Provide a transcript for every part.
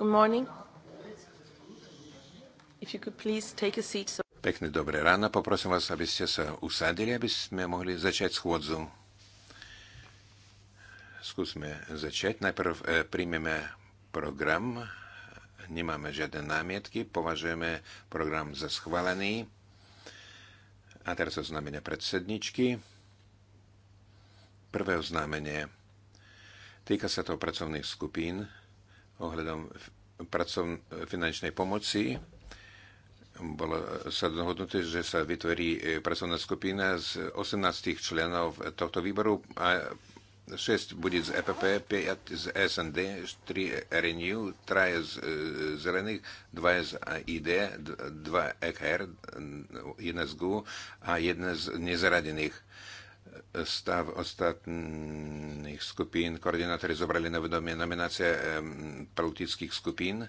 Good morning. If you could please take a seat. So... dobré ráno. Poprosím vás, aby ste sa usadili, aby sme mohli začať schôdzu. Skúsme začať. Najprv e, príjmeme program. Nemáme žiadne námietky. Považujeme program za schválený. A teraz oznámenia predsedničky. Prvé oznámenie. Týka sa to pracovných skupín ohľadom pracovn- finančnej pomoci. Bolo sa dohodnuté, že sa vytvorí e, pracovná skupina z 18 členov tohto výboru a 6 bude z EPP, 5 z SND, 3 RNU, 3 z e, Zelených, 2 z ID, 2 EKR, 1 z GU a 1 z nezaradených stav ostatných skupín. Koordinátori zobrali na vedomie nominácie politických skupín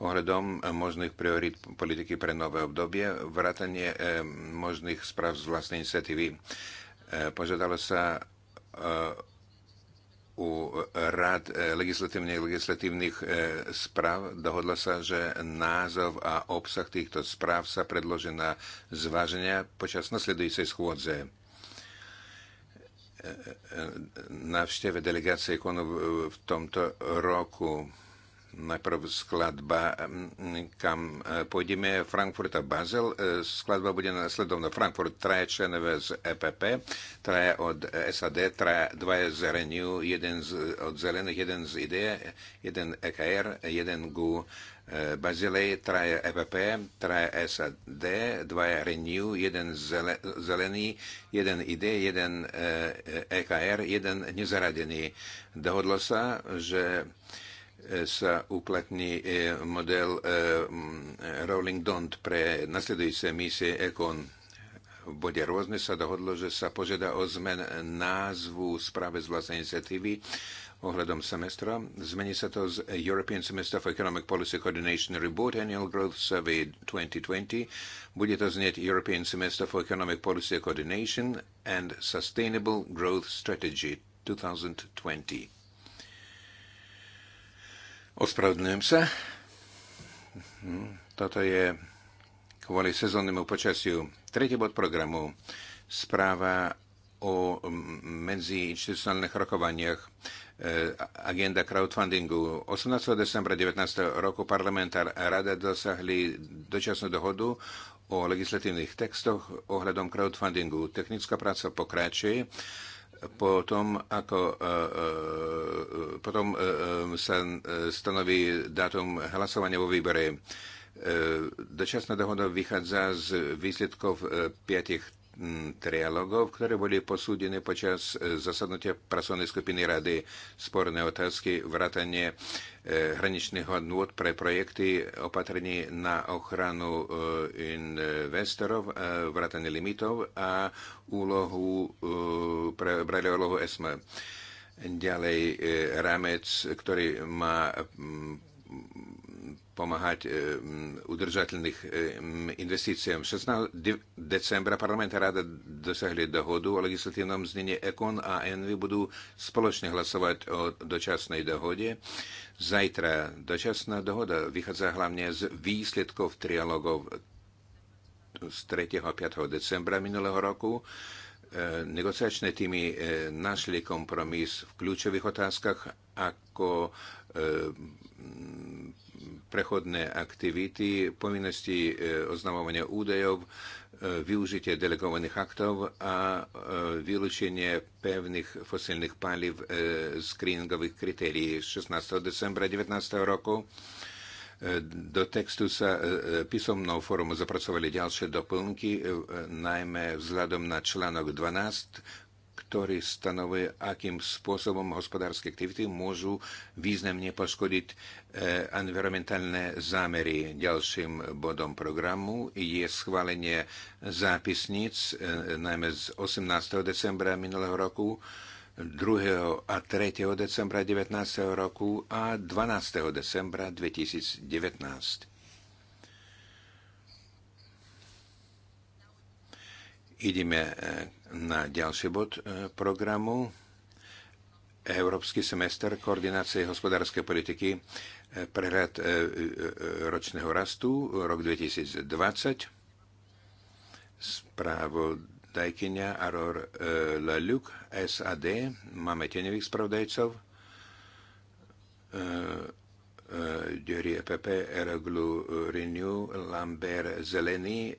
ohľadom možných priorít politiky pre nové obdobie, vrátanie možných správ z vlastnej iniciatívy. E, požiadalo sa e, u rád e, legislatívnych legislatívnych správ. Dohodla sa, že názov a obsah týchto správ sa predloží na zváženia počas nasledujúcej schôdze návšteve delegácie konu v tomto roku. Najprv skladba, kam eh, pôjdeme, Frankfurt a Basel. Eh, skladba bude nasledovná. Frankfurt, traje členové z EPP, traje od SAD, traja, dvaja z Renew, jeden z, od Zelených, jeden z IDE, jeden EKR, jeden GU Eh, Bazilej, traja EPP, traja SAD, dvaja Renew, jeden zelený, jeden ID, jeden EKR, eh, e jeden nezaradený. Dohodlo sa, že eh, sa uplatní model mm, Rolling Don't pre nasledujúce misie Econ. V bode rôzne sa dohodlo, že sa požiada o zmen názvu správe z vlastnej iniciatívy ohľadom semestra. Zmení sa to z European Semester for Economic Policy Coordination Report Annual Growth Survey 2020. Bude to znieť European Semester for Economic Policy Coordination and Sustainable Growth Strategy 2020. Ospravedlňujem sa. Hmm, toto je kvôli sezónnemu počasiu. Tretí bod programu. Správa o medziinstitucionálnych rokovaniach Eh, agenda crowdfundingu. 18. decembra 19. roku parlament a rada dosahli dočasnú dohodu o legislatívnych textoch ohľadom crowdfundingu. Technická práca pokračuje po tom, ako eh, eh, potom sa stanoví dátum hlasovania vo výbere. Dočasná dohoda vychádza z výsledkov piatich Mm, trialogov, ktoré boli posúdené počas e, zasadnutia pracovnej skupiny Rady sporné otázky, vrátanie e, hraničných hodnôt pre projekty, opatrení na ochranu e, investorov, vrátanie limitov a úlohu, pre, brali úlohu ESMA. Ďalej rámec, ktorý má pomáhať e, udržateľných e, investíciám. 16. decembra parlament a rada dosiahli dohodu o legislatívnom znení EKON a ENVY budú spoločne hlasovať o dočasnej dohode. Zajtra dočasná dohoda vychádza hlavne z výsledkov trialogov z 3. a 5. decembra minulého roku e, negociačné týmy našli kompromis v kľúčových otázkach, ako prechodné aktivity, povinnosti e, oznamovania údajov, e, využitie delegovaných aktov a e, vylúčenie pevných fosilných palív z screeningových kritérií 16. decembra 2019 roku. Do textu sa písomnou formou zapracovali ďalšie doplnky, najmä vzhľadom na článok 12 ktorý stanovuje, akým spôsobom hospodárske aktivity môžu významne poškodiť e, environmentálne zámery. Ďalším bodom programu je schválenie zápisníc, e, najmä z 18. decembra minulého roku, 2. a 3. decembra 2019 roku a 12. decembra 2019. Ideme e, na ďalší bod e, programu. Európsky semester koordinácie hospodárskej politiky e, prehľad ročného rastu rok 2020 Správo Dajkenia, Aror Laluk SAD máme tenevých spravodajcov Dury EPP, Eroglu Renew Lambert Zelený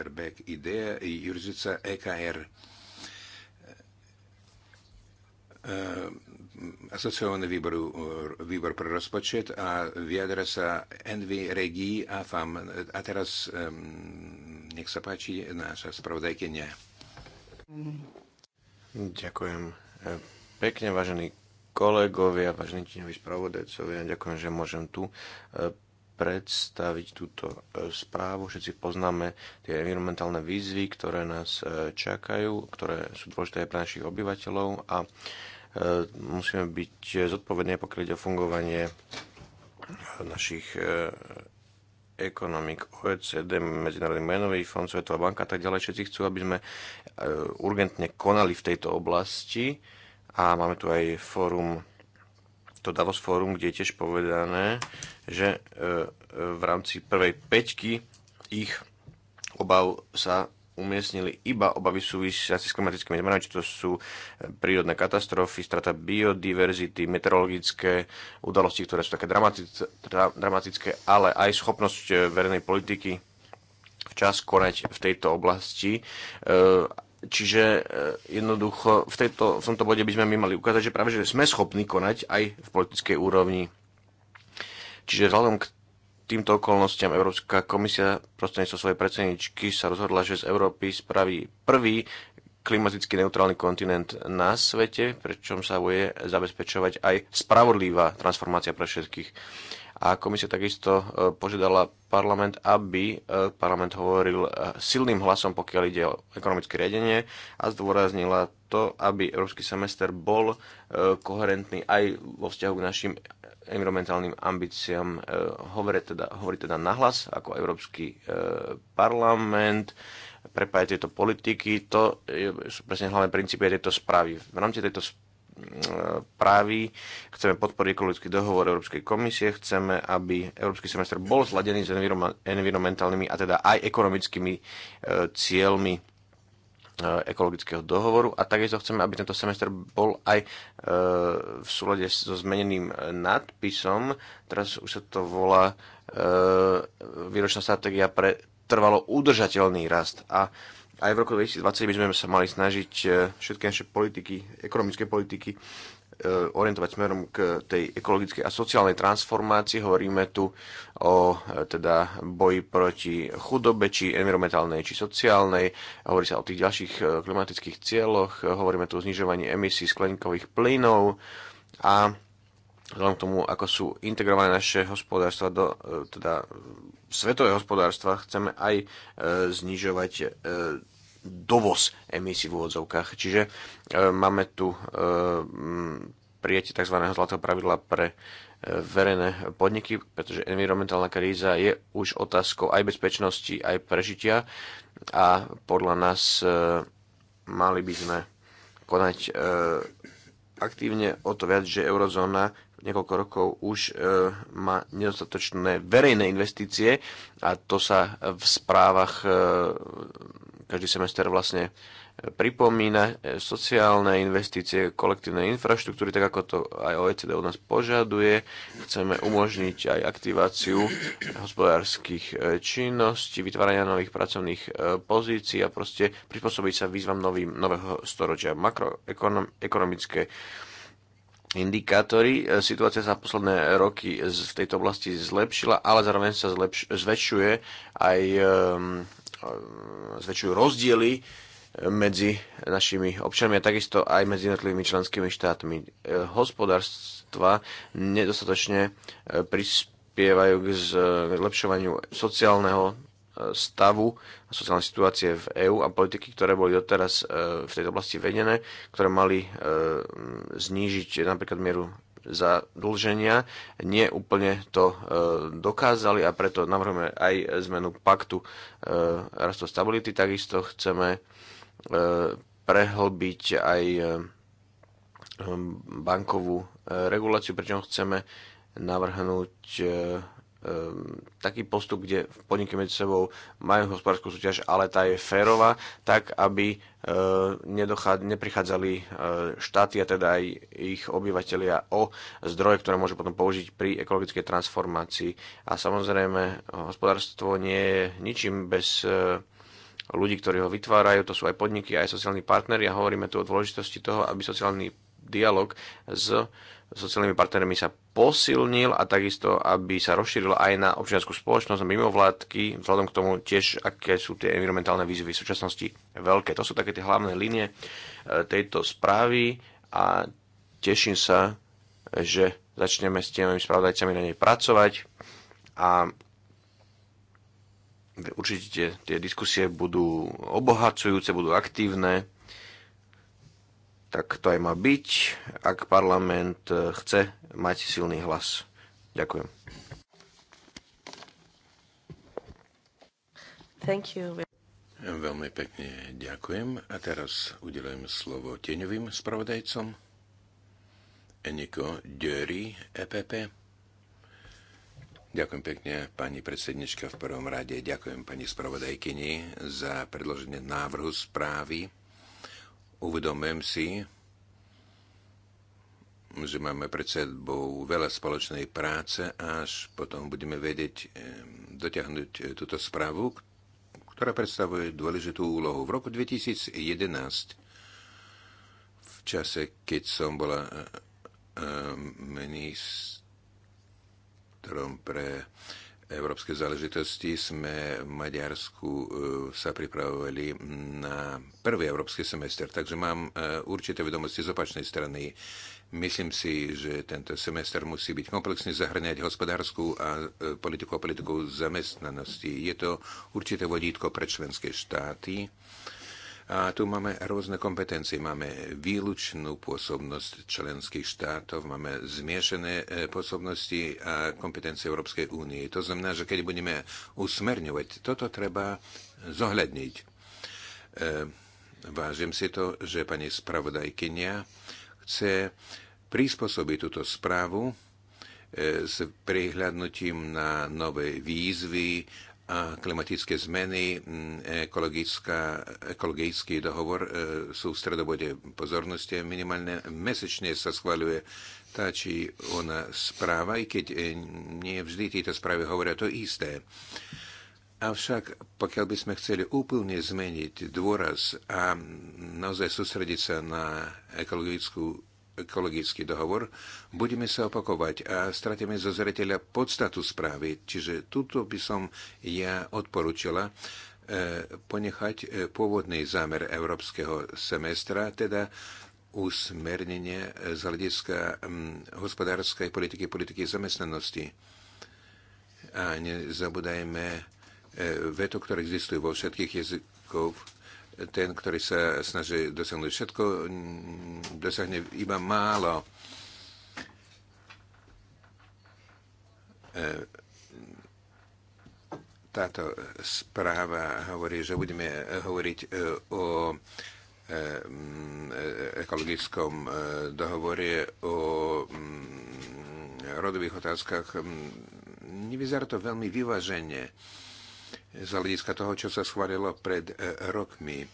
Schlotterbeck, IDEA i Jurzica EKR. E, asociovaný výbor, výbor pre rozpočet a vyjadra sa Envy, Regi a FAM. A teraz nech sa páči naša spravodajkynia. Ďakujem e, pekne, vážení kolegovia, vážení tieňoví spravodajcovia. Ďakujem, že môžem tu e, predstaviť túto e, správu. Všetci poznáme tie environmentálne výzvy, ktoré nás e, čakajú, ktoré sú dôležité aj pre našich obyvateľov a e, musíme byť zodpovední, pokiaľ ide o fungovanie našich ekonomik, OECD, Medzinárodný menový fond, Svetová banka a tak ďalej. Všetci chcú, aby sme urgentne konali v tejto oblasti a máme tu aj fórum to Davos Forum, kde je tiež povedané, že e, e, v rámci prvej peťky ich obav sa umiestnili iba obavy súvisiaci s klimatickými zmenami, či to sú e, prírodné katastrofy, strata biodiverzity, meteorologické udalosti, ktoré sú také dramatické, ale aj schopnosť verejnej politiky včas konať v tejto oblasti Čiže e, jednoducho v, tejto, v tomto bode by sme my mali ukázať, že práve že sme schopní konať aj v politickej úrovni. Čiže vzhľadom k týmto okolnostiam Európska komisia prostredníctvom svojej predsedničky sa rozhodla, že z Európy spraví prvý klimaticky neutrálny kontinent na svete, prečom sa bude zabezpečovať aj spravodlivá transformácia pre všetkých a komisia takisto e, požiadala parlament, aby e, parlament hovoril e, silným hlasom, pokiaľ ide o ekonomické riadenie a zdôraznila to, aby európsky semester bol koherentný aj vo vzťahu k našim environmentálnym ambíciám. Hovorí teda, hovorí teda nahlas ako Európsky parlament, prepájať tieto politiky, to sú presne hlavné princípy tejto správy. V rámci tejto správy právy, chceme podporiť ekologický dohovor Európskej komisie, chceme, aby Európsky semester bol zladený s environmentálnymi a teda aj ekonomickými e, cieľmi e, ekologického dohovoru a takisto chceme, aby tento semester bol aj e, v súlade so zmeneným nadpisom. Teraz už sa to volá výročná stratégia pre trvalo udržateľný rast. A aj v roku 2020 by sme sa mali snažiť e, všetky naše politiky, ekonomické politiky e, orientovať smerom k tej ekologickej a sociálnej transformácii. Hovoríme tu o e, teda boji proti chudobe, či environmentálnej, či sociálnej. Hovorí sa o tých ďalších klimatických cieľoch. Hovoríme tu o znižovaní emisí skleníkových plynov a vzhľadom k tomu, ako sú integrované naše hospodárstva do teda svetového hospodárstva, chceme aj e, znižovať e, dovoz emisí v úvodzovkách. Čiže e, máme tu e, prijatie tzv. zlatého pravidla pre e, verejné podniky, pretože environmentálna kríza je už otázkou aj bezpečnosti, aj prežitia a podľa nás e, mali by sme konať e, aktívne o to viac, že eurozóna niekoľko rokov už má nedostatočné verejné investície a to sa v správach každý semester vlastne e, pripomína e, sociálne investície, kolektívne infraštruktúry, tak ako to aj OECD od nás požaduje. Chceme umožniť aj aktiváciu hospodárskych e, činností, vytvárania nových pracovných pozícií a proste prispôsobiť sa výzvam novým, nového storočia. Makroekonomické indikátory. Situácia sa posledné roky v tejto oblasti zlepšila, ale zároveň sa zlepš- zväčšuje aj Eh, zväčšujú rozdiely eh, medzi našimi občanmi a takisto aj medzi jednotlivými členskými štátmi. Eh, hospodárstva nedostatočne prispievajú k zlepšovaniu sociálneho stavu a sociálnej situácie v EÚ a politiky, ktoré boli doteraz v tejto oblasti vedené, ktoré mali znížiť napríklad mieru zadlženia nie úplne to e, dokázali a preto navrhujeme aj zmenu paktu e, rastu stability. Takisto chceme e, prehlbiť aj bankovú reguláciu, pričom chceme navrhnúť Ehm, taký postup, kde podniky medzi sebou majú hospodárskú súťaž, ale tá je férová, tak aby e, neprichádzali e, štáty a teda aj ich obyvateľia o zdroje, ktoré môžu potom použiť pri ekologickej transformácii. A samozrejme, hospodárstvo nie je ničím bez e, ľudí, ktorí ho vytvárajú, to sú aj podniky, aj sociálni partnery a hovoríme tu o dôležitosti toho, aby sociálny dialog s sociálnymi partnermi sa posilnil a takisto, aby sa rozšíril aj na občianskú spoločnosť, mimo vládky, vzhľadom k tomu tiež, aké sú tie environmentálne výzvy v súčasnosti veľké. To sú také tie hlavné línie e, tejto správy a teším sa, že začneme s tými spravodajcami na nej pracovať a určite tie diskusie budú obohacujúce, budú aktívne tak to aj má byť, ak parlament e, chce mať silný hlas. Ďakujem. Thank you. Veľmi pekne ďakujem. A teraz udelujem slovo tieňovým spravodajcom. Eniko dury EPP. Ďakujem pekne, pani predsednička. V prvom rade ďakujem pani spravodajkyni za predloženie návrhu správy Uvedomujem si, že máme pred sebou veľa spoločnej práce, až potom budeme vedieť dotiahnuť e, túto správu, ktorá predstavuje dôležitú úlohu. V roku 2011, v čase, keď som bola e, e, ministrom pre európske záležitosti sme v Maďarsku e, sa pripravovali na prvý európsky semester, takže mám e, určité vedomosti z opačnej strany. Myslím si, že tento semester musí byť komplexný, zahrňať hospodárskú a e, politiku a politiku zamestnanosti. Je to určité vodítko pre členské štáty a tu máme rôzne kompetencie. Máme výlučnú pôsobnosť členských štátov, máme zmiešané e, pôsobnosti a kompetencie Európskej únie. To znamená, že keď budeme usmerňovať, toto treba zohľadniť. E, vážim si to, že pani spravodajkynia chce prispôsobiť túto správu e, s prihľadnutím na nové výzvy a klimatické zmeny, ekologický dohovor e, sú v stredobode pozornosti. Minimálne Mesečne sa schváľuje tá či ona správa, i keď e, nie vždy tieto správy hovoria to isté. Avšak pokiaľ by sme chceli úplne zmeniť dôraz a naozaj sústrediť sa na ekologickú ekologický dohovor, budeme sa opakovať a stratíme zo zreteľa podstatu správy. Čiže tuto by som ja odporučila e, ponechať e, pôvodný zámer európskeho semestra, teda usmernenie e, z hľadiska hospodárskej politiky, politiky zamestnanosti. A nezabúdajme veto, ktoré existujú vo všetkých jazykoch ten, ktorý sa snaží dosiahnuť všetko, dosiahne iba málo. E, táto správa hovorí, že budeme e, hovoriť e, o ekologickom dohovore o rodových otázkach. Nevyzerá to veľmi vyvaženie z hľadiska toho, čo sa schválilo pred e, rokmi.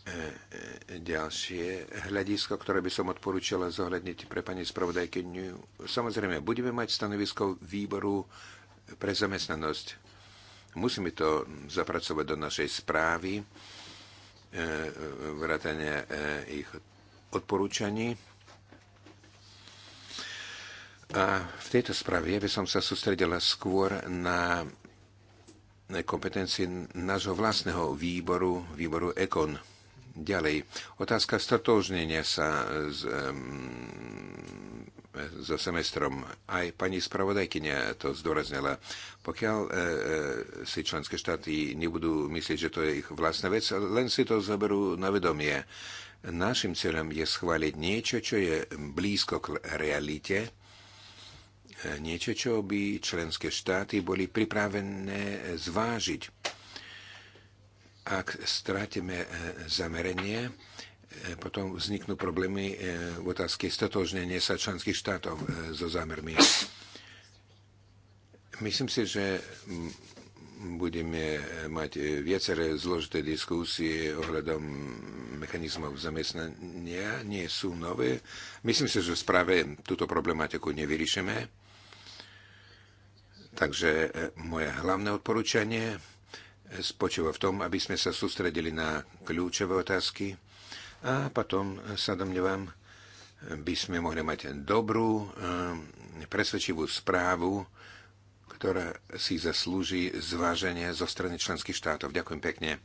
E, e, ďalšie hľadisko, ktoré by som odporúčala zohľadniť pre pani spravodajkyňu. Samozrejme, budeme mať stanovisko výboru pre zamestnanosť. Musíme to zapracovať do našej správy, vrátania ich odporúčaní. A v tejto správe by som sa sústredila skôr na kompetencie nášho vlastného výboru, výboru EKON. Ďalej, otázka stotožnenia sa s, um, so semestrom. Aj pani spravodajkynia to zdôraznila. Pokiaľ uh, si členské štáty nebudú myslieť, že to je ich vlastná vec, len si to zoberú na vedomie. Našim cieľom je schváliť niečo, čo je blízko k realite, niečo, čo by členské štáty boli pripravené zvážiť. Ak strátime zameranie, e, potom vzniknú problémy e, v otázke stotožnenia sa členských štátov e, so zámermi. Myslím si, že budeme mať viaceré zložité diskusie ohľadom mechanizmov zamestnania, nie sú nové. Myslím si, že v správe túto problematiku nevyriešime. Takže e, moje hlavné odporúčanie e, spočíva v tom, aby sme sa sústredili na kľúčové otázky a potom e, sa domnievam, by sme mohli mať dobrú, presvedčivú správu, ktorá si zaslúži zváženie zo strany členských štátov. Ďakujem pekne.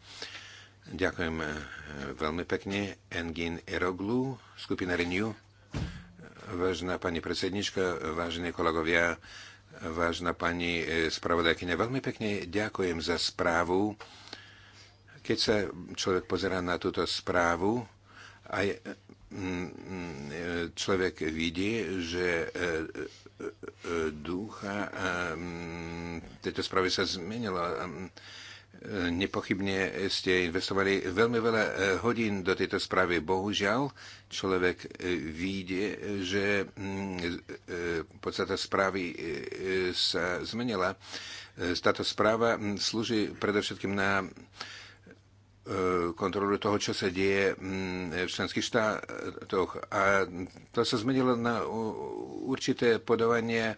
Ďakujem veľmi pekne. Engin Eroglu, skupina Renew. Vážená pani predsednička, vážení kolegovia, Vážna pani e, spravodajkyňa, veľmi pekne ďakujem za správu. Keď sa človek pozerá na túto správu, aj mm, e, človek vidí, že e, ducha tejto správy sa zmenila. Nepochybne ste investovali veľmi veľa eh, hodín do tejto správy. Bohužiaľ, človek eh, vidie, že mm, eh, podstata správy sa zmenila. Táto správa mm, slúži predovšetkým na kontrolu toho, čo sa deje mm, v členských štátoch. A to sa zmenilo na určité podovanie,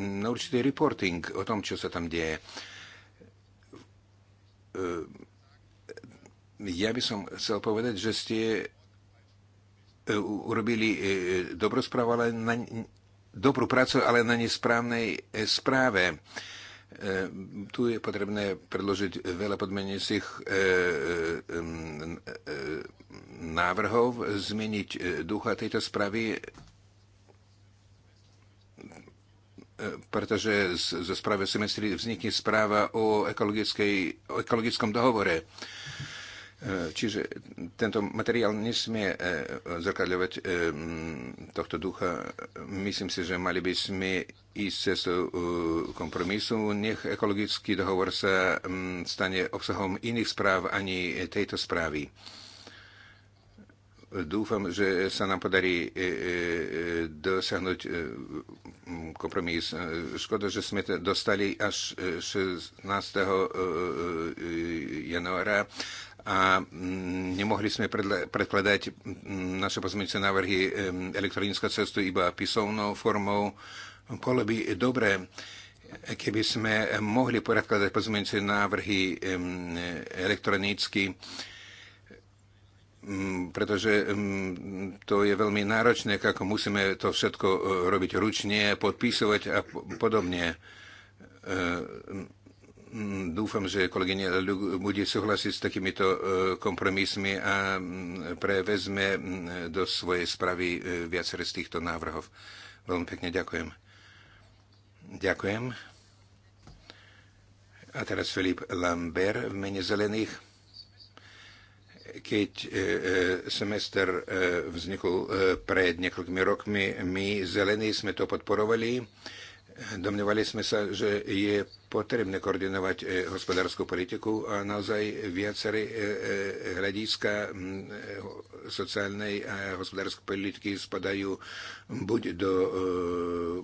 na určitý reporting o tom, čo sa tam deje. Ehm, ja by som chcel povedať, že ste e, urobili e, e, dobrú správu, ale na, dobrú prácu, ale na nesprávnej správe. Ehm, tu je potrebné predložiť veľa podmenujúcich návrhov, zmeniť ducha tejto správy pretože zo správy semestri vznikne správa o, o ekologickom dohovore. E, čiže tento materiál nesmie e, zrkadľovať e, tohto ducha. Myslím si, že mali by sme ísť cez kompromisu. Nech ekologický dohovor sa stane obsahom iných správ ani tejto správy. Dúfam, že sa nám podarí e, e, e, dosiahnuť kompromis. Škoda, že sme to dostali až 16. januára a nemohli sme predkladať naše pozmeňujúce návrhy elektronickou cestou iba písomnou formou. Bolo by dobré, keby sme mohli predkladať pozmeňujúce návrhy elektronicky Mm, pretože mm, to je veľmi náročné, ako musíme to všetko e, robiť ručne, podpísovať a podobne. E, mm, dúfam, že kolegyňa bude súhlasiť s takýmito e, kompromismi a prevezme do svojej správy viacere z týchto návrhov. Veľmi pekne ďakujem. Ďakujem. A teraz Filip Lambert v mene Zelených keď e, e, semester e, vznikol pred niekoľkými rokmi, my zelení sme to podporovali. Domnievali sme sa, že je potrebné koordinovať hospodárskú politiku a naozaj viaceré hľadiska sociálnej a hospodárskej politiky spadajú buď do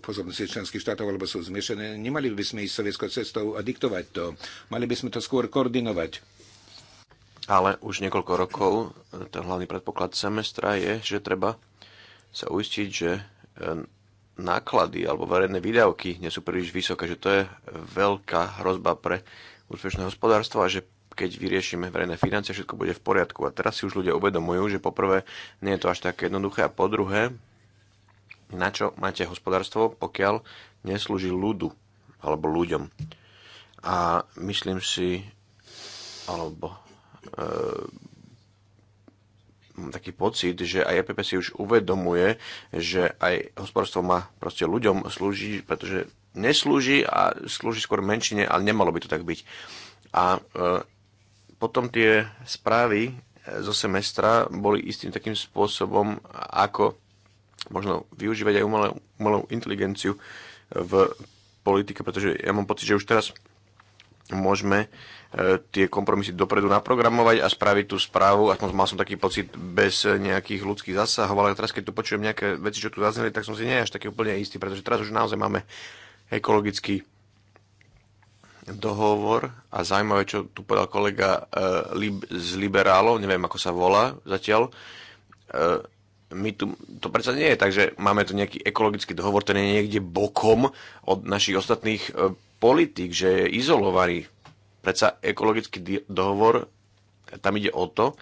pozornosti členských štátov, alebo sú zmiešané. Nemali by sme ísť sovietskou cestou a diktovať to. Mali by sme to skôr koordinovať ale už niekoľko rokov e, ten hlavný predpoklad semestra je, že treba sa uistiť, že e, náklady alebo verejné výdavky nie sú príliš vysoké, že to je veľká hrozba pre úspešné hospodárstvo a že keď vyriešime verejné financie, všetko bude v poriadku. A teraz si už ľudia uvedomujú, že poprvé nie je to až také jednoduché a po druhé, na čo máte hospodárstvo, pokiaľ neslúži ľudu alebo ľuďom. A myslím si, alebo Ehm, mám taký pocit, že aj EPP si už uvedomuje, že aj hospodárstvo má proste ľuďom slúžiť, pretože neslúži a slúži skôr menšine, ale nemalo by to tak byť. A e, potom tie správy e, zo semestra boli istým takým spôsobom, ako možno využívať aj umelé, umelú inteligenciu v politike, pretože ja mám pocit, že už teraz môžeme e, E, tie kompromisy dopredu naprogramovať a spraviť tú správu. Aspoň mal som taký pocit bez nejakých ľudských zásahov, ale teraz keď tu počujem nejaké veci, čo tu zazneli, tak som si nie až taký úplne istý, pretože teraz už naozaj máme ekologický dohovor a zaujímavé, čo tu povedal kolega uh, lib, z liberálov, neviem ako sa volá zatiaľ. Uh, my tu, to predsa nie je tak, že máme tu nejaký ekologický dohovor, ten je niekde bokom od našich ostatných uh, politik, že je izolovaný. Predsa ekologický dohovor, tam ide o to,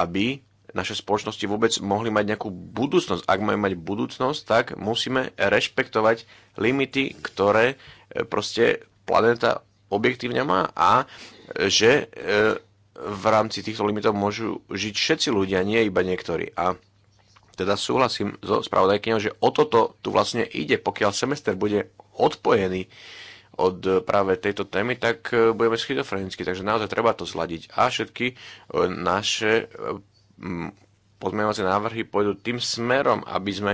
aby naše spoločnosti vôbec mohli mať nejakú budúcnosť. Ak majú mať budúcnosť, tak musíme rešpektovať limity, ktoré e, proste planéta objektívne má a e, že e, v rámci týchto limitov môžu žiť všetci ľudia, nie iba niektorí. A teda súhlasím so spravodajkyňou, že o toto tu vlastne ide, pokiaľ semester bude odpojený od eh, práve tejto témy, tak eh, budeme schizofrenickí. Takže naozaj treba to zladiť. A všetky eh, naše pozmeňovacie návrhy pôjdu tým smerom, aby sme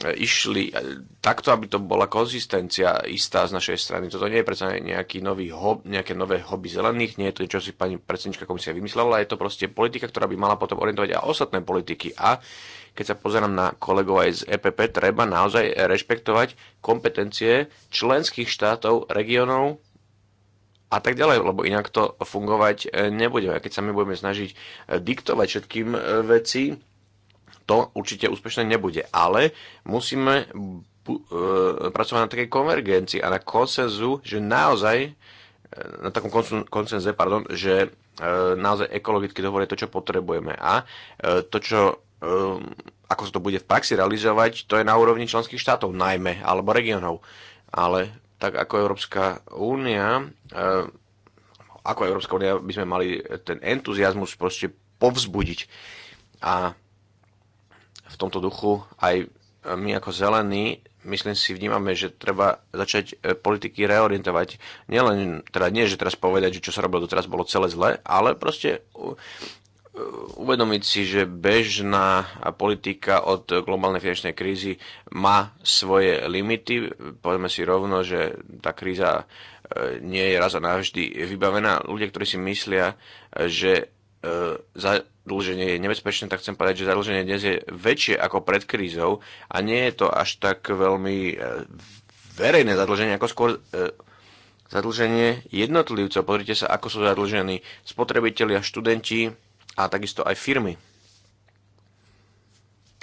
išli takto, aby to bola konzistencia istá z našej strany. Toto nie je predsa nejaký nový hob, nejaké nové hobby zelených, nie je to niečo, si pani predsednička komisia vymyslela, ale je to proste politika, ktorá by mala potom orientovať aj ostatné politiky. A keď sa pozerám na kolegov aj z EPP, treba naozaj rešpektovať kompetencie členských štátov, regionov a tak ďalej, lebo inak to fungovať e, A Keď sa my budeme snažiť e, diktovať všetkým e, veci, to určite úspešné nebude. Ale musíme pracovať na takej konvergencii a na konsenzu, že naozaj na takom konsenze, pardon, že naozaj ekologicky dohovor je to, čo potrebujeme. A to, čo Ehm, ako sa to bude v praxi realizovať, to je na úrovni členských štátov najmä, alebo regionov. Ale tak ako Európska únia, ehm, ako Európska únia by sme mali ten entuziasmus proste povzbudiť. A v tomto duchu aj my ako zelení, myslím si, vnímame, že treba začať e, politiky reorientovať. Nielen, teda nie, že teraz povedať, že čo sa robilo doteraz bolo celé zle, ale proste E, uvedomiť si, že bežná politika od globálnej finančnej krízy má svoje limity. Poďme si rovno, že tá kríza e, nie je raz a navždy vybavená. Ľudia, ktorí si myslia, že e, zadlženie je nebezpečné, tak chcem povedať, že zadlženie dnes je väčšie ako pred krízou a nie je to až tak veľmi verejné zadlženie, ako skôr zadlženie jednotlivcov. Pozrite sa, ako sú zadlžení spotrebitelia, študenti, a takisto aj firmy.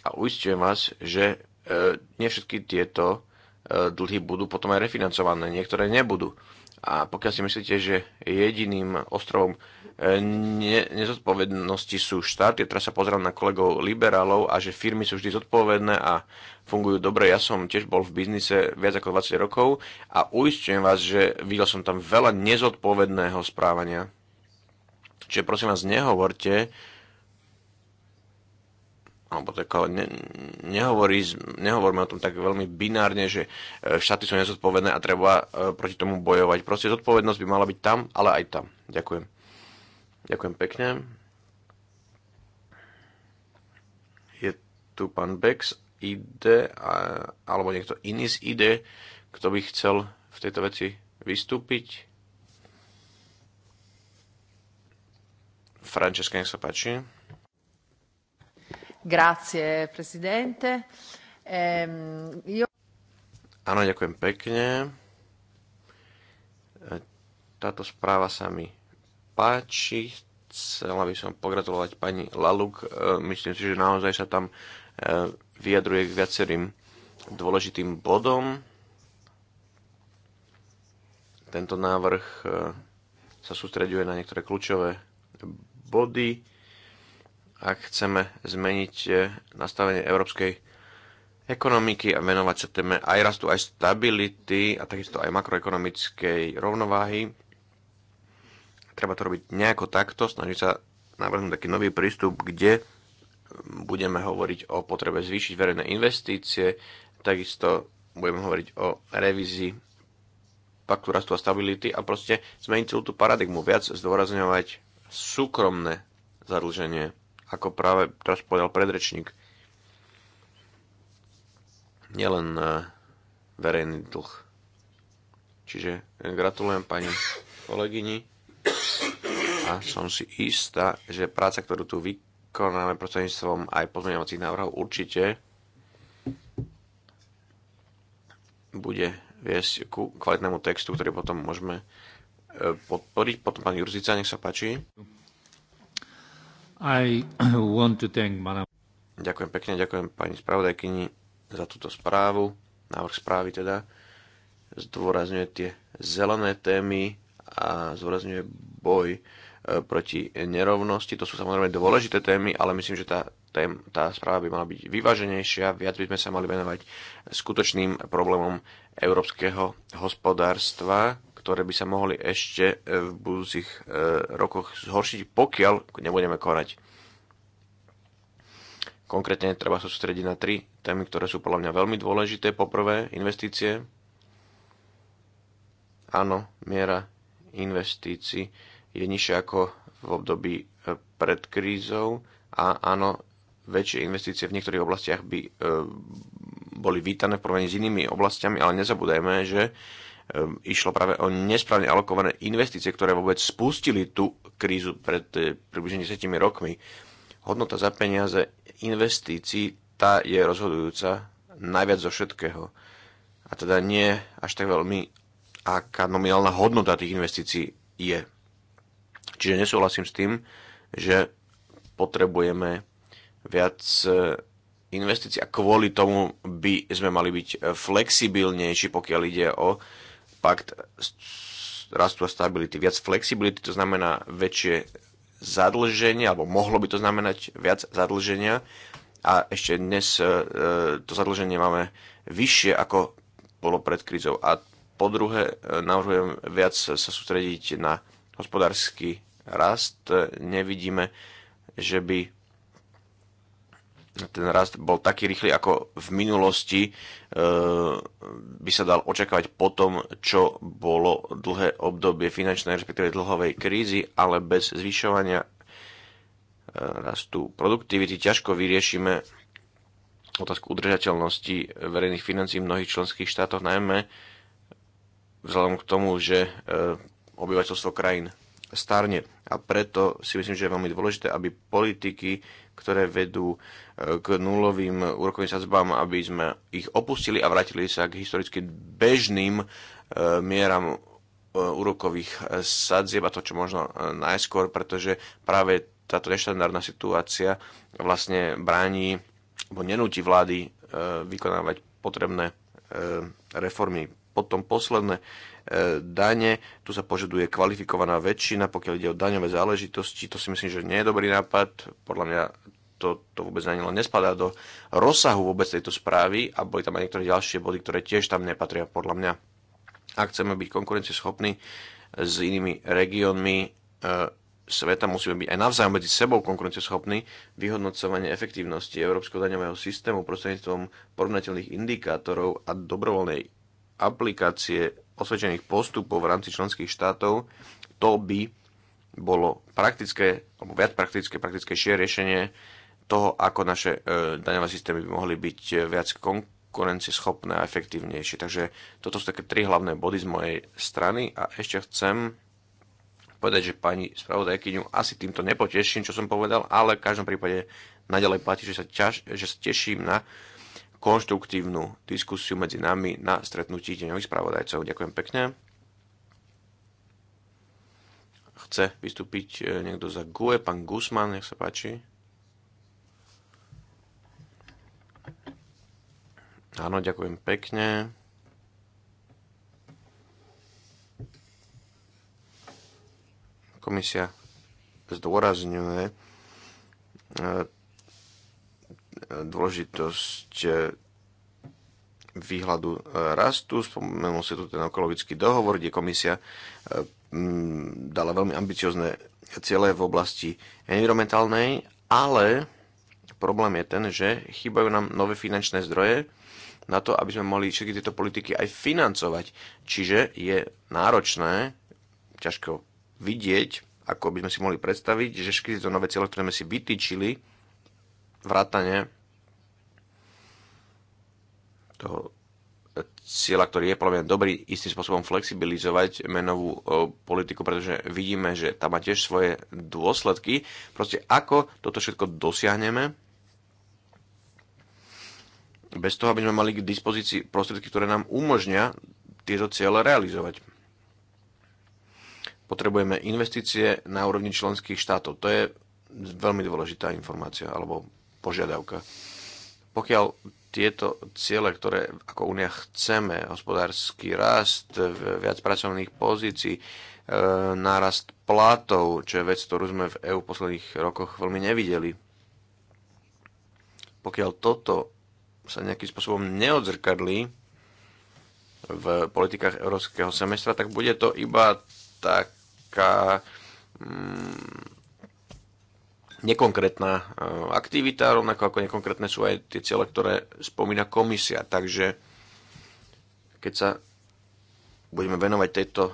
A uistujem vás, že e, nie všetky tieto e, dlhy budú potom aj refinancované, niektoré nebudú. A pokiaľ si myslíte, že jediným ostrovom e, ne, nezodpovednosti sú štáty, teraz sa pozerám na kolegov liberálov a že firmy sú vždy zodpovedné a fungujú dobre. Ja som tiež bol v biznise viac ako 20 rokov a uistujem vás, že videl som tam veľa nezodpovedného správania. Čiže prosím vás, nehovorte, alebo tak, ne, nehovorí, nehovorme o tom tak veľmi binárne, že e, štáty sú nezodpovedné a treba e, proti tomu bojovať. Proste zodpovednosť by mala byť tam, ale aj tam. Ďakujem. Ďakujem pekne. Je tu pán Bex, ID, alebo niekto iný z ID, kto by chcel v tejto veci vystúpiť. Francesca, nech sa páči. Grazie, prezidente. Ehm, io... Áno, ďakujem pekne. E, táto správa sa mi páči. Chcela by som pogratulovať pani Laluk. E, myslím si, že naozaj sa tam e, vyjadruje k viacerým dôležitým bodom. Tento návrh sa sústreďuje na niektoré kľúčové body, ak chceme zmeniť eh, nastavenie európskej ekonomiky a venovať sa téme aj rastu, aj stability a takisto aj makroekonomickej rovnováhy. Treba to robiť nejako takto, snažiť sa navrhnúť taký nový prístup, kde budeme hovoriť o potrebe zvýšiť verejné investície, takisto budeme hovoriť o revízii paktu rastu a stability a proste zmeniť celú tú paradigmu, viac zdôrazňovať súkromné zadlženie, ako práve teraz povedal predrečník. Nielen e, verejný dlh. Čiže e, gratulujem pani kolegyni a som si istá, že práca, ktorú tu vykonáme prostredníctvom aj pozmeňovacích návrhov, určite bude viesť ku kvalitnému textu, ktorý potom môžeme podporiť. Potom pán Jurzica, nech sa páči. I want to thank Ďakujem pekne, ďakujem pani spravodajkyni za túto správu, návrh správy teda. Zdôrazňuje tie zelené témy a zdôrazňuje boj e, proti nerovnosti. To sú samozrejme dôležité témy, ale myslím, že tá, tém, tá správa by mala byť vyváženejšia. Viac by sme sa mali venovať skutočným problémom európskeho hospodárstva, ktoré by sa mohli ešte e, v budúcich e, rokoch zhoršiť, pokiaľ nebudeme konať. Konkrétne treba sa sústrediť na tri témy, ktoré sú podľa mňa veľmi dôležité. Poprvé, investície. Áno, miera investícií je nižšia ako v období e, pred krízou a áno, väčšie investície v niektorých oblastiach by boli vítané v porovnaní s inými oblastiami, ale nezabúdajme, že Ehm, išlo práve o nesprávne alokované investície, ktoré vôbec spustili tú krízu pred e, približne 10 rokmi. Hodnota za peniaze investícií, tá je rozhodujúca najviac zo všetkého. A teda nie až tak veľmi, aká nominálna hodnota tých investícií je. Čiže nesúhlasím s tým, že potrebujeme viac e, investícií a kvôli tomu by sme mali byť flexibilnejší, pokiaľ ide o pakt rastu a stability. Viac flexibility, to znamená väčšie zadlženie, alebo mohlo by to znamenať viac zadlženia. A ešte dnes e, e, to zadlženie máme vyššie, ako bolo pred krízou. A po druhé, e, navrhujem viac sa sústrediť na hospodársky rast. Nevidíme, že by ten rast bol taký rýchly, ako v minulosti e, by sa dal očakávať po tom, čo bolo dlhé obdobie finančnej, respektíve dlhovej krízy, ale bez zvyšovania e, rastu produktivity ťažko vyriešime otázku udržateľnosti verejných financí v mnohých členských štátoch, najmä vzhľadom k tomu, že e, obyvateľstvo krajín starne. A preto si myslím, že je veľmi dôležité, aby politiky ktoré vedú e, k nulovým úrokovým sadzbám, aby sme ich opustili a vrátili sa k historicky bežným e, mieram e, úrokových sadzieb a to čo možno najskôr, pretože práve táto neštandardná situácia vlastne bráni alebo nenúti vlády vykonávať potrebné reformy. Potom posledné E, dane. Tu sa požaduje kvalifikovaná väčšina, pokiaľ ide o daňové záležitosti. To si myslím, že nie je dobrý nápad. Podľa mňa to, to vôbec ani len nespadá do rozsahu vôbec tejto správy a boli tam aj niektoré ďalšie body, ktoré tiež tam nepatria podľa mňa. Ak chceme byť konkurencieschopní s inými regiónmi e, sveta, musíme byť aj navzájom medzi sebou konkurencieschopní. Vyhodnocovanie efektívnosti európskeho daňového systému prostredníctvom porovnateľných indikátorov a dobrovoľnej aplikácie osvedčených postupov v rámci členských štátov, to by bolo praktické, alebo viac praktické, praktickejšie riešenie toho, ako naše e, daňové systémy by mohli byť e, viac konkurencieschopné a efektívnejšie. Takže toto sú také tri hlavné body z mojej strany a ešte chcem povedať, že pani spravodajkyňu asi týmto nepoteším, čo som povedal, ale v každom prípade naďalej platí, že sa, ťaž, že sa teším na konštruktívnu diskusiu medzi nami na stretnutí deňových spravodajcov. Ďakujem pekne. Chce vystúpiť e, niekto za GUE, pán Gusman, nech sa páči. Áno, ďakujem pekne. Komisia zdôrazňuje e, dôležitosť eh, výhľadu eh, rastu. Spomenul si tu ten ekologický dohovor, kde komisia eh, mm, dala veľmi ambiciozne ciele v oblasti environmentálnej, ale problém je ten, že chýbajú nám nové finančné zdroje na to, aby sme mohli všetky tieto politiky aj financovať. Čiže je náročné, ťažko vidieť, ako by sme si mohli predstaviť, že všetky tieto nové cieľe, ktoré sme si vytýčili, vrátane toho cieľa, ktorý je podľa mňa dobrý istým spôsobom flexibilizovať menovú e, politiku, pretože vidíme, že tam má tiež svoje dôsledky. Proste ako toto všetko dosiahneme, bez toho, aby sme mali k dispozícii prostriedky, ktoré nám umožnia tieto ciele realizovať. Potrebujeme investície na úrovni členských štátov. To je veľmi dôležitá informácia alebo požiadavka. Pokiaľ tieto ciele, ktoré ako Únia chceme, hospodársky rast, viac pracovných pozícií, e, nárast platov, čo je vec, ktorú sme v EU v posledných rokoch veľmi nevideli. Pokiaľ toto sa nejakým spôsobom neodzrkadlí v politikách európskeho semestra, tak bude to iba taká mm, nekonkrétna e, aktivita, rovnako ako nekonkrétne sú aj tie ciele, ktoré spomína komisia. Takže keď sa budeme venovať tejto e,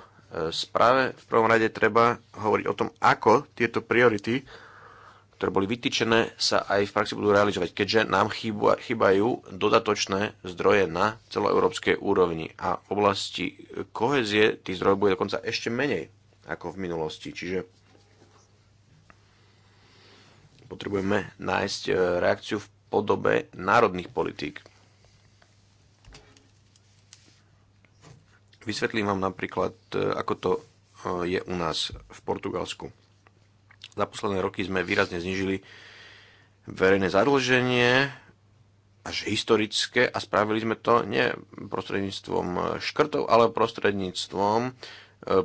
správe, v prvom rade treba hovoriť o tom, ako tieto priority, ktoré boli vytýčené, sa aj v praxi budú realizovať, keďže nám chýbajú dodatočné zdroje na celoeurópskej úrovni a v oblasti kohezie tých zdrojov bude dokonca ešte menej ako v minulosti. Čiže potrebujeme nájsť e, reakciu v podobe národných politík. Vysvetlím vám napríklad, e, ako to e, je u nás v Portugalsku. Za posledné roky sme výrazne znižili verejné zadlženie, až historické a spravili sme to nie prostredníctvom škrtov, ale prostredníctvom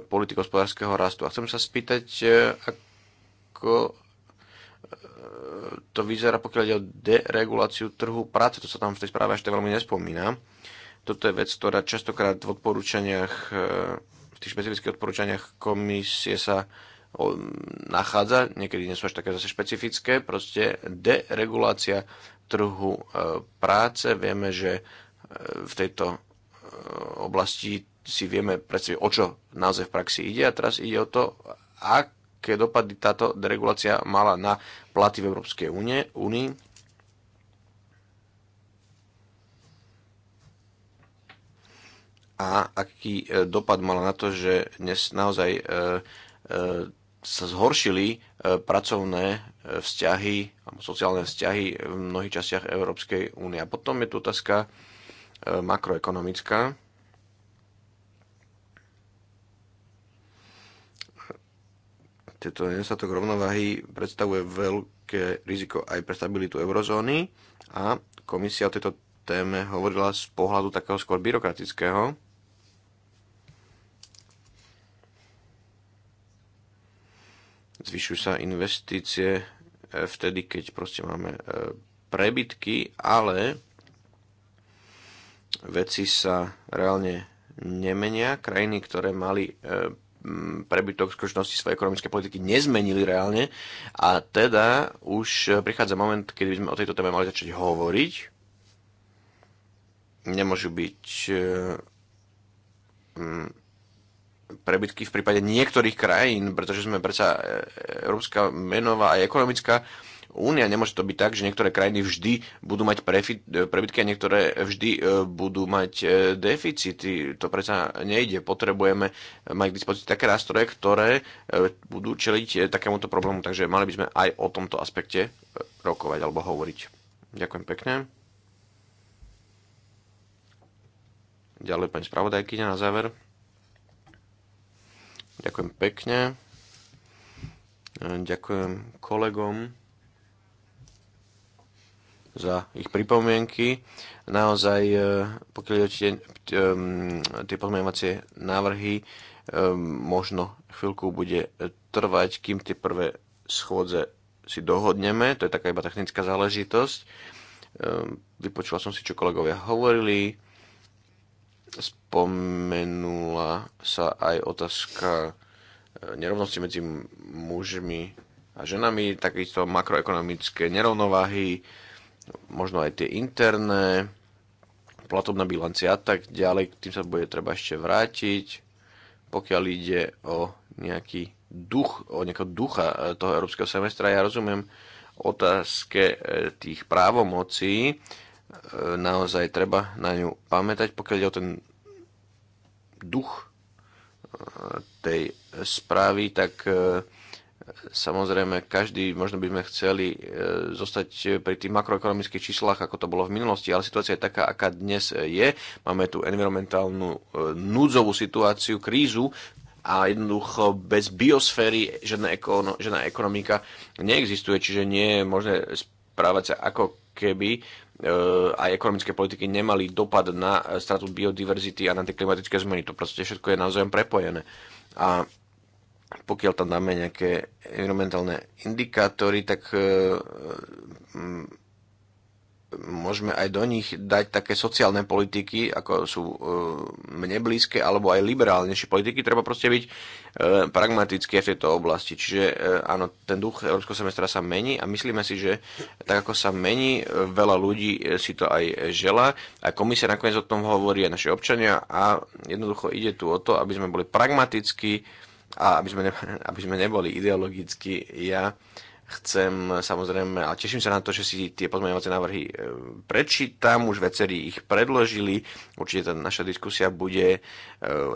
politikospodárskeho rastu. A chcem sa spýtať, ako to vyzerá, pokiaľ ide o dereguláciu trhu práce, to sa tam v tej správe ešte veľmi nespomína. Toto je vec, ktorá častokrát v odporúčaniach, eh, v tých špecifických odporúčaniach komisie sa nachádza, niekedy nie sú až také zase špecifické, proste deregulácia trhu eh, práce. Vieme, že eh, v tejto oblasti si vieme predstaviť, o čo naozaj v praxi ide a teraz ide o to, ak aké dopady táto deregulácia mala na platy v Európskej únii. A aký e, dopad mala na to, že dnes naozaj e, e, sa zhoršili pracovné vzťahy alebo sociálne vzťahy v mnohých častiach Európskej únie. A potom je tu otázka makroekonomická. tieto nedostatok rovnováhy predstavuje veľké riziko aj pre stabilitu eurozóny a komisia o tejto téme hovorila z pohľadu takého skôr byrokratického. Zvyšujú sa investície eh, vtedy, keď proste máme eh, prebytky, ale veci sa reálne nemenia. Krajiny, ktoré mali eh, prebytok skutočnosti svojej ekonomické politiky nezmenili reálne a teda už prichádza moment, kedy by sme o tejto téme mali začať hovoriť. Nemôžu byť eh, mm, prebytky v prípade niektorých krajín, pretože sme predsa eh, Európska menová a ekonomická únia. Nemôže to byť tak, že niektoré krajiny vždy budú mať e, prebytky a niektoré vždy e, budú mať e, deficity. To predsa nejde. Potrebujeme mať k dispozícii také nástroje, ktoré budú čeliť takémuto problému. Takže mali by sme aj o tomto aspekte rokovať alebo hovoriť. Ďakujem pekne. Ďalej pani spravodajkyňa na záver. Ďakujem pekne. Ďakujem kolegom za ich pripomienky. Naozaj, e, pokiaľ tie, tie pozmeňovacie návrhy, možno chvíľku bude trvať, kým tie prvé schôdze si dohodneme. To je taká iba technická záležitosť. Vypočula som si, čo kolegovia hovorili. Spomenula sa aj otázka e, nerovnosti medzi mužmi a ženami, takisto makroekonomické nerovnováhy, možno aj tie interné, platobná bilancia a tak ďalej, k tým sa bude treba ešte vrátiť, pokiaľ ide o nejaký duch, o nejakého ducha e, toho európskeho semestra. Ja rozumiem otázke e, tých právomocí, e, naozaj treba na ňu pamätať, pokiaľ ide o ten duch tej správy, tak Samozrejme, každý možno by sme chceli e, zostať pri tých makroekonomických číslach, ako to bolo v minulosti, ale situácia je taká, aká dnes je. Máme tu environmentálnu e, núdzovú situáciu, krízu, a jednoducho bez biosféry žiadna, ekono, žiadna ekonomika neexistuje, čiže nie je možné správať sa ako keby e, aj ekonomické politiky nemali dopad na stratu biodiverzity a na tie klimatické zmeny. To proste všetko je naozaj prepojené. A pokiaľ tam dáme nejaké environmentálne indikátory, tak e, môžeme aj do nich dať také sociálne politiky, ako sú e, mne blízke, alebo aj liberálnejšie politiky. Treba proste byť e, pragmatický v tejto oblasti. Čiže áno, ten duch Európskeho semestra sa mení a myslíme si, že tak ako sa mení, veľa ľudí si to aj želá. A komisia nakoniec o tom hovorí aj naši občania a jednoducho ide tu o to, aby sme boli pragmatickí, a aby sme, ne, aby sme neboli ideologicky, ja chcem samozrejme, a teším sa na to, že si tie pozmeňovacie návrhy e, prečítam, už vecerí ich predložili, určite tá naša diskusia bude e,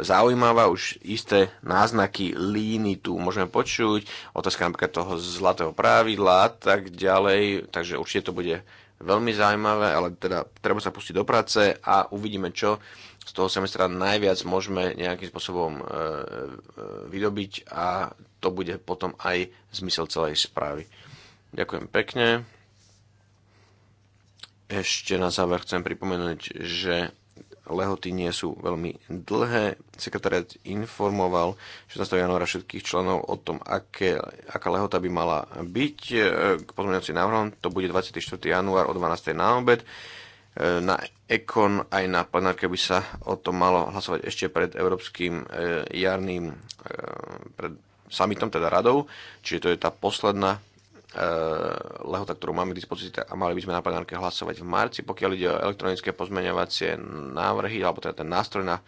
zaujímavá, už isté náznaky líny tu môžeme počuť, otázka napríklad toho zlatého pravidla a tak ďalej, takže určite to bude veľmi zaujímavé, ale teda treba sa pustiť do práce a uvidíme, čo z toho semestra najviac môžeme nejakým spôsobom e, e, vydobiť a to bude potom aj zmysel celej správy. Ďakujem pekne. Ešte na záver chcem pripomenúť, že lehoty nie sú veľmi dlhé. Sekretariat informoval 16. januára všetkých členov o tom, aké, aká lehota by mala byť. E, k pozmeňovacím návrhom to bude 24. január o 12. na obed. E, na Ekon aj na plenárke by sa o tom malo hlasovať ešte pred európskym e, jarným e, pred summitom, teda radou, čiže to je tá posledná lehota, ktorú máme k dispozícii a mali by sme na plenárke hlasovať v marci, pokiaľ ide o elektronické pozmeňovacie návrhy alebo teda ten nástroj na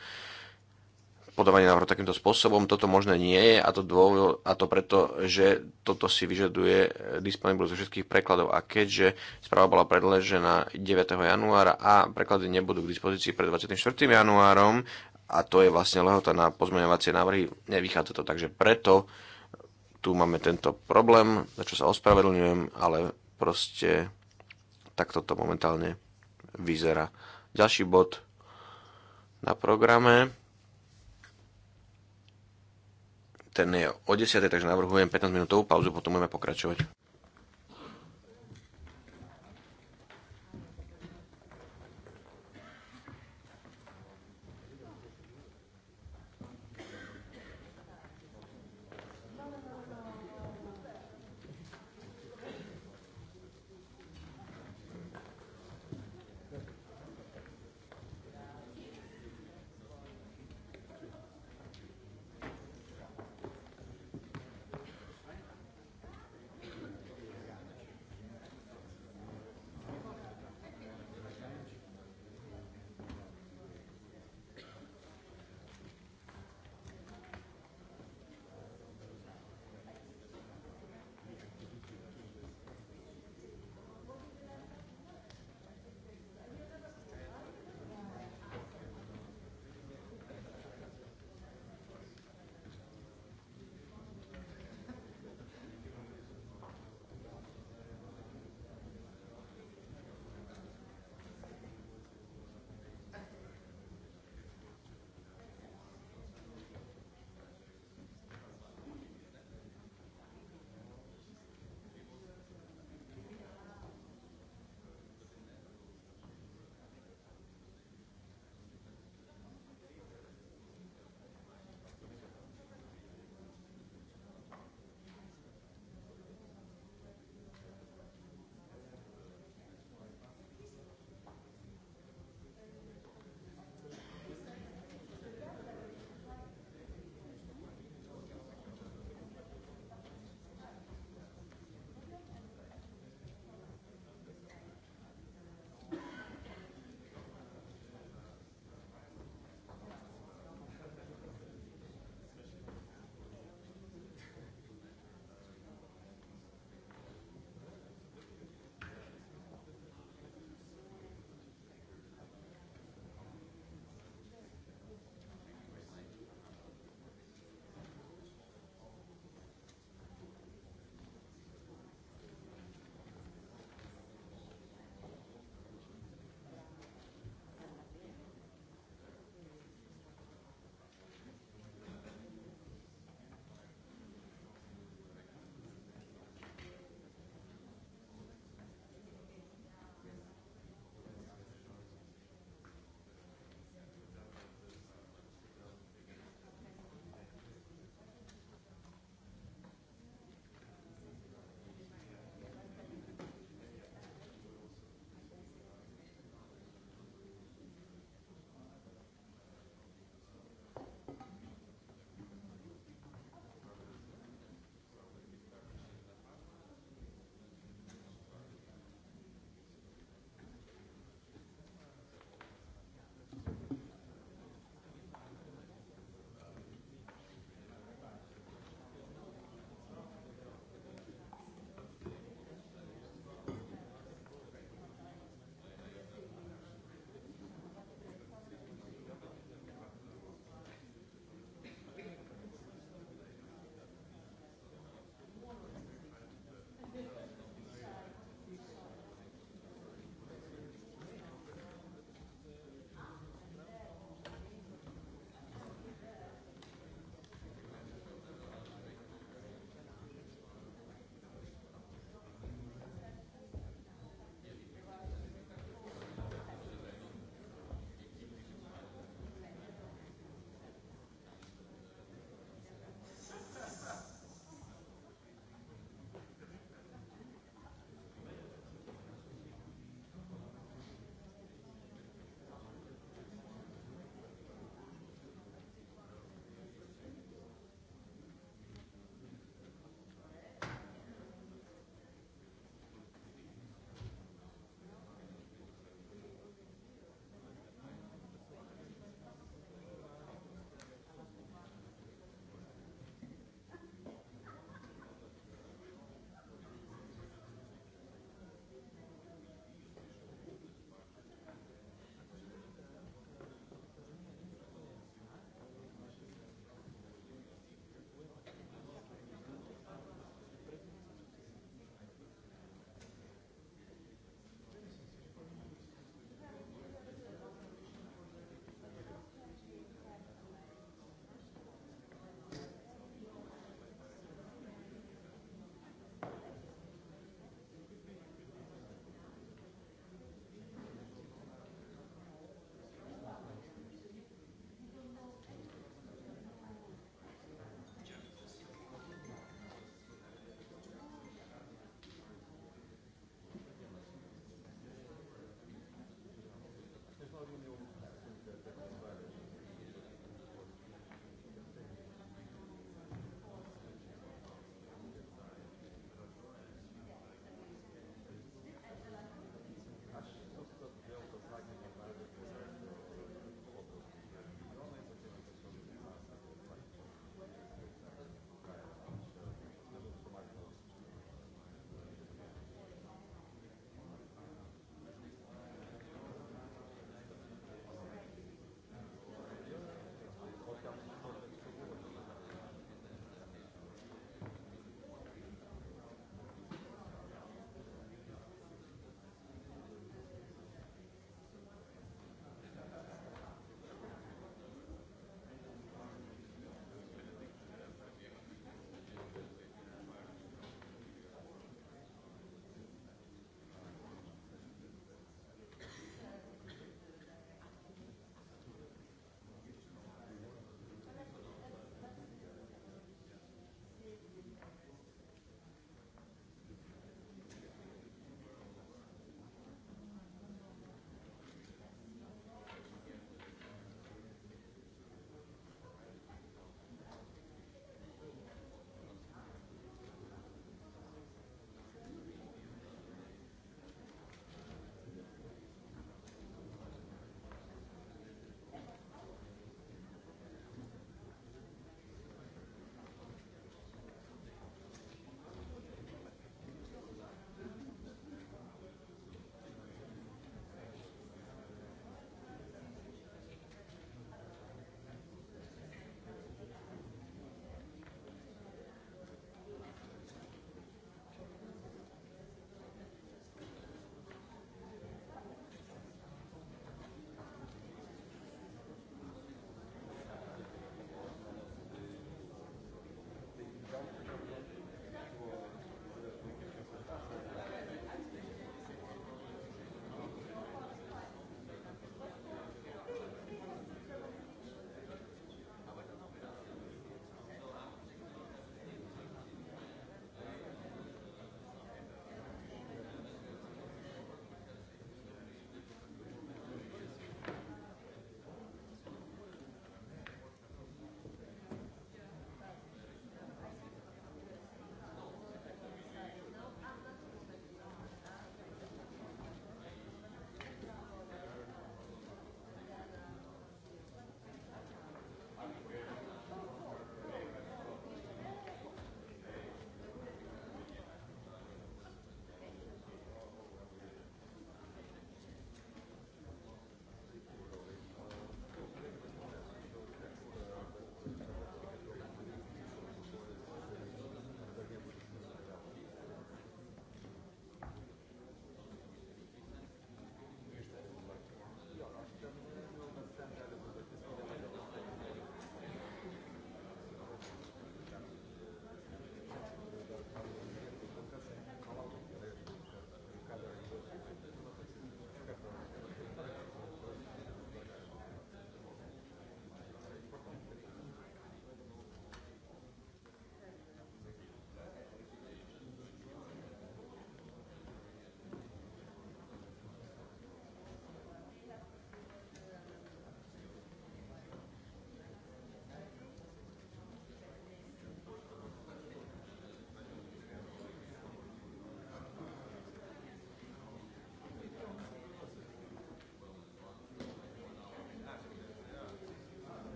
podávanie návrhu takýmto spôsobom. Toto možné nie je a to, dôvod, a to preto, že toto si vyžaduje disponibilitu všetkých prekladov. A keďže správa bola predležená 9. januára a preklady nebudú k dispozícii pred 24. januárom, a to je vlastne lehota na pozmeňovacie návrhy, nevychádza to. Takže preto tu máme tento problém, za čo sa ospravedlňujem, ale proste takto to momentálne vyzerá. Ďalší bod na programe ten je o 10, takže navrhujem 15 minútovú pauzu, potom budeme pokračovať.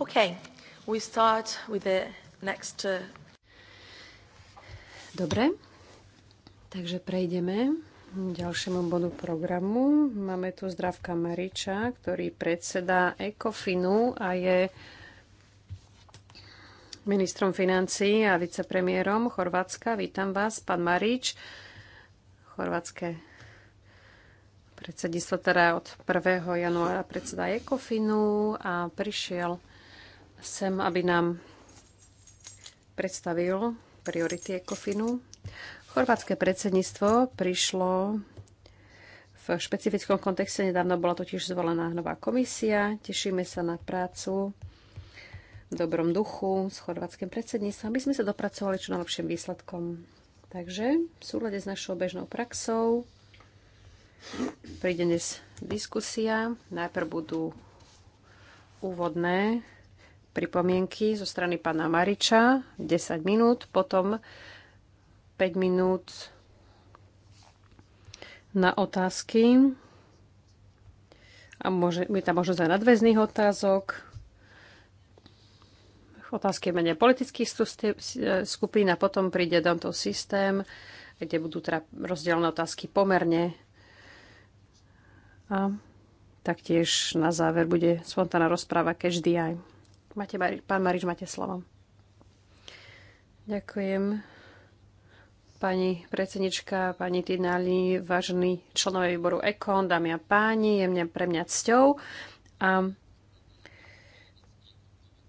Okay. We start with the next... Uh, Dobre, takže prejdeme k ďalšiemu bodu programu. Máme tu Zdravka Mariča, ktorý predseda Ekofinu a je ministrom financí a vicepremiérom Chorvátska. Vítam vás, pán Marič. Chorvátske predsedníctvo teda od 1. januára predseda Ekofinu a prišiel sem, aby nám predstavil priority Ekofinu. Chorvátske predsedníctvo prišlo v špecifickom kontexte. Nedávno bola totiž zvolená nová komisia. Tešíme sa na prácu v dobrom duchu s chorvátskym predsedníctvom, aby sme sa dopracovali čo najlepším výsledkom. Takže v súlade s našou bežnou praxou príde dnes diskusia. Najprv budú úvodné pripomienky zo strany pána Mariča, 10 minút, potom 5 minút na otázky a môže, je tam možnosť aj nadväzných otázok, otázky menej politických e, skupín a potom príde tento systém, kde budú teda rozdelené otázky pomerne. A taktiež na záver bude spontánna rozpráva každý aj. Máte, pán Marič, máte slovo. Ďakujem. Pani predsednička, pani Tinali, vážení členové výboru EKON, dámy a páni, je mňa pre mňa cťou a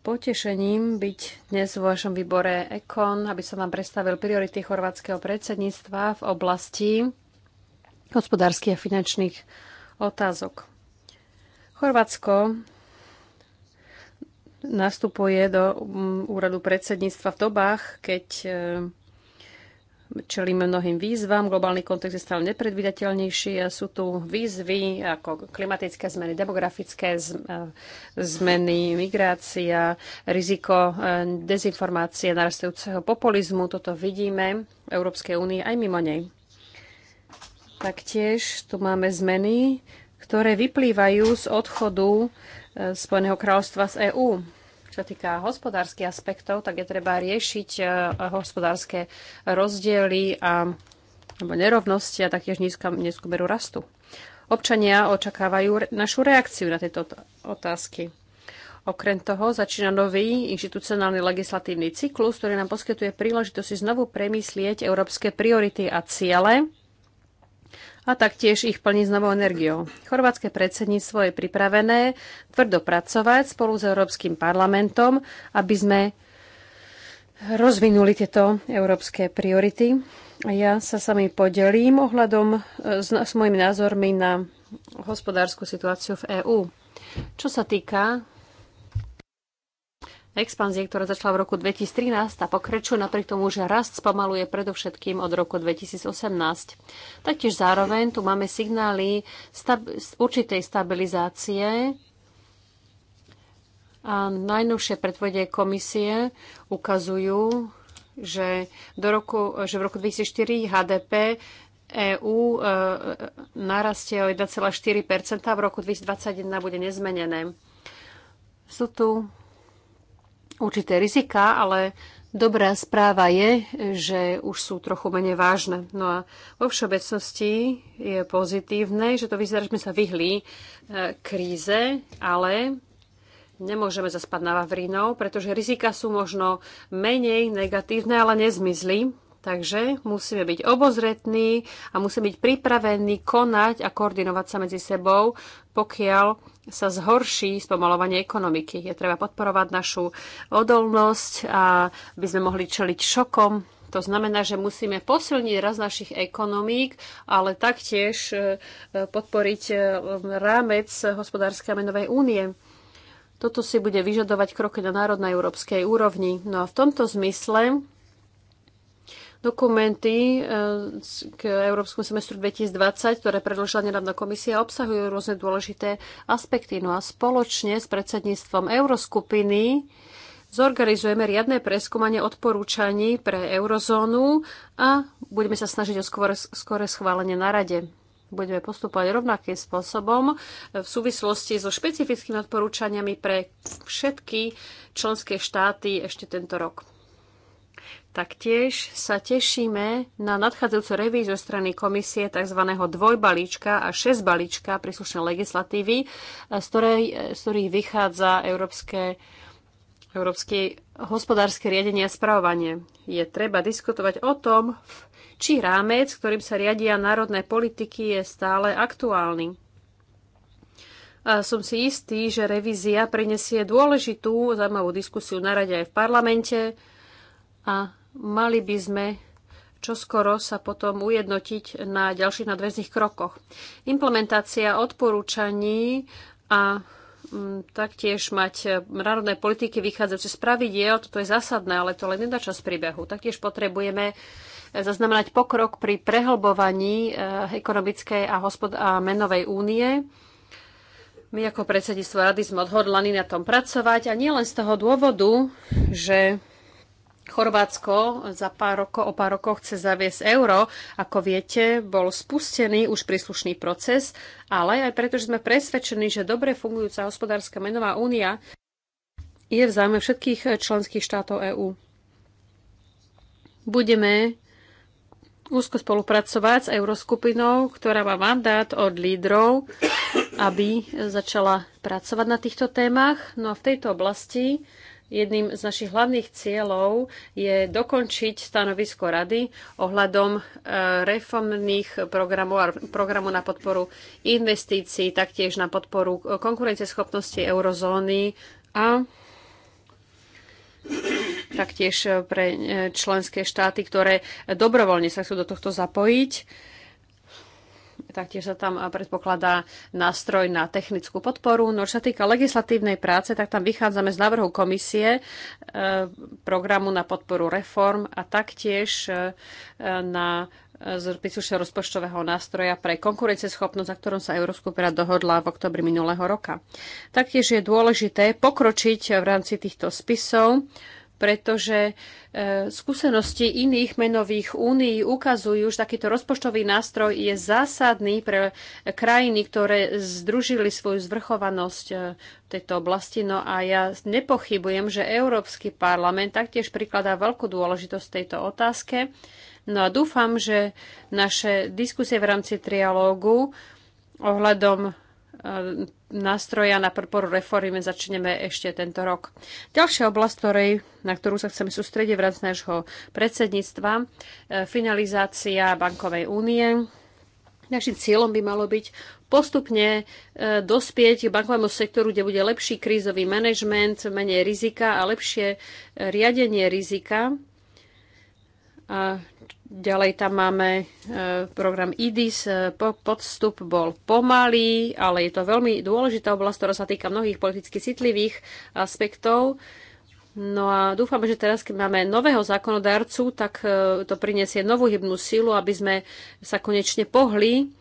potešením byť dnes v vašom výbore EKON, aby som vám predstavil priority chorvátskeho predsedníctva v oblasti hospodárskych a finančných otázok. Chorvátsko nastupuje do mm, úradu predsedníctva v dobách, keď e, čelíme mnohým výzvam, globálny kontext je stále nepredvidateľnejší. a sú tu výzvy ako klimatické zmeny, demografické e, zmeny, migrácia, riziko e, dezinformácie, narastajúceho populizmu. Toto vidíme v Európskej únii aj mimo nej. Taktiež tu máme zmeny, ktoré vyplývajú z odchodu E, Spojeného kráľovstva z EÚ. Čo týka hospodárskych aspektov, tak je treba riešiť e, hospodárske rozdiely a alebo nerovnosti a taktiež nízka, nízku meru rastu. Občania očakávajú re, našu reakciu na tieto otázky. Okrem toho začína nový inštitucionálny legislatívny cyklus, ktorý nám poskytuje príležitosti znovu premyslieť európske priority a ciele a taktiež ich plniť s novou energiou. Chorvátske predsedníctvo je pripravené tvrdo pracovať spolu s Európskym parlamentom, aby sme rozvinuli tieto európske priority. A ja sa sami podelím ohľadom e, s, s mojimi názormi na hospodárskú situáciu v EÚ. Čo sa týka expanzie, ktorá začala v roku 2013 a pokračuje napriek tomu, že rast spomaluje predovšetkým od roku 2018. Taktiež zároveň tu máme signály stab- určitej stabilizácie a najnovšie predvode komisie ukazujú, že, do roku, že v roku 2004 HDP EÚ e, narastie o 1,4 v roku 2021 bude nezmenené. Sú tu určité rizika, ale dobrá správa je, že už sú trochu menej vážne. No a vo všeobecnosti je pozitívne, že to vyzerá, že sme sa vyhli e, kríze, ale nemôžeme zaspať na Vavrínov, pretože rizika sú možno menej negatívne, ale nezmizli. Takže musíme byť obozretní a musíme byť pripravení konať a koordinovať sa medzi sebou, pokiaľ sa zhorší spomalovanie ekonomiky. Je treba podporovať našu odolnosť, a aby sme mohli čeliť šokom. To znamená, že musíme posilniť raz našich ekonomík, ale taktiež e, podporiť e, rámec hospodárskej a menovej únie. Toto si bude vyžadovať kroky na národnej európskej úrovni. No a v tomto zmysle Dokumenty eh, k Európskom semestru 2020, ktoré predložila nedávna komisia, obsahujú rôzne dôležité aspekty. No a spoločne s predsedníctvom Euroskupiny zorganizujeme riadne preskúmanie odporúčaní pre eurozónu a budeme sa snažiť o skôr, skore schválenie na rade budeme postupovať rovnakým spôsobom v súvislosti so špecifickými odporúčaniami pre všetky členské štáty ešte tento rok. Taktiež sa tešíme na nadchádzajúcu revíziu strany komisie tzv. dvojbalíčka a šesťbalíčka príslušnej legislatívy, z, ktorej, z ktorých vychádza európske, európske hospodárske riadenie a spravovanie. Je treba diskutovať o tom, či rámec, ktorým sa riadia národné politiky, je stále aktuálny. A som si istý, že revízia prinesie dôležitú zaujímavú diskusiu na rade aj v parlamente a mali by sme čoskoro sa potom ujednotiť na ďalších nadväzných krokoch. Implementácia odporúčaní a mm, taktiež mať e, národné politiky vychádzajúce z pravidiel, toto je zásadné, ale to len nedá čas príbehu. Taktiež potrebujeme e, zaznamenať pokrok pri prehlbovaní e, ekonomickej a, hospod- a menovej únie. My ako predsedníctvo rady sme odhodlani na tom pracovať a nielen z toho dôvodu, že Chorvátsko za pár rokov, o pár rokoch chce zaviesť euro. Ako viete, bol spustený už príslušný proces, ale aj preto, že sme presvedčení, že dobre fungujúca hospodárska menová únia je v záujme všetkých členských štátov EÚ. Budeme úzko spolupracovať s Euroskupinou, ktorá má mandát od lídrov, aby začala pracovať na týchto témach. No a v tejto oblasti Jedným z našich hlavných cieľov je dokončiť stanovisko rady ohľadom e, reformných programov a programu na podporu investícií, taktiež na podporu konkurenceschopnosti eurozóny a taktiež pre e, členské štáty, ktoré dobrovoľne sa chcú do tohto zapojiť. Taktiež sa tam eh, predpokladá nástroj na technickú podporu. No čo sa týka legislatívnej práce, tak tam vychádzame z návrhu komisie eh, programu na podporu reform a taktiež eh, na z príslušného rozpočtového nástroja pre konkurencieschopnosť, za ktorom sa Euroskupina dohodla v oktobri minulého roka. Taktiež je dôležité pokročiť v rámci týchto spisov pretože e, skúsenosti iných menových únií ukazujú, že takýto rozpočtový nástroj je zásadný pre krajiny, ktoré združili svoju zvrchovanosť e, v tejto oblasti. No a ja nepochybujem, že Európsky parlament taktiež prikladá veľkú dôležitosť tejto otázke. No a dúfam, že naše diskusie v rámci trialógu ohľadom E, nástroja na podporu reformy začneme ešte tento rok. Ďalšia oblasť, ktorej, na ktorú sa chceme sústrediť v rámci nášho predsedníctva, e, finalizácia bankovej únie. Našim cieľom by malo byť postupne e, dospieť k bankovému sektoru, kde bude lepší krízový manažment, menej rizika a lepšie riadenie rizika. A Ďalej tam máme e, program IDIS. E, podstup bol pomalý, ale je to veľmi dôležitá oblasť, ktorá sa týka mnohých politicky citlivých aspektov. No a dúfame, že teraz, keď máme nového zákonodárcu, tak e, to prinesie novú hybnú silu, aby sme sa konečne pohli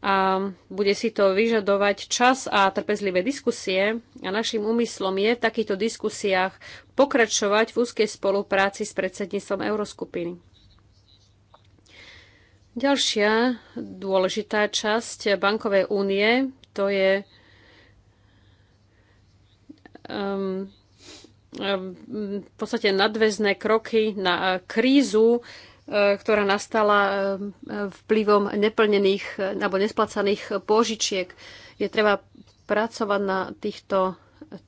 a bude si to vyžadovať čas a trpezlivé diskusie. A našim úmyslom je v takýchto diskusiách pokračovať v úzkej spolupráci s predsedníctvom Euroskupiny. Ďalšia dôležitá časť bankovej únie to je um, um v podstate nadväzné kroky na eh, krízu, eh, ktorá nastala eh, vplyvom neplnených alebo nesplacaných pôžičiek. Je treba pracovať na týchto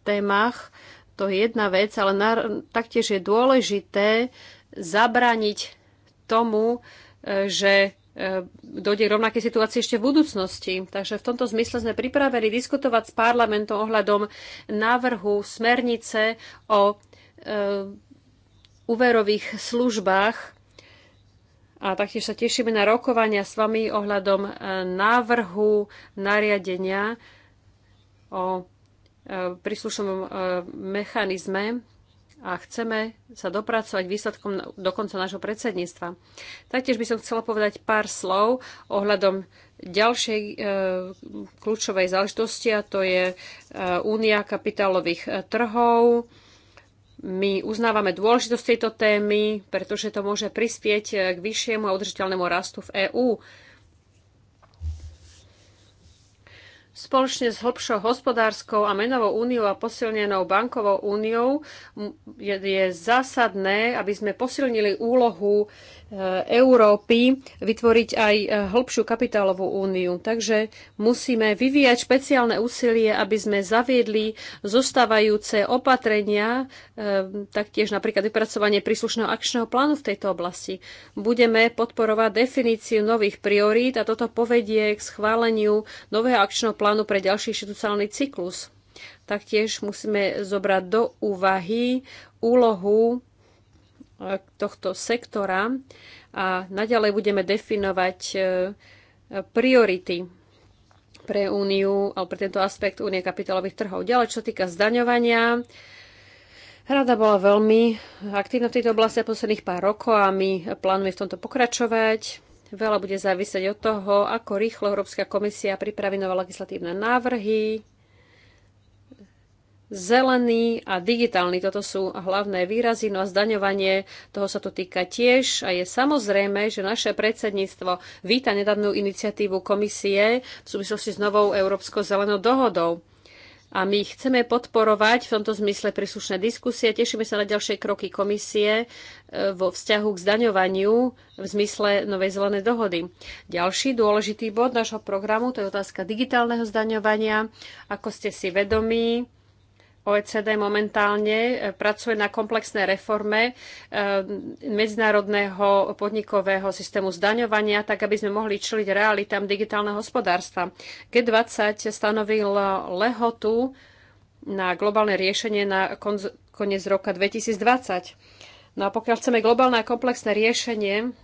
témach. To je jedna vec, ale na, taktiež je dôležité zabrániť tomu, že e, dojde k rovnakej situácii ešte v budúcnosti. Takže v tomto zmysle sme pripravili diskutovať s parlamentom ohľadom návrhu smernice o e, úverových službách a taktiež sa tešíme na rokovania s vami ohľadom e, návrhu nariadenia o príslušnom mechanizme a chceme sa dopracovať výsledkom do konca nášho predsedníctva. Taktiež by som chcela povedať pár slov ohľadom ďalšej e, kľúčovej záležitosti a to je e, Únia kapitálových e, trhov. My uznávame dôležitosť tejto témy, pretože to môže prispieť e, k vyššiemu a udržiteľnému rastu v EÚ. Spoločne s hlbšou hospodárskou a menovou úniou a posilnenou bankovou úniou je, je zásadné, aby sme posilnili úlohu Európy vytvoriť aj e, hĺbšiu kapitálovú úniu. Takže musíme vyvíjať špeciálne úsilie, aby sme zaviedli zostávajúce opatrenia, e, taktiež napríklad vypracovanie príslušného akčného plánu v tejto oblasti. Budeme podporovať definíciu nových priorít a toto povedie k schváleniu nového akčného plánu pre ďalší štitucálny cyklus. Taktiež musíme zobrať do úvahy úlohu tohto sektora a naďalej budeme definovať e, priority pre úniu alebo pre tento aspekt únie kapitálových trhov. Ďalej, čo týka zdaňovania, Rada bola veľmi aktívna v tejto oblasti posledných pár rokov a my plánujeme v tomto pokračovať. Veľa bude závisieť od toho, ako rýchlo Európska komisia pripraví nové legislatívne návrhy, zelený a digitálny. Toto sú hlavné výrazy. No a zdaňovanie, toho sa to týka tiež. A je samozrejme, že naše predsedníctvo víta nedávnu iniciatívu komisie v súvislosti s novou Európskou zelenou dohodou. A my chceme podporovať v tomto zmysle príslušné diskusie. Tešíme sa na ďalšie kroky komisie e, vo vzťahu k zdaňovaniu v zmysle Novej zelenej dohody. Ďalší dôležitý bod nášho programu to je otázka digitálneho zdaňovania. Ako ste si vedomí, OECD momentálne e, pracuje na komplexnej reforme e, medzinárodného podnikového systému zdaňovania, tak aby sme mohli čiliť realitám digitálneho hospodárstva. G20 stanovil lehotu na globálne riešenie na koniec roka 2020. No a pokiaľ chceme globálne a komplexné riešenie,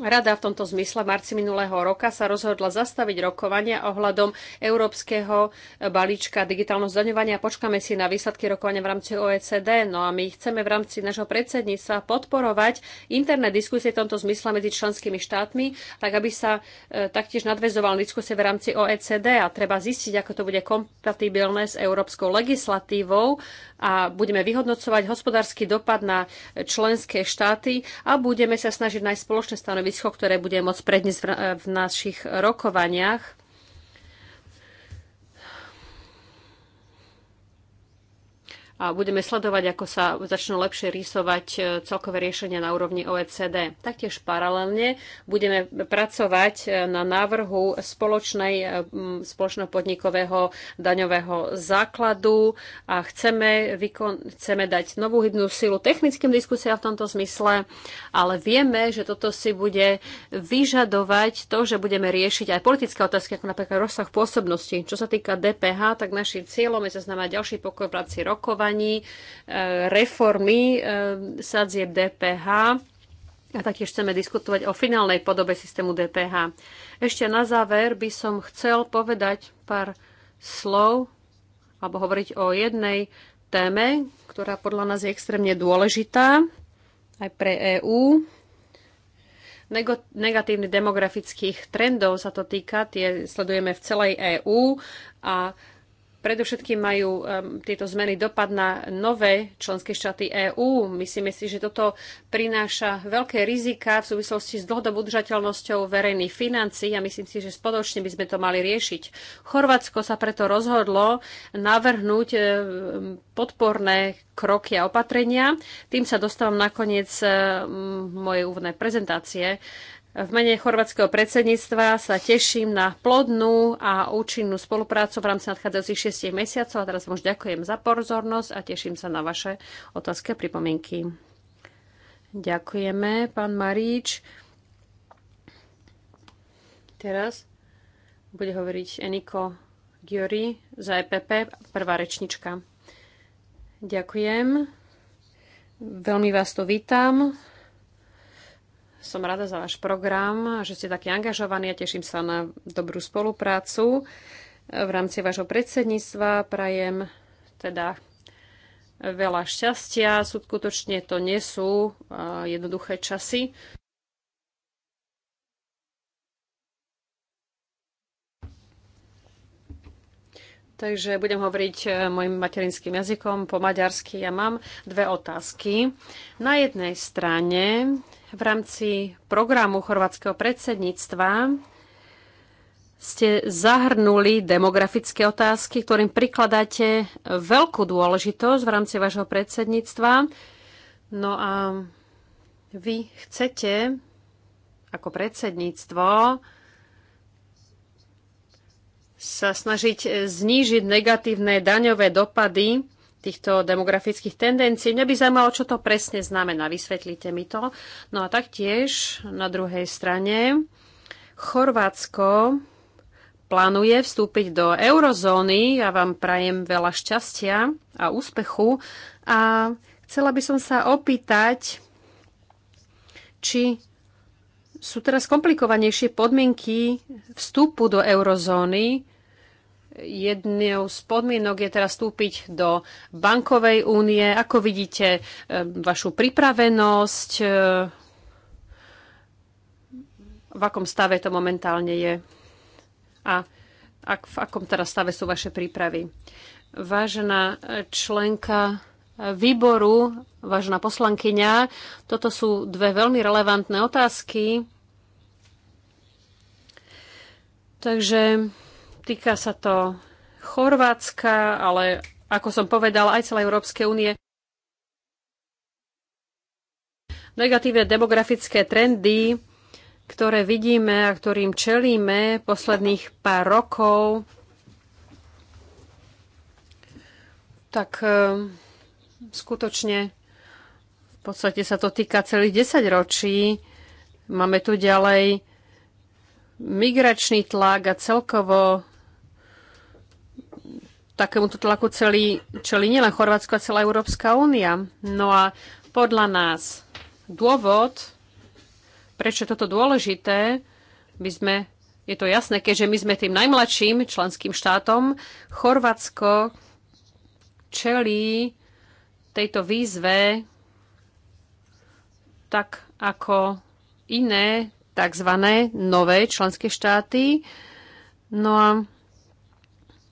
Rada v tomto zmysle v marci minulého roka sa rozhodla zastaviť rokovania ohľadom európskeho balíčka digitálneho zdaňovania. Počkáme si na výsledky rokovania v rámci OECD. No a my chceme v rámci nášho predsedníctva podporovať interné diskusie v tomto zmysle medzi členskými štátmi, tak aby sa e, taktiež nadvezoval diskusie v rámci OECD a treba zistiť, ako to bude kompatibilné s európskou legislatívou a budeme vyhodnocovať hospodársky dopad na členské štáty a budeme sa snažiť nájsť spoločné stanovisko stanovisko, ktoré bude môcť predniesť v našich rokovaniach a budeme sledovať, ako sa začnú lepšie rýsovať e, celkové riešenia na úrovni OECD. Taktiež paralelne budeme pracovať e, na návrhu spoločnej, e, spoločnopodnikového daňového základu a chceme, vykon, chceme dať novú hybnú silu technickým diskusiám v tomto zmysle, ale vieme, že toto si bude vyžadovať to, že budeme riešiť aj politické otázky, ako napríklad rozsah pôsobnosti. Čo sa týka DPH, tak našim cieľom je zaznamenať ďalší pokoj v rámci rokovania plánovaní e, reformy e, sadzieb DPH a taktiež chceme diskutovať o finálnej podobe systému DPH. Ešte na záver by som chcel povedať pár slov alebo hovoriť o jednej téme, ktorá podľa nás je extrémne dôležitá aj pre EÚ. Negatívnych demografických trendov sa to týka, tie sledujeme v celej EÚ a Predovšetkým majú tieto zmeny dopad na nové členské štáty EÚ. Myslíme si, že toto prináša veľké rizika v súvislosti s dlhodobou udržateľnosťou verejných financií a myslím si, že spoločne by sme to mali riešiť. Chorvátsko sa preto rozhodlo navrhnúť podporné kroky a opatrenia. Tým sa dostávam nakoniec mojej úvodnej prezentácie. V mene chorvátskeho predsedníctva sa teším na plodnú a účinnú spoluprácu v rámci nadchádzajúcich 6 mesiacov. A teraz vám už ďakujem za pozornosť a teším sa na vaše otázky a pripomienky. Ďakujeme, pán Maríč. Teraz bude hovoriť Eniko Giori za EPP, prvá rečnička. Ďakujem. Veľmi vás to vítam som rada za váš program, že ste taký angažovaní a teším sa na dobrú spoluprácu v rámci vášho predsedníctva. Prajem teda veľa šťastia. Skutočne to nie sú jednoduché časy. takže budem hovoriť e, mojim materinským jazykom po maďarsky. Ja mám dve otázky. Na jednej strane v rámci programu chorvátskeho predsedníctva ste zahrnuli demografické otázky, ktorým prikladáte veľkú dôležitosť v rámci vášho predsedníctva. No a vy chcete ako predsedníctvo sa snažiť znížiť negatívne daňové dopady týchto demografických tendencií. Mňa by zaujímalo, čo to presne znamená. Vysvetlite mi to. No a taktiež na druhej strane Chorvátsko plánuje vstúpiť do eurozóny. Ja vám prajem veľa šťastia a úspechu. A chcela by som sa opýtať, či sú teraz komplikovanejšie podmienky vstupu do eurozóny Jednou z podmienok je teraz vstúpiť do bankovej únie. Ako vidíte e, vašu pripravenosť? E, v akom stave to momentálne je? A ak, v akom teraz stave sú vaše prípravy? Vážená členka výboru, vážená poslankyňa, toto sú dve veľmi relevantné otázky. Takže Týka sa to Chorvátska, ale ako som povedala, aj celé Európskej únie. Negatívne demografické trendy, ktoré vidíme a ktorým čelíme posledných pár rokov, tak e, skutočne v podstate sa to týka celých 10 ročí. Máme tu ďalej migračný tlak a celkovo takémuto tlaku celý, čeli nielen Chorvátsko a celá Európska únia. No a podľa nás dôvod, prečo toto dôležité, by sme, je to jasné, keďže my sme tým najmladším členským štátom, Chorvátsko čelí tejto výzve tak ako iné tzv. nové členské štáty. No a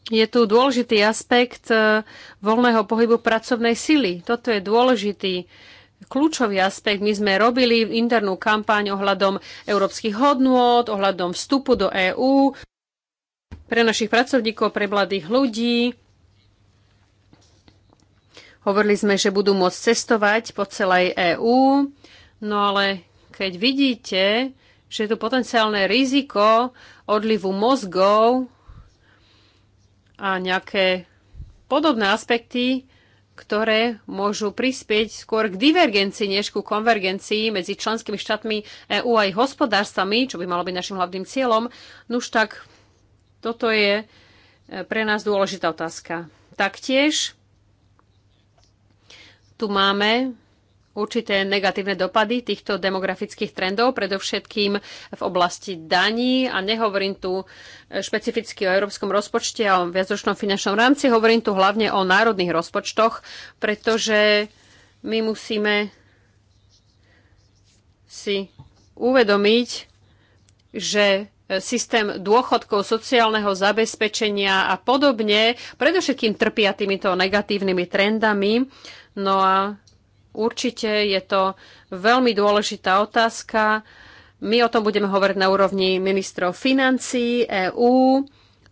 je tu dôležitý aspekt e, voľného pohybu pracovnej sily. Toto je dôležitý kľúčový aspekt. My sme robili internú kampaň ohľadom európskych hodnôt, ohľadom vstupu do EÚ pre našich pracovníkov, pre mladých ľudí. Hovorili sme, že budú môcť cestovať po celej EÚ, no ale keď vidíte, že je tu potenciálne riziko odlivu mozgov a nejaké podobné aspekty, ktoré môžu prispieť skôr k divergencii než ku konvergencii medzi členskými štátmi EÚ a ich hospodárstvami, čo by malo byť našim hlavným cieľom. Nuž tak, toto je e, pre nás dôležitá otázka. Taktiež tu máme určité negatívne dopady týchto demografických trendov, predovšetkým v oblasti daní. A nehovorím tu e, špecificky o európskom rozpočte a o viacročnom finančnom rámci, hovorím tu hlavne o národných rozpočtoch, pretože my musíme si uvedomiť, že systém dôchodkov, sociálneho zabezpečenia a podobne, predovšetkým trpia týmito negatívnymi trendami. No a Určite je to veľmi dôležitá otázka. My o tom budeme hovoriť na úrovni ministrov financí EÚ.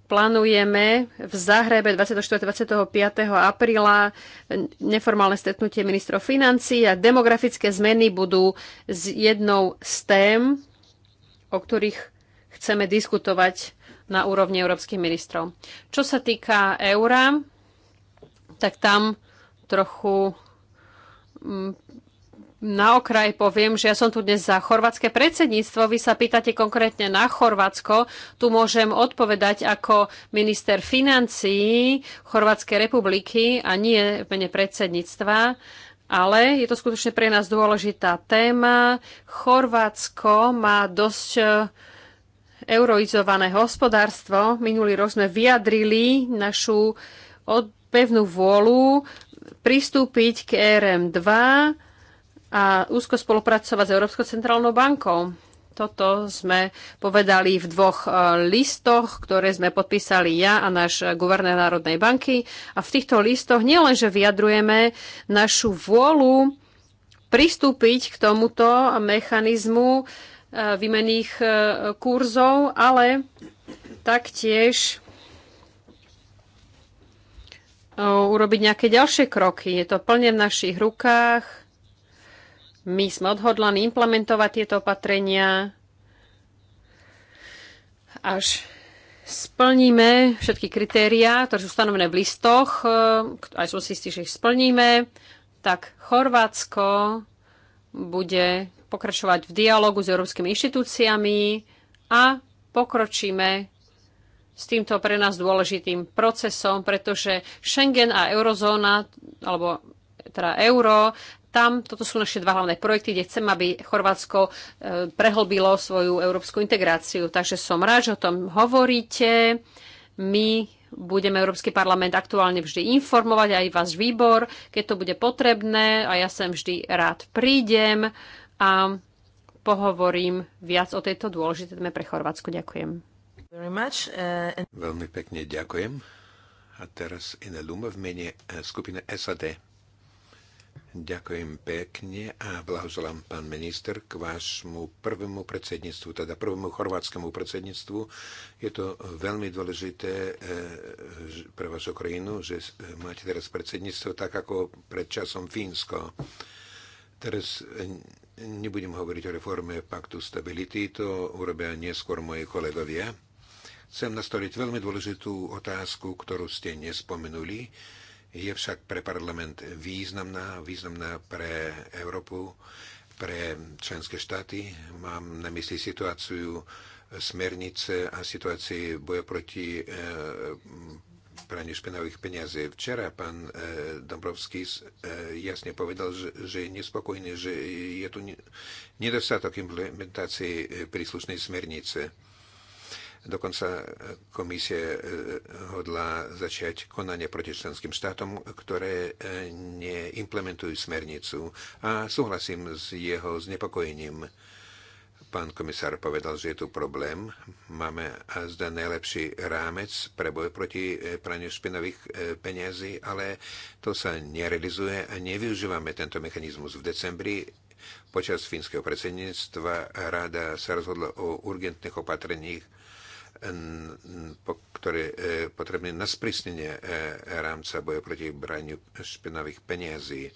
Plánujeme v Zahrebe 24. 25. apríla neformálne stretnutie ministrov financí a demografické zmeny budú z jednou z tém, o ktorých chceme diskutovať na úrovni európskych ministrov. Čo sa týka eura, tak tam trochu Mm, na okraj poviem, že ja som tu dnes za chorvátske predsedníctvo. Vy sa pýtate konkrétne na Chorvátsko. Tu môžem odpovedať ako minister financií Chorvátskej republiky a nie v mene predsedníctva. Ale je to skutočne pre nás dôležitá téma. Chorvátsko má dosť e, euroizované hospodárstvo. Minulý rok sme vyjadrili našu pevnú vôľu pristúpiť k ERM2 a úzko spolupracovať s Európskou centrálnou bankou. Toto sme povedali v dvoch e, listoch, ktoré sme podpísali ja a náš guvernér Národnej banky. A v týchto listoch nielenže vyjadrujeme našu vôľu pristúpiť k tomuto mechanizmu e, výmených e, kurzov, ale taktiež urobiť nejaké ďalšie kroky. Je to plne v našich rukách. My sme odhodlani implementovať tieto opatrenia. Až splníme všetky kritériá, ktoré sú stanovené v listoch, e, aj som si istý, že ich splníme, tak Chorvátsko bude pokračovať v dialogu s európskymi inštitúciami a pokročíme s týmto pre nás dôležitým procesom, pretože Schengen a eurozóna, alebo teda euro, tam toto sú naše dva hlavné projekty, kde chcem, aby Chorvátsko e, prehlbilo svoju európsku integráciu. Takže som rád, že o tom hovoríte. My budeme Európsky parlament aktuálne vždy informovať, aj váš výbor, keď to bude potrebné a ja sem vždy rád prídem a pohovorím viac o tejto dôležité téme pre Chorvátsko. Ďakujem. Uh, veľmi pekne ďakujem. A teraz Ina Luma v mene eh, skupiny SAD. Ďakujem pekne a blahoželám, pán minister, k vášmu prvému predsedníctvu, teda prvému chorvátskému predsedníctvu. Je to veľmi dôležité eh, pre vašu krajinu, že eh, máte teraz predsedníctvo tak ako pred časom Fínsko. Teraz nebudem hovoriť o reforme paktu stability, to urobia neskôr moje kolegovia. Chcem nastoliť veľmi dôležitú otázku, ktorú ste nespomenuli. Je však pre parlament významná, významná pre Európu, pre členské štáty. Mám na mysli situáciu smernice a situácii boja proti e, praniu špinavých peniazí. Včera pán e, Dombrovský e, jasne povedal, že, že je nespokojný, že je tu nedostatok implementácie príslušnej smernice Dokonca e, komisie e, hodla začať konanie proti členským štátom, ktoré e, neimplementujú smernicu. A súhlasím s jeho znepokojením. Pán komisár povedal, že je tu problém. Máme a zda najlepší rámec pre boj proti praniu špinavých peniazí, ale to sa nerealizuje a nevyužívame tento mechanizmus. V decembri počas fínskeho predsedníctva rada sa rozhodla o urgentných opatreniach ktoré e, potrebné na sprísnenie e, rámca boja proti braniu špinavých peniazí. E,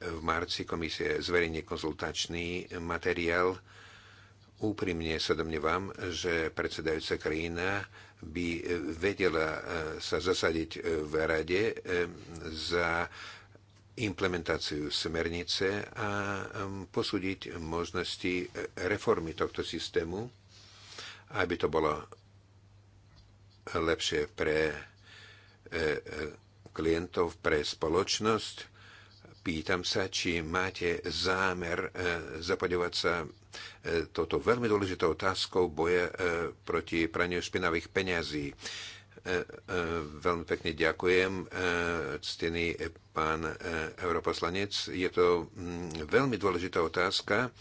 v marci komisie zverejne konzultačný materiál. Úprimne sa domnievam, že predsedajúca krajina by vedela sa zasadiť v rade za implementáciu smernice a posúdiť možnosti reformy tohto systému aby to bolo lepšie pre e, e, klientov, pre spoločnosť. Pýtam sa, či máte zámer e, zapadovať sa toto veľmi dôležitou otázkou boja proti praniu špinavých peňazí. Veľmi pekne ďakujem, ctený pán europoslanec. Je to mm, veľmi dôležitá otázka.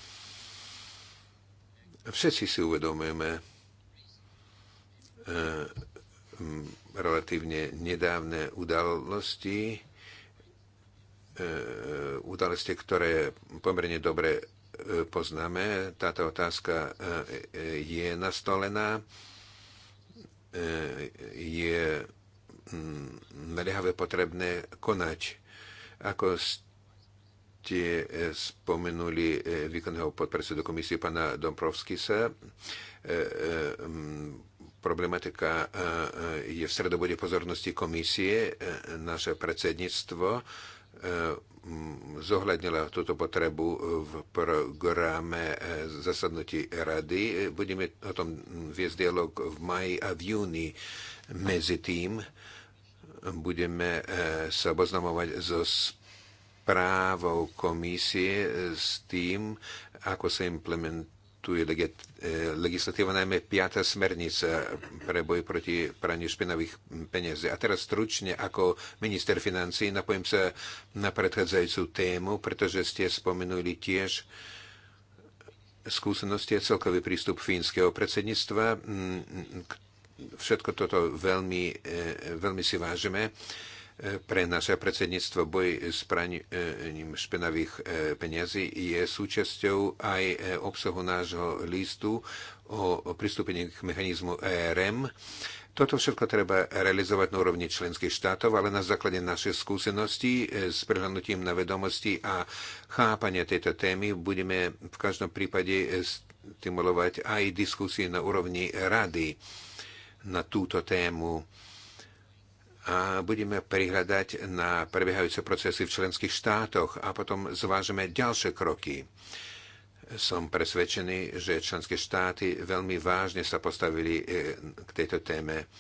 Všetci si uvedomujeme, E, relatívne nedávne udalosti, e, e, udalosti, ktoré pomerne dobre poznáme. Táto otázka je nastolená, je naliehavé potrebné konať. Ako ste spomenuli výkonného podpredsedu komisie pana Dombrovskisa, problematika e, e, je v stredobode pozornosti komisie. E, naše predsedníctvo zohľadnila túto potrebu v programe zasadnutí rady. Budeme o tom viesť dialog v maji a v júni. Medzi tým budeme sa oboznamovať so správou komisie s tým, ako sa implementuje tu je leget, e, legislatíva najmä piata smernica pre boj proti praniu špinavých peniazí. A teraz stručne ako minister financí napojím sa na predchádzajúcu tému, pretože ste spomenuli tiež skúsenosti a celkový prístup fínskeho predsedníctva. Mm, všetko toto veľmi, e, veľmi si vážime pre naše predsedníctvo boj s praním špinavých e, peniazí je súčasťou aj e, obsahu nášho listu o pristúpení k mechanizmu ERM. Toto všetko treba realizovať na úrovni členských štátov, ale na základe našej skúsenosti e, s prehľadnutím na vedomosti a chápania tejto témy budeme v každom prípade stimulovať aj diskusie na úrovni rady na túto tému a budeme prihľadať na prebiehajúce procesy v členských štátoch a potom zvážime ďalšie kroky. Som presvedčený, že členské štáty veľmi vážne sa postavili e, k tejto téme.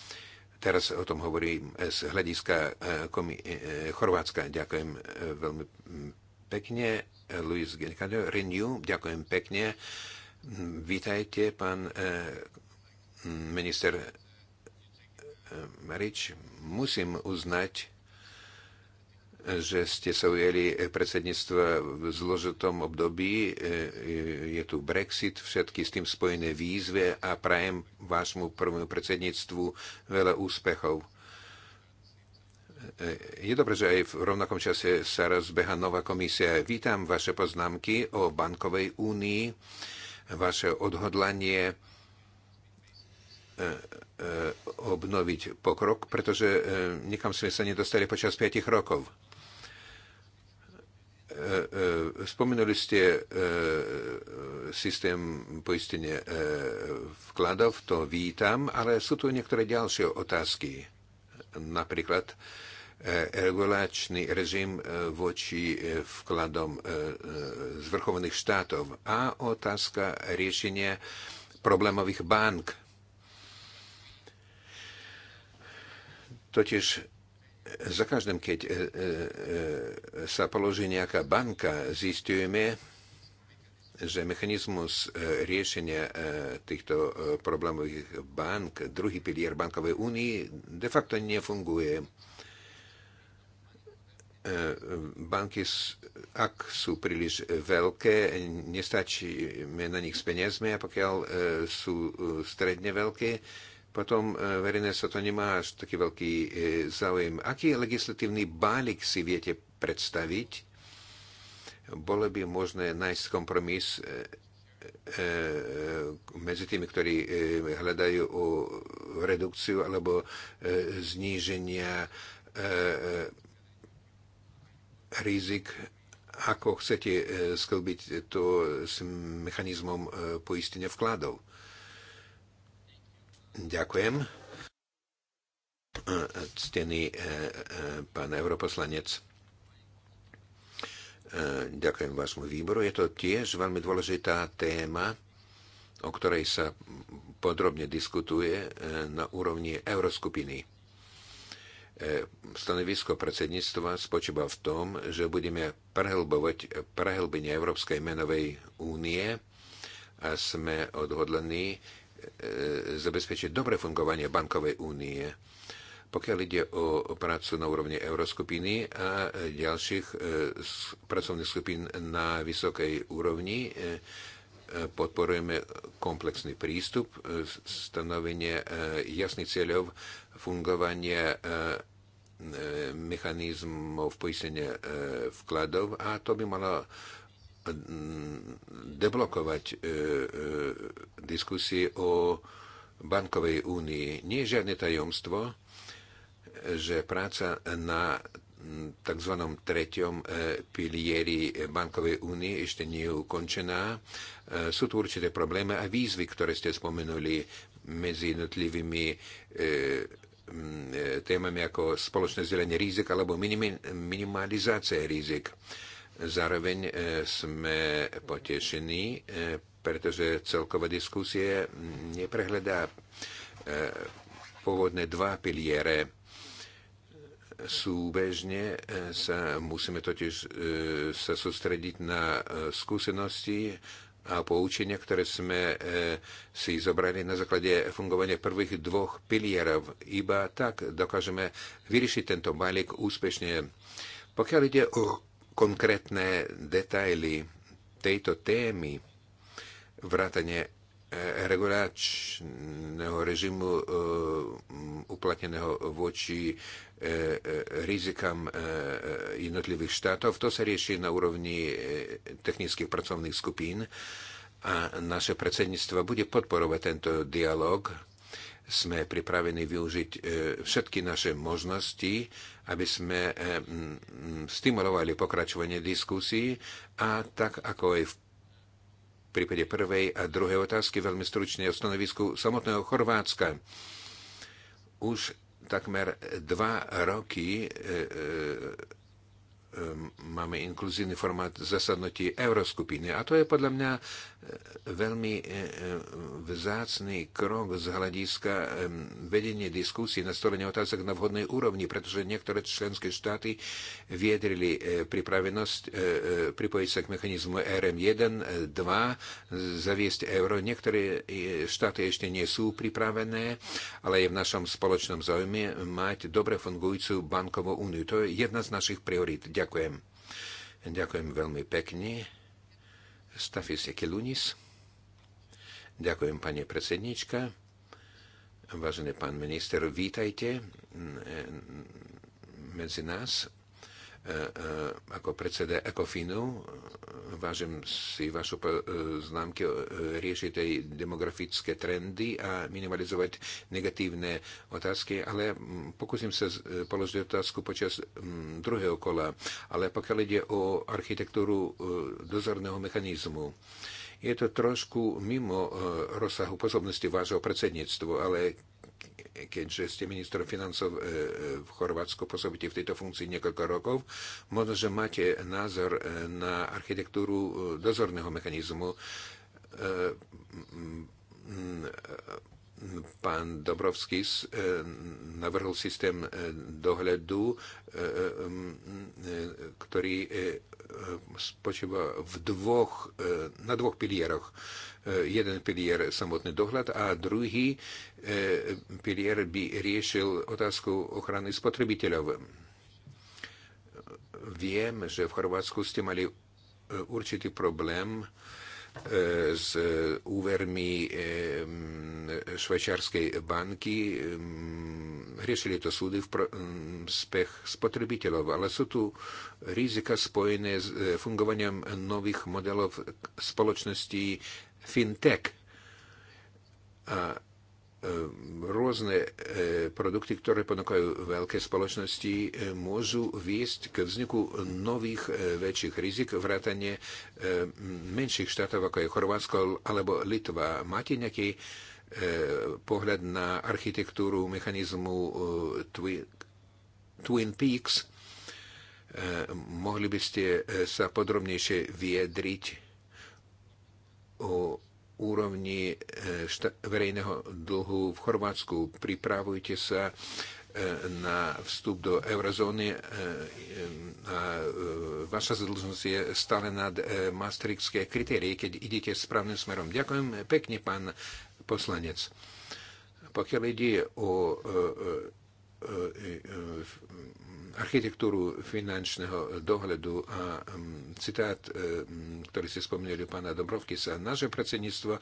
Teraz o tom hovorím e, z hľadiska e, Chorvátska. Ďakujem veľmi pekne. Luis Genikado, Renew, ďakujem pekne. Vítajte, pán minister reč. Musím uznať, že ste sa ujeli predsedníctva v zložitom období. E, je tu Brexit, všetky s tým spojené výzve a prajem vášmu prvému predsedníctvu veľa úspechov. E, je dobré, že aj v rovnakom čase sa rozbeha nová komisia. Vítam vaše poznámky o bankovej únii, vaše odhodlanie E, e, obnoviť pokrok, pretože e, nikam sme sa nedostali počas 5 rokov. Spomenuli ste systém poistenia vkladov, to vítam, ale sú tu niektoré ďalšie otázky. Napríklad regulačný režim voči vkladom zvrchovaných štátov a otázka riešenia problémových bank Totiž e, za každým, keď e, e, sa položí nejaká banka, zistujeme, že mechanizmus riešenia týchto problémových bank, druhý pilier bankovej únii, de facto nefunguje. Banky, ak sú príliš veľké, nestačíme na nich s peniazmi a pokiaľ sú stredne veľké, potom e, verejné sa to nemá až taký veľký e, záujem. Aký legislatívny balík si viete predstaviť? Bolo by možné nájsť kompromis e, medzi tými, ktorí hľadajú o redukciu alebo zníženia rizik, ako chcete sklbiť to s mechanizmom poistenia vkladov. Ďakujem. Ctený eh, eh, pán europoslanec, eh, ďakujem vášmu výboru. Je to tiež veľmi dôležitá téma, o ktorej sa podrobne diskutuje na úrovni euroskupiny. Stanovisko predsedníctva spočíva v tom, že budeme prehlbovať prehlbenie Európskej menovej únie a sme odhodlení E, zabezpečiť dobré fungovanie bankovej únie, pokiaľ ide o prácu na úrovni Euroskupiny a ďalších e, pracovných skupín na vysokej úrovni, e, podporujeme komplexný prístup, stanovenie jasných cieľov fungovania mechanizmov poistenia vkladov a to by malo Mm, deblokovať e, e, diskusie o bankovej únii. Nie je žiadne tajomstvo, že práca na mm, tzv. treťom e, pilieri bankovej únie ešte nie je ukončená. Sú tu určité problémy a výzvy, ktoré ste spomenuli medzi jednotlivými mm, témami ako spoločné zelenie rizik alebo minimalizácia rizik. Zároveň e, sme potešení, e, pretože celková diskusie neprehľadá e, pôvodné dva piliere. Súbežne sa musíme totiž sa sústrediť na skúsenosti a poučenia, ktoré sme si zobrali na základe fungovania prvých dvoch pilierov. Iba tak dokážeme vyriešiť tento balík úspešne. Pokiaľ ide o konkrétne detaily tejto témy, vrátane e, regulačného režimu e, uplatneného voči e, rizikám jednotlivých štátov. To sa rieši na úrovni technických pracovných skupín a naše predsedníctvo bude podporovať tento dialog. Sme pripravení využiť všetky naše možnosti aby sme eh, mm, mm, stimulovali pokračovanie diskusí a tak ako aj v prípade prvej a druhej otázky veľmi stručne o stanovisku samotného Chorvátska. Už takmer dva roky e, e, Ehm, máme inkluzívny formát zasadnutí Euroskupiny. A to je podľa mňa e, veľmi e, e, vzácný krok z hľadiska ehm, vedenie na stolenie otázok na vhodnej úrovni, pretože niektoré členské štáty viedrili pripravenosť pripojiť sa k mechanizmu RM1, 2, zaviesť euro. Niektoré štáty ešte nie sú pripravené, ale je v našom spoločnom záujme mať dobre fungujúcu bankovú úniu. To je jedna z našich priorít. Ďakujem. Ďakujem. Ďakujem veľmi pekne. Stafise Kelunis. Ďakujem, pani predsednička. Vážený pán minister, vítajte medzi nás E, e, ako predseda Ekofinu. E, vážim si vašu známky riešiť tej demografické trendy a minimalizovať negatívne otázky, ale pokúsim sa položiť otázku počas druhého kola. Ale pokiaľ ide o architektúru dozorného mechanizmu, je to trošku mimo rozsahu pozornosti vášho predsedníctva, ale keďže ste ministrom financov e, e, v Chorvátsku, pôsobíte v tejto funkcii niekoľko rokov, možno, že máte názor e, na architektúru dozorného mechanizmu. Pán Dobrovský navrhol systém dohľadu, ktorý E, spočíva v dvoch, e, na dvoch pilieroch. E, jeden pilier samotný dohľad a druhý pilier by riešil otázku ochrany spotrebiteľov. Viem, že v Chorvátsku ste mali určitý problém E, s e, úvermi e, švajčiarskej banky. Riešili to súdy v spech spotrebiteľov, ale sú tu rizika spojené s fungovaním nových modelov spoločnosti fintech. A Ehm, rôzne eh, produkty, ktoré ponúkajú veľké spoločnosti, eh, môžu viesť k vzniku nových eh, väčších rizik, vrátane menších štátov, ako je Chorvátsko alebo Litva. Máte nejaký pohľad na architektúru mechanizmu Twin Peaks? Mohli by ste sa podrobnejšie viedriť o úrovni e, verejného dlhu v Chorvátsku. Pripravujte sa e, na vstup do eurozóny e, vaša zadlžnosť je stále nad maastrichtské kritérie, keď idete správnym smerom. Ďakujem pekne, pán poslanec. Pokiaľ ide o architektúru finančného dohľadu a mm, citát, e, mm, ktorý si spomínali pána Dobrovky, sa naše predsedníctvo e,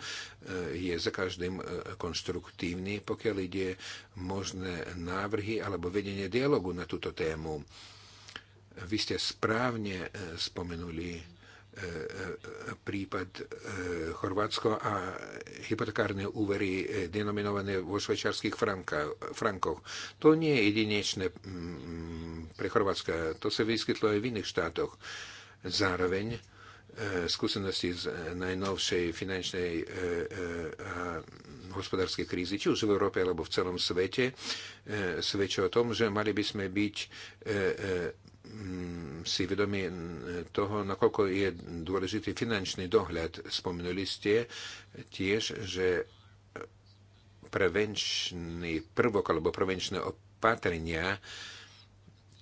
je za každým e, konštruktívny, pokiaľ ide možné návrhy alebo vedenie dialogu na túto tému. Vy ste správne spomenuli E, e, prípad e, Chorvátsko a hypotekárne úvery denominované vo švajčiarských frankoch. To nie je jedinečné pre Chorvátska, to sa vyskytlo aj v iných štátoch. Zároveň skúsenosti z najnovšej finančnej a hospodárskej krízy, či už v Európe alebo v celom svete, svedčia o tom, že mali by sme byť Mm, si vedomi eh, toho, nakoľko je dôležitý finančný dohľad. Spomenuli ste tiež, že prevenčný prvok alebo prevenčné opatrenia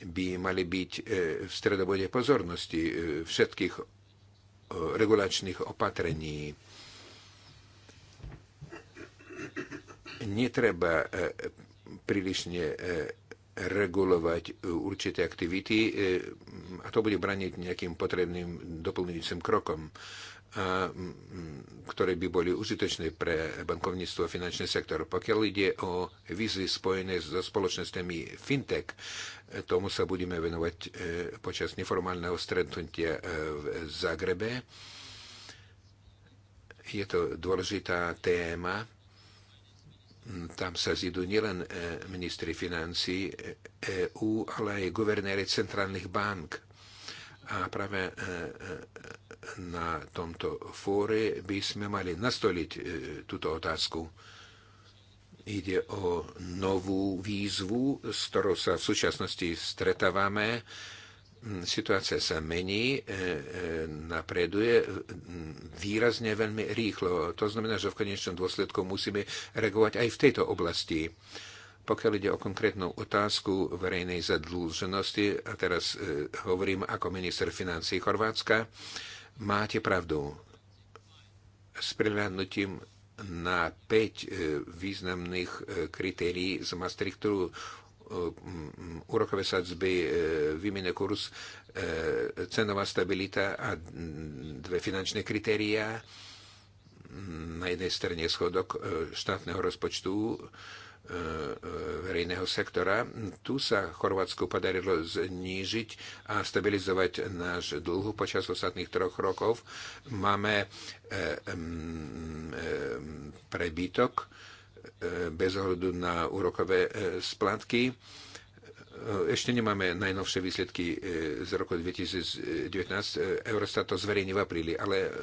by mali byť eh, v stredobode pozornosti eh, všetkých regulačných opatrení. Netreba prílišne regulovať e, určité aktivity e, a to bude braniť nejakým potrebným doplňujúcim krokom, ktoré by boli užitočné pre bankovníctvo a finančný sektor. Pokiaľ ide o výzvy spojené so spoločnosťami fintech, tomu sa budeme venovať e, počas neformálneho stretnutia v Zagrebe. Je to dôležitá téma tam sa zjedú nielen e, ministri financí EU, e ale aj guvernéry centrálnych bank. A práve e, na tomto fóre by sme mali nastoliť túto otázku. Ide o novú výzvu, s ktorou sa v súčasnosti stretávame Situácia sa mení, e, e, napreduje výrazne veľmi rýchlo. To znamená, že v konečnom dôsledku musíme reagovať aj v tejto oblasti. Pokiaľ ide o konkrétnu otázku verejnej zadlúženosti, a teraz e, hovorím ako minister financí Chorvátska, máte pravdu. S prihľadnutím na 5 významných kritérií z Maastrichtu E, úrokové sadzby, e, výmenný kurz, e, cenová stabilita a dve finančné kritériá. Na jednej strane schodok štátneho rozpočtu verejného sektora. Tu sa Chorvátsku podarilo znížiť a stabilizovať náš dlhu počas ostatných troch rokov. Máme prebytok bez ohľadu na úrokové e, splátky. E, ešte nemáme najnovšie výsledky e, z roku 2019. Eurostat to zverejní v apríli, ale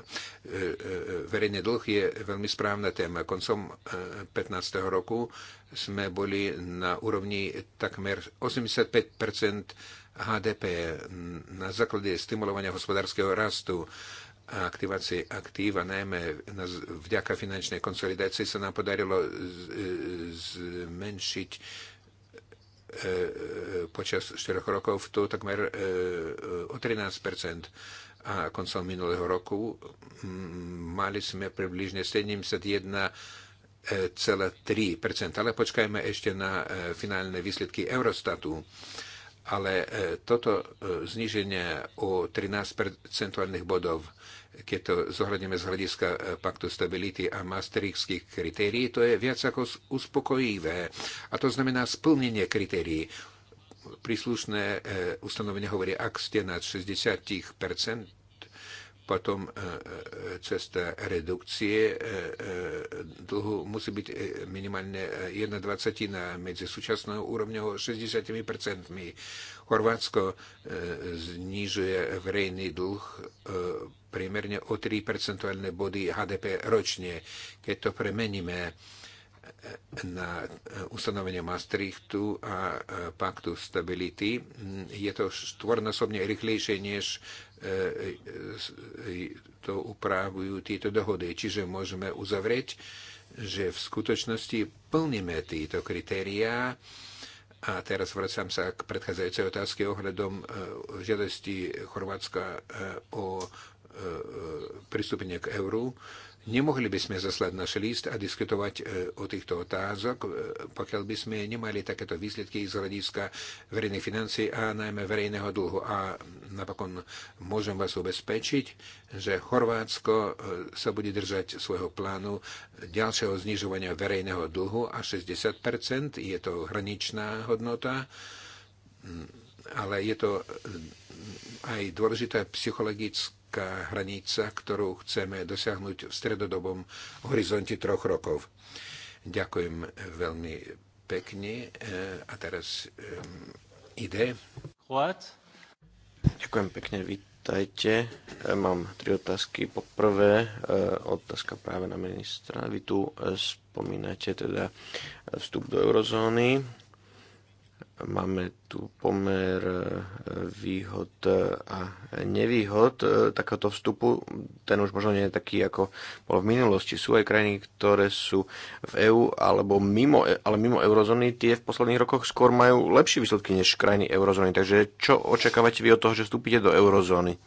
verejný dlh je veľmi správna téma. Koncom 15. roku sme boli na úrovni takmer 85 HDP na základe stimulovania hospodárskeho rastu a aktivácie aktíva, najmä vďaka finančnej konsolidácii sa nám podarilo zmenšiť e, e, počas 4 rokov to takmer e, o 13 a koncom minulého roku mm, mali sme približne 71,3%. Ale počkajme ešte na finálne výsledky Eurostatu. Ale toto zniženie o 13 percentuálnych bodov keď to zohľadneme z hľadiska e, paktu stability a maastrichtských kritérií, to je viac ako uspokojivé. A to znamená splnenie kritérií. Príslušné e, ustanovenie hovorí, ak ste na 60 potom e, e, cesta redukcie e, dlhu musí byť minimálne 1 dvacatina medzi súčasnou úrovňou 60 Chorvátsko znižuje verejný dlh priemerne o 3 percentuálne body HDP ročne. Keď to premeníme na e, ustanovenie Maastrichtu a e, paktu stability. Je to štvornásobne rýchlejšie, než e, to upravujú tieto dohody. Čiže môžeme uzavrieť, že v skutočnosti plníme tieto kritériá. A teraz vracam sa k predchádzajúcej otázke ohľadom žiadosti Chorvátska o pristúpenie k euru Nemohli by sme zaslať náš list a diskutovať e, o týchto otázok, e, pokiaľ by sme nemali takéto výsledky z hľadiska verejných financií a najmä verejného dlhu. A napokon môžem vás ubezpečiť, že Chorvátsko e, sa bude držať svojho plánu ďalšieho znižovania verejného dlhu a 60 je to hraničná hodnota ale je to aj dôležitá psychologická taká hranica, ktorú chceme dosiahnuť v stredodobom horizonte troch rokov. Ďakujem veľmi pekne. Eh, a teraz eh, ide. What? Ďakujem pekne, vítajte. Eh, mám tri otázky. Poprvé, otázka práve na ministra. Vy tu spomínate teda vstup do eurozóny máme tu pomer e, výhod e, a nevýhod e, takéhoto vstupu. Ten už možno nie je taký, ako bol v minulosti. Sú aj krajiny, ktoré sú v EÚ alebo mimo, ale mimo eurozóny, tie v posledných rokoch skôr majú lepšie výsledky než krajiny eurozóny. Takže čo očakávate vy od toho, že vstúpite do eurozóny?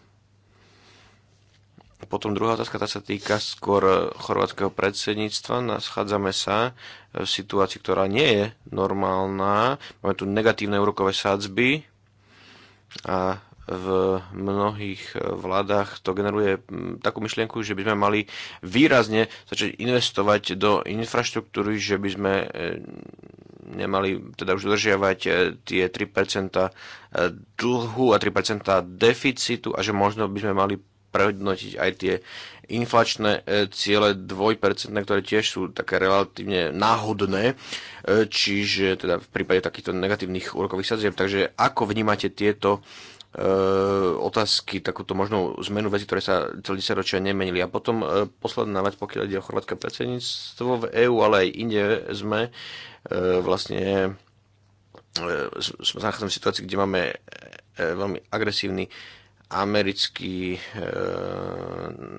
Potom druhá otázka, tá sa týka skôr e, chorvátskeho predsedníctva. Nachádzame sa e, v situácii, ktorá nie je normálna. Máme tu negatívne úrokové sádzby a v mnohých e, vládach to generuje takú myšlienku, že by sme mali výrazne začať investovať do infraštruktúry, že by sme nemali teda už udržiavať tie 3% dlhu a 3% deficitu a že možno by sme mali prehodnotiť aj tie inflačné e, ciele dvojpercentné, ktoré tiež sú také relatívne náhodné, e, čiže teda v prípade takýchto negatívnych úrokových sadzieb. Takže ako vnímate tieto e, otázky, takúto možnú zmenu veci, ktoré sa celý 10 ročia nemenili. A potom e, posledná vec, pokiaľ ide o chorvátske predsedníctvo v EÚ, ale aj inde sme e, vlastne e, sme v situácii, kde máme e, veľmi agresívny americký e,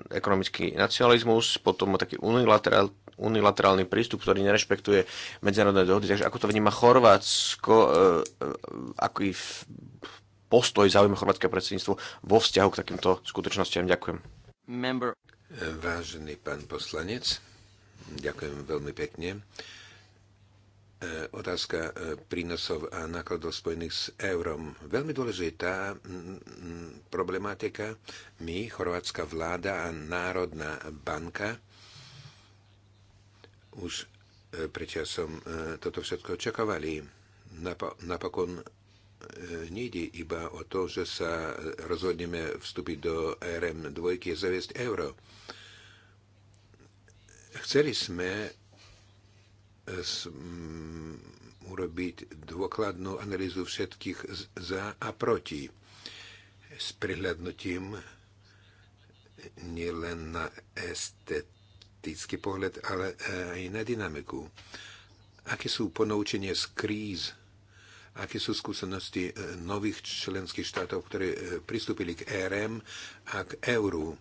ekonomický nacionalizmus, potom taký unilaterál, unilaterálny prístup, ktorý nerešpektuje medzinárodné dohody. Takže ako to vníma Chorvátsko, e, e aký postoj zaujíme chorvátske predsedníctvo vo vzťahu k takýmto skutočnostiam. Ďakujem. Member. E, vážený pán poslanec, ďakujem veľmi pekne. E, E, otázka e, prínosov a nákladov spojených s eurom. Veľmi dôležitá problematika. My, chorvátska vláda a Národná banka, už e, predčasom toto všetko očakávali. Napokon nejde iba o to, že sa rozhodneme vstúpiť do RM2 a zaviesť euro. Chceli sme Mm, urobiť dôkladnú analýzu všetkých za a proti s prihľadnutím nielen na estetický pohľad, ale e, aj na dynamiku. Aké sú ponaučenie z kríz? Aké sú skúsenosti e, nových členských štátov, ktoré e, pristúpili k RM a k euru?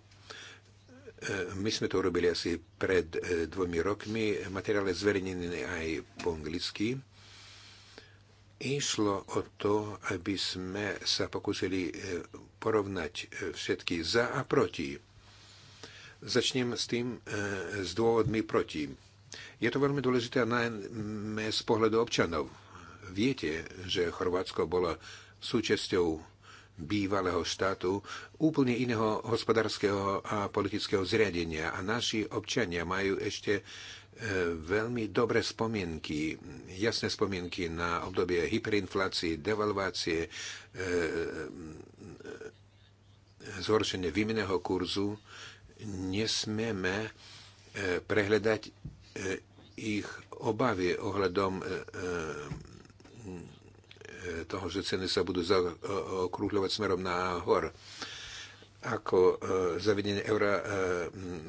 E, my sme to robili asi pred e, dvomi rokmi. Materiál je zverejnený aj po anglicky. Išlo o to, aby sme sa pokúsili e, porovnať všetky za a proti. Začnem s tým, s dôvodmi proti. Je to veľmi dôležité najmä z pohľadu občanov. Viete, že Chorvátsko bolo súčasťou bývalého štátu úplne iného hospodárskeho a politického zriadenia a naši občania majú ešte e, veľmi dobré spomienky, jasné spomienky na obdobie hyperinflácie, devalvácie, e, e, zhoršenie výmeného kurzu. Nesmieme prehľadať ich obavy ohľadom toho, že ceny sa budú zaokrúhľovať smerom nahor. Ako e, zavedenie eura e,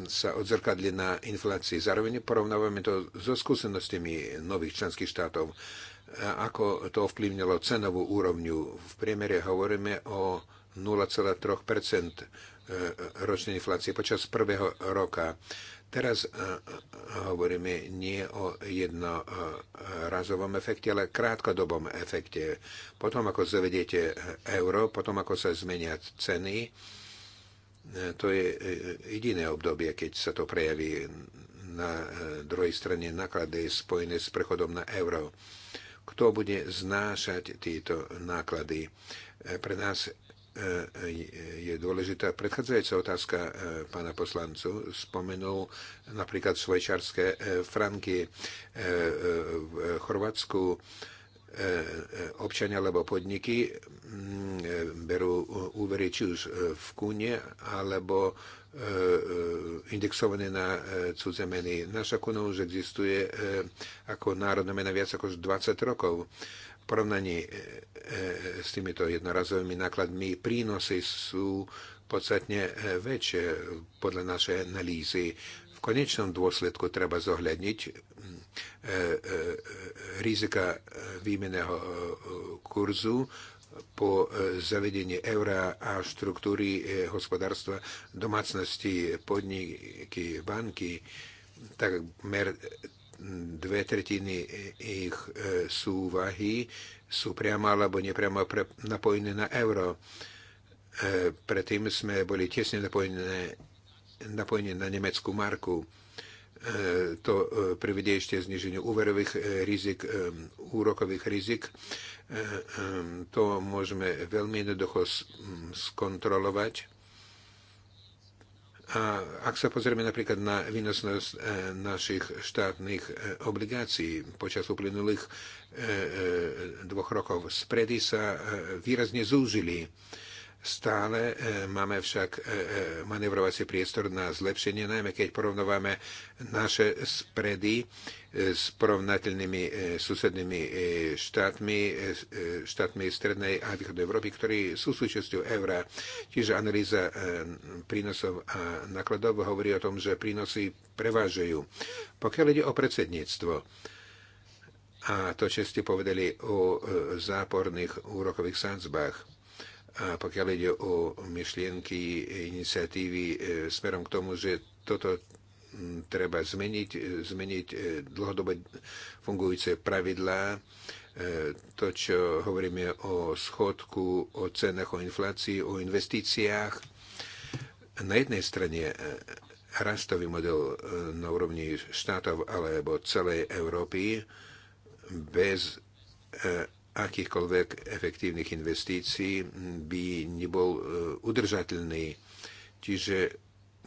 sa odzrkadli na inflácii. Zároveň porovnávame to so skúsenostiami nových členských štátov. Ako to ovplyvnilo cenovú úrovňu. V priemere hovoríme o 0,3 e, ročnej inflácie počas prvého roka. Teraz e, e, e, hovoríme nie o jednorazovom efekte, ale krátkodobom efekte. Potom, ako zavedete euro, potom, ako sa zmenia ceny, to je jediné obdobie, keď sa to prejaví na druhej strane náklady spojené s prechodom na euro. Kto bude znášať tieto náklady? Pre nás je dôležitá. Predchádzajúca otázka e, pána poslancu spomenul napríklad švajčarské e, franky e, v Chorvátsku občania alebo podniky mm, berú úvery či už v kúne alebo indexované na cudze meny. Naša kuna už existuje ako národná mena viac ako 20 rokov porovnaní e, e, s týmito jednorazovými nákladmi prínosy sú podstatne e, väčšie podľa našej analýzy. V konečnom dôsledku treba zohľadniť rizika výmeného kurzu po zavedení eura a štruktúry hospodárstva domácnosti, podniky, banky takmer dve tretiny ich e, súvahy sú priamo alebo nepriamo napojené na euro. E, predtým sme boli tesne napojené, napojené na nemeckú marku. E, to privedie ešte zniženiu úverových rizik, úrokových rizik. To môžeme veľmi jednoducho skontrolovať a ak sa pozrieme napríklad na výnosnosť e, našich štátnych e, obligácií počas uplynulých e, dvoch rokov, spredy sa výrazne zúžili. Stále e, máme však e, e, manevrovací priestor na zlepšenie, najmä keď porovnávame naše spredy s porovnateľnými susednými štátmi, štátmi Strednej a Východnej Európy, ktorí sú súčasťou eura. Čiže analýza prínosov a nákladov hovorí o tom, že prínosy prevážajú. Pokiaľ ide o predsedníctvo, a to, čo ste povedali o záporných úrokových sadzbách, a pokiaľ ide o myšlienky, iniciatívy e, smerom k tomu, že toto treba zmeniť, e, zmeniť e, dlhodobo fungujúce pravidlá, to, čo hovoríme o schodku, o cenách, o inflácii, o investíciách. Na jednej strane rastový model na úrovni štátov alebo celej Európy bez akýchkoľvek efektívnych investícií by nebol e, udržateľný. Čiže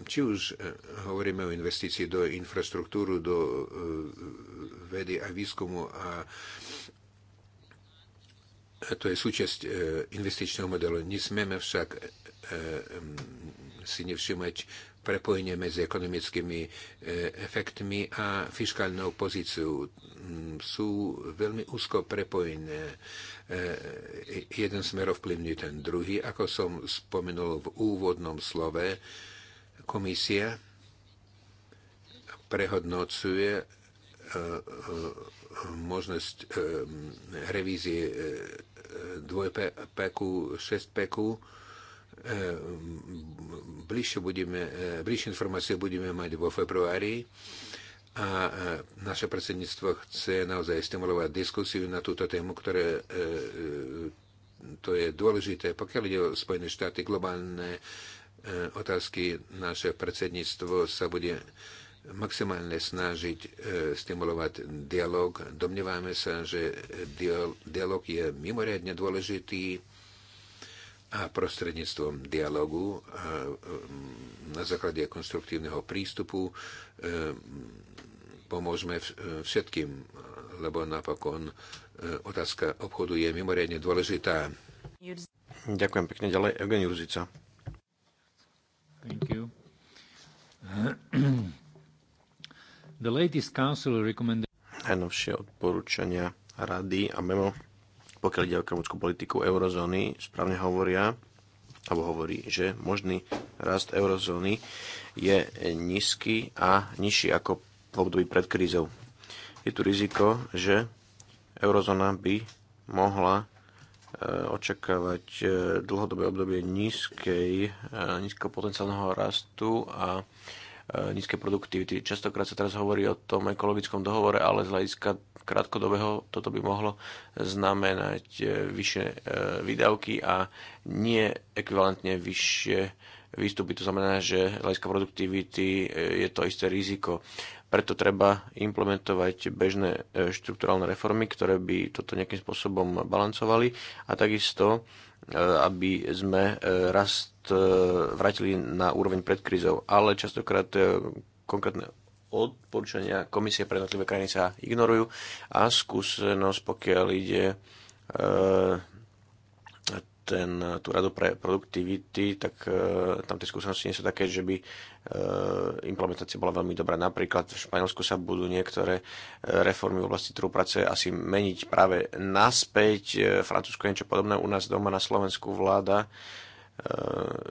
či už e, hovoríme o investícii do infraštruktúru, do e, vedy a výskumu a to je súčasť investičného modelu. Nesmieme však si nevšimať prepojenie medzi ekonomickými e, efektmi a fiskálnou pozíciou. Mm, sú veľmi úzko prepojené. E, jeden smer ovplyvňuje ten druhý. Ako som spomenul v úvodnom slove, komisia prehodnocuje e, možnosť revízie 2 peku, 6 peku E, bližšie, budeme, e, bližšie informácie budeme mať vo februári a e, naše predsedníctvo chce naozaj stimulovať diskusiu na túto tému, ktoré to je dôležité. Pokiaľ ide o Spojené štáty, globálne otázky, naše predsedníctvo sa bude maximálne snažiť stimulovať dialog. Domnievame sa, že dialog je mimoriadne dôležitý a prostredníctvom dialogu a um, na základe konstruktívneho prístupu um, pomôžeme všetkým, lebo napokon um, otázka obchodu je mimoriadne dôležitá. Ďakujem pekne. Ďalej Eugen Jurzica. Thank you. The latest council recommended... Najnovšie odporúčania rady a memo pokiaľ ide o ekonomickú politiku eurozóny, správne hovoria, alebo hovorí, že možný rast eurozóny je nízky a nižší ako v období pred krízou. Je tu riziko, že eurozóna by mohla e, očakávať e, dlhodobé obdobie nízkej, e, nízkeho potenciálneho rastu a nízkej produktivity. Častokrát sa teraz hovorí o tom ekologickom dohovore, ale z hľadiska krátkodobého toto by mohlo znamenať e, vyššie e, výdavky a nie ekvivalentne vyššie výstupy. To znamená, že hľadiska produktivity e, je to isté riziko. Preto treba implementovať bežné štruktúralne reformy, ktoré by toto nejakým spôsobom balancovali a takisto, aby sme rast vrátili na úroveň pred krizou. Ale častokrát konkrétne odporúčania komisie pre jednotlivé krajiny sa ignorujú a skúsenosť, pokiaľ ide e, ten, tú radu pre produktivity, tak e, tam tie skúsenosti nie sú také, že by e, implementácia bola veľmi dobrá. Napríklad v Španielsku sa budú niektoré e, reformy v oblasti trhu práce asi meniť práve naspäť. E, Francúzsko je niečo podobné. U nás doma na Slovensku vláda e, E,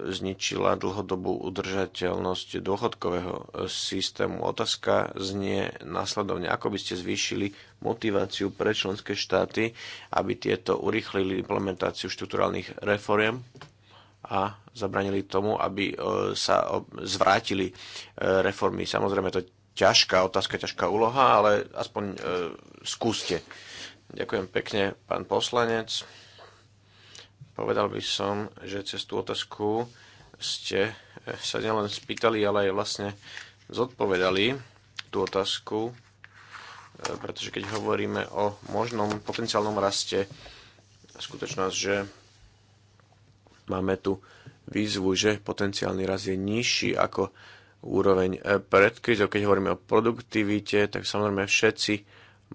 zničila dlhodobú udržateľnosť dôchodkového systému. Otázka znie následovne, ako by ste zvýšili motiváciu pre členské štáty, aby tieto urýchlili implementáciu štruktúrálnych reforiem a zabranili tomu, aby e, sa zvrátili e, reformy. Samozrejme, to je ťažká otázka, ťažká úloha, ale aspoň skúste. Ďakujem pekne, pán poslanec. Povedal by som, že cez tú otázku ste eh, sa nielen spýtali, ale aj vlastne zodpovedali tú otázku, eh, pretože keď hovoríme o možnom potenciálnom raste, skutočnosť, že máme tu výzvu, že potenciálny rast je nižší ako úroveň eh, pred krizou. Keď hovoríme o produktivite, tak samozrejme všetci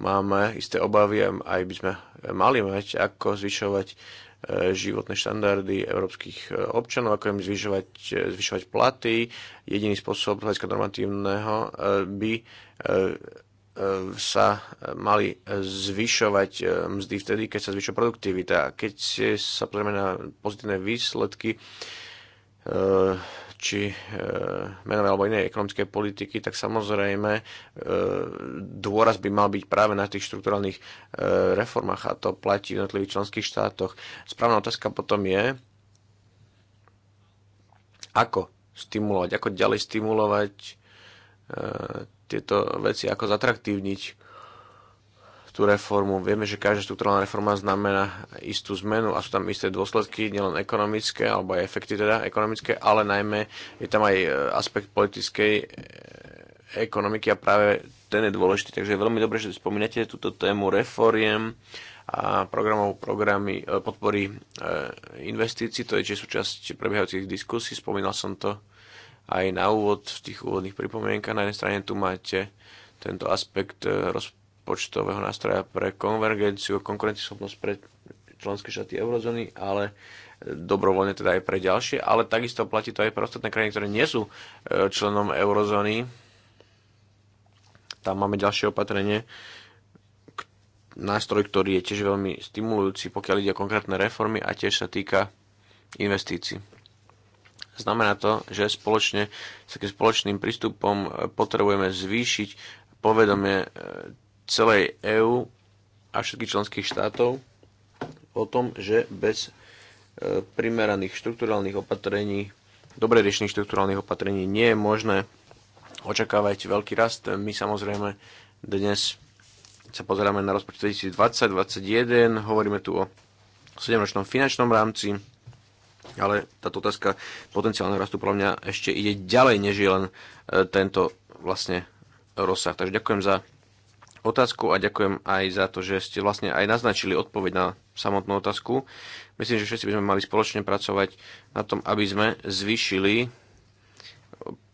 máme isté obavy, aj by sme mali mať, ako zvyšovať životné štandardy európskych e, občanov, ako im zvyšovať, e, zvyšovať platy. Jediný spôsob hľadiska normatívneho e, by sa mali zvyšovať mzdy vtedy, keď sa zvyšuje produktivita. Keď sa pozrieme na pozitívne výsledky či e, menovej alebo inej ekonomickej politiky, tak samozrejme e, dôraz by mal byť práve na tých štruktúrálnych e, reformách a to platí v jednotlivých členských štátoch. Správna otázka potom je, ako stimulovať, ako ďalej stimulovať tieto veci, ako zatraktívniť tú reformu. Vieme, že každá štruktúrálna reforma znamená istú zmenu a sú tam isté dôsledky, nielen ekonomické, alebo aj efekty teda ekonomické, ale najmä je tam aj e, aspekt politickej e, ekonomiky a práve ten je dôležitý. Takže je veľmi dobré, že spomínate túto tému reforiem a programov programy e, podpory investícií. To je tiež súčasť prebiehajúcich diskusí. Spomínal som to aj na úvod v tých úvodných pripomienkach. Na jednej strane tu máte tento aspekt rozpočtu rozpočtového nástroja pre konvergenciu a konkurencieschopnosť pre členské štáty eurozóny, ale dobrovoľne teda aj pre ďalšie, ale takisto platí to aj pre ostatné krajiny, ktoré nie sú e, členom eurozóny. Tam máme ďalšie opatrenie, nástroj, ktorý je tiež veľmi stimulujúci, pokiaľ ide o konkrétne reformy a tiež sa týka investícií. Znamená to, že spoločne, s takým spoločným prístupom potrebujeme zvýšiť povedomie e, celej EÚ a všetkých členských štátov o tom, že bez e, primeraných štrukturálnych opatrení, dobre riešených štrukturálnych opatrení nie je možné očakávať veľký rast. My samozrejme dnes sa pozeráme na rozpočet 2020-2021, hovoríme tu o 7-ročnom finančnom rámci, ale táto otázka potenciálneho rastu podľa mňa ešte ide ďalej, než je len e, tento vlastne rozsah. Takže ďakujem za otázku a ďakujem aj za to, že ste vlastne aj naznačili odpoveď na samotnú otázku. Myslím, že všetci by sme mali spoločne pracovať na tom, aby sme zvýšili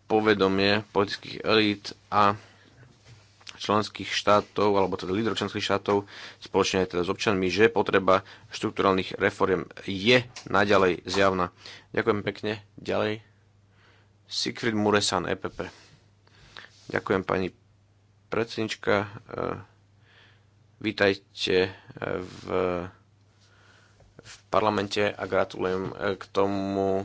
povedomie politických elít a členských štátov, alebo teda lídrov členských štátov, spoločne aj teda s občanmi, že potreba štruktúralných reforiem je naďalej zjavná. Ďakujem pekne. Ďalej. Sigrid Muresan, EPP. Ďakujem pani predsednička. E, vítajte e, v, v parlamente a gratulujem e, k tomu,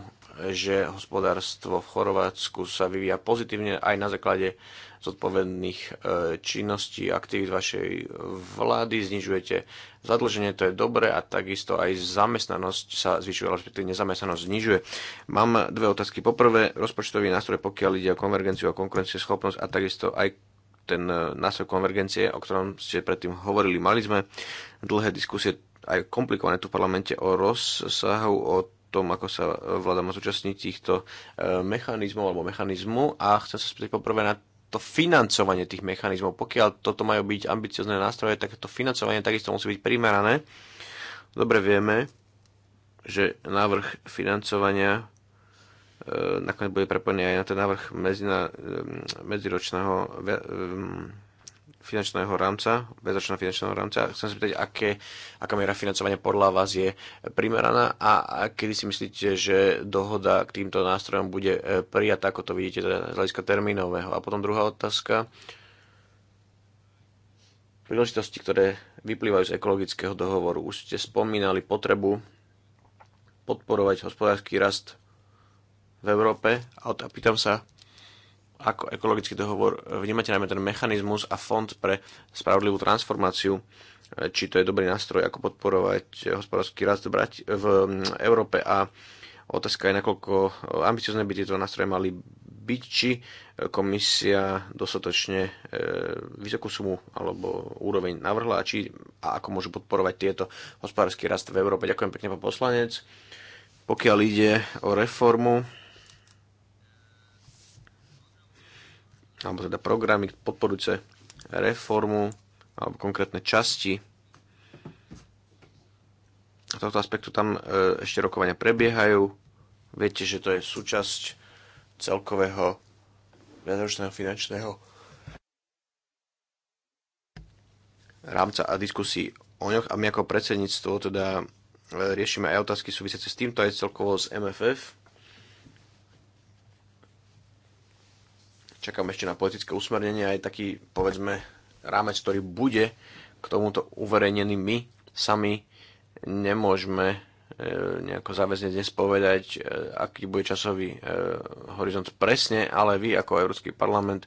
že hospodárstvo v Chorvátsku sa vyvíja pozitívne aj na základe zodpovedných činností, aktivít vašej vlády, znižujete zadlženie, to je dobre a takisto aj zamestnanosť sa zvyšuje, respektíve nezamestnanosť znižuje. Mám dve otázky. Poprvé, rozpočtový nástroj, pokiaľ ide o konvergenciu a konkurencieschopnosť a takisto aj ten e, nástroj konvergencie, o ktorom ste predtým hovorili. Mali sme dlhé diskusie, aj komplikované tu v parlamente, o rozsahu, o tom, ako sa vláda má zúčastniť týchto e, mechanizmov alebo mechanizmu a chcem sa spýtať poprvé na to financovanie tých mechanizmov. Pokiaľ toto majú byť ambiciozne nástroje, tak to financovanie takisto musí byť primerané. Dobre vieme, že návrh financovania E, nakoniec bude prepojený aj na ten návrh medzina, e, medziročného e, finančného rámca, bezočného finančného rámca. Chcem sa pýtať, aké, aká miera financovania podľa vás je primeraná a, a kedy si myslíte, že dohoda k týmto nástrojom bude prijatá, ako to vidíte teda z hľadiska termínového. A potom druhá otázka. Príležitosti, ktoré vyplývajú z ekologického dohovoru. Už ste spomínali potrebu podporovať hospodársky rast v Európe a pýtam sa, ako ekologický dohovor eh, vnímate najmä ten mechanizmus a fond pre spravodlivú transformáciu, eh, či to je dobrý nástroj, ako podporovať eh, hospodársky rast brať v mm, Európe a otázka je, nakoľko ambiciozne by tieto nástroje mali byť, či komisia dostatočne vysokú sumu alebo úroveň navrhla a či a ako môžu podporovať tieto hospodársky rast v Európe. Ďakujem pekne, pán poslanec. Pokiaľ ide o reformu, alebo teda programy podporujúce reformu alebo konkrétne časti tohto aspektu tam e, ešte rokovania prebiehajú. Viete, že to je súčasť celkového viacročného finančného rámca a diskusí o ňoch a my ako predsedníctvo teda e, riešime aj otázky súvisiace s týmto aj celkovo z MFF čakám ešte na politické usmernenie aj taký, povedzme, rámec, ktorý bude k tomuto uverejnený. My sami nemôžeme e, nejako záväzne dnes povedať, e, aký bude časový e, horizont presne, ale vy ako Európsky parlament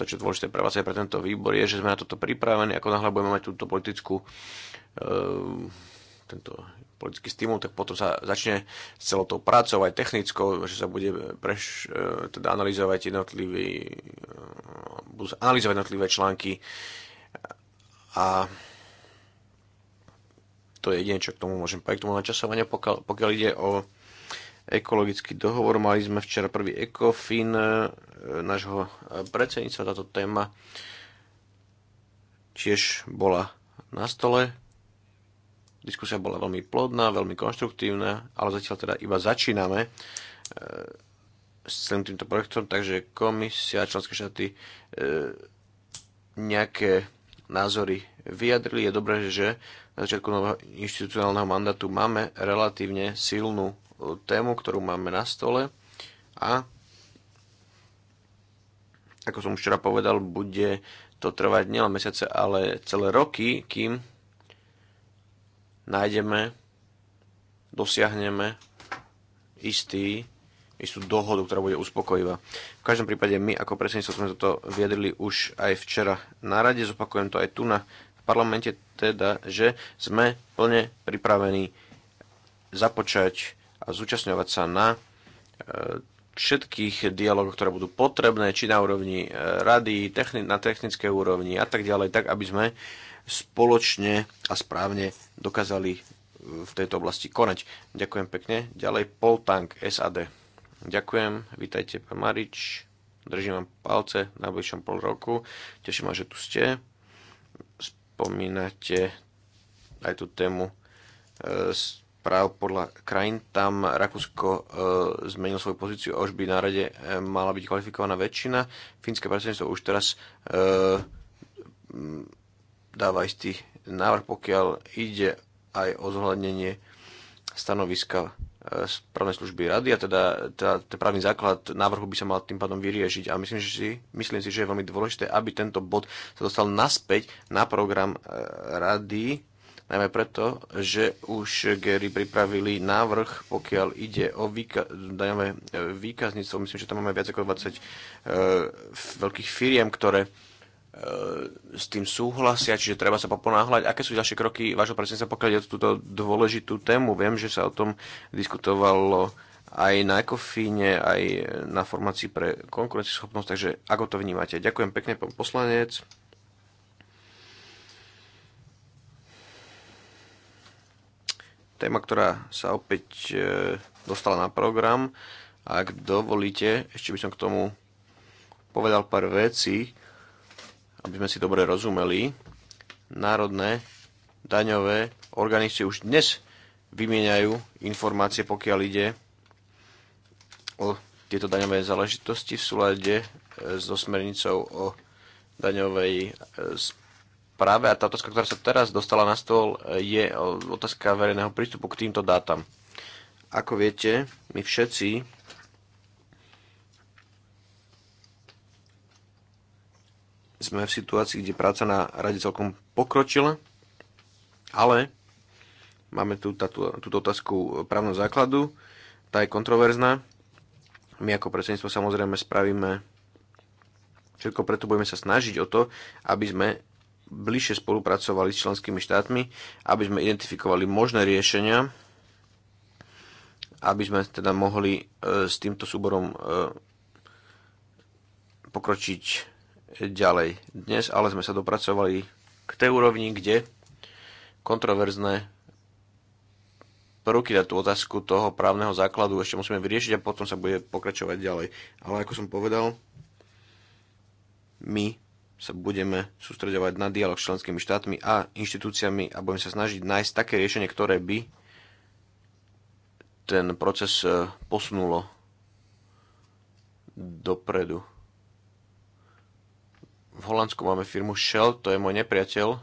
to, čo je dôležité pre vás aj pre tento výbor, je, že sme na toto pripravení, ako náhle budeme mať túto politickú tento politický stimul, tak potom sa začne s celou tou prácou aj technickou, že sa bude preš, e, teda analyzovať jednotlivý, e, budú sa analyzovať jednotlivé články a to je jedine, čo k tomu môžem povedať. K tomu načasovania, pokiaľ, pokiaľ ide o ekologický dohovor. Mali sme včera prvý ECOFIN e, nášho predsedníctva. Táto téma tiež bola na stole. Diskusia bola veľmi plodná, veľmi konštruktívna, ale zatiaľ teda iba začíname e, s celým týmto projektom, takže komisia, a členské štáty e, nejaké názory vyjadrili. Je dobré, že na začiatku nového inštitucionálneho mandátu máme relatívne silnú e, tému, ktorú máme na stole a ako som už včera povedal, bude to trvať nielen mesiace, ale celé roky, kým nájdeme, dosiahneme istý, istú dohodu, ktorá bude uspokojivá. V každom prípade my ako predsedníctvo sme toto vyjadrili už aj včera na rade, zopakujem to aj tu na v parlamente, teda, že sme plne pripravení započať a zúčastňovať sa na e, všetkých dialogov, ktoré budú potrebné, či na úrovni e, rady, techni- na technickej úrovni a tak ďalej, tak aby sme spoločne a správne dokázali e, v tejto oblasti konať. Ďakujem pekne. Ďalej Paul Tank, SAD. Ďakujem, vítajte pán Marič. Držím vám palce na najbližšom pol roku. Teším ma, že tu ste. Spomínate aj tú tému e, práv podľa krajín. Tam Rakúsko e, zmenil svoju pozíciu a už by na rade mala byť kvalifikovaná väčšina. Fínske predsedníctvo už teraz dáva istý návrh, pokiaľ ide aj o zohľadnenie stanoviska e, právnej služby rady a teda, teda ten právny základ návrhu by sa mal tým pádom vyriešiť a myslím, že si, myslím si, že je veľmi dôležité, aby tento bod sa dostal naspäť na program e, rady, najmä preto, že už Gary pripravili návrh, pokiaľ ide o výka- daňové e, výkazníctvo. Myslím, že tam máme viac ako 20 uh, veľkých firiem, ktoré E, s tým súhlasia, čiže treba sa poponáhľať. Aké sú ďalšie kroky vášho predsednictva, pokiaľ je túto dôležitú tému? Viem, že sa o tom diskutovalo aj na ECOFINE, aj na formácii pre konkurencieschopnosť, takže ako to vnímate? Ďakujem pekne, pán poslanec. Téma, ktorá sa opäť e, dostala na program. Ak dovolíte, ešte by som k tomu povedal pár vecí aby sme si dobre rozumeli, národné daňové orgány si už dnes vymieňajú informácie, pokiaľ ide o tieto daňové záležitosti v súlade e, so smernicou o daňovej e, správe. A tá otázka, ktorá sa teraz dostala na stôl, e, je otázka verejného prístupu k týmto dátam. Ako viete, my všetci sme v situácii, kde práca na rade celkom pokročila, ale máme tu tato, túto otázku právneho základu, tá je kontroverzná. My ako predsedníctvo samozrejme spravíme všetko, preto budeme sa snažiť o to, aby sme bližšie spolupracovali s členskými štátmi, aby sme identifikovali možné riešenia, aby sme teda mohli e, s týmto súborom e, pokročiť ďalej. Dnes ale sme sa dopracovali k tej úrovni, kde kontroverzné prvky na tú otázku toho právneho základu ešte musíme vyriešiť a potom sa bude pokračovať ďalej. Ale ako som povedal, my sa budeme sústredovať na dialog s členskými štátmi a inštitúciami a budeme sa snažiť nájsť také riešenie, ktoré by ten proces e, posunulo dopredu v Holandsku máme firmu Shell, to je môj nepriateľ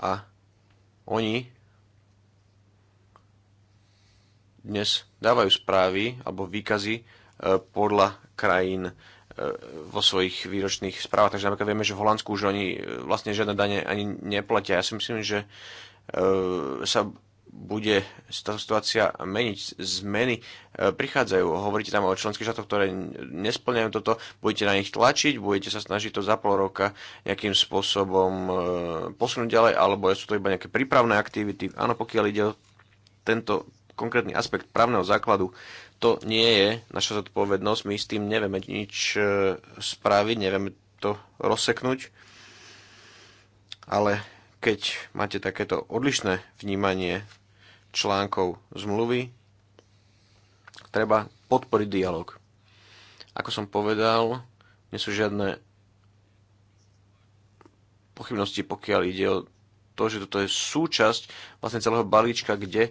a oni dnes dávajú správy alebo výkazy e, podľa krajín e, vo svojich výročných správach. Takže napríklad vieme, že v Holandsku už oni e, vlastne žiadne dane ani neplatia. Ja si myslím, že sa bude táto situácia meniť. Zmeny e, prichádzajú. Hovoríte tam o členských štátoch, ktoré nesplňajú toto. Budete na nich tlačiť, budete sa snažiť to za pol roka nejakým spôsobom e, posunúť ďalej, alebo sú to iba nejaké prípravné aktivity. Áno, pokiaľ ide o tento konkrétny aspekt právneho základu, to nie je naša zodpovednosť. My s tým nevieme nič e, spraviť, nevieme to rozseknúť. Ale keď máte takéto odlišné vnímanie článkov zmluvy treba podporiť dialog. Ako som povedal, nie sú žiadne pochybnosti, pokiaľ ide o to, že toto je súčasť vlastne celého balíčka, kde e,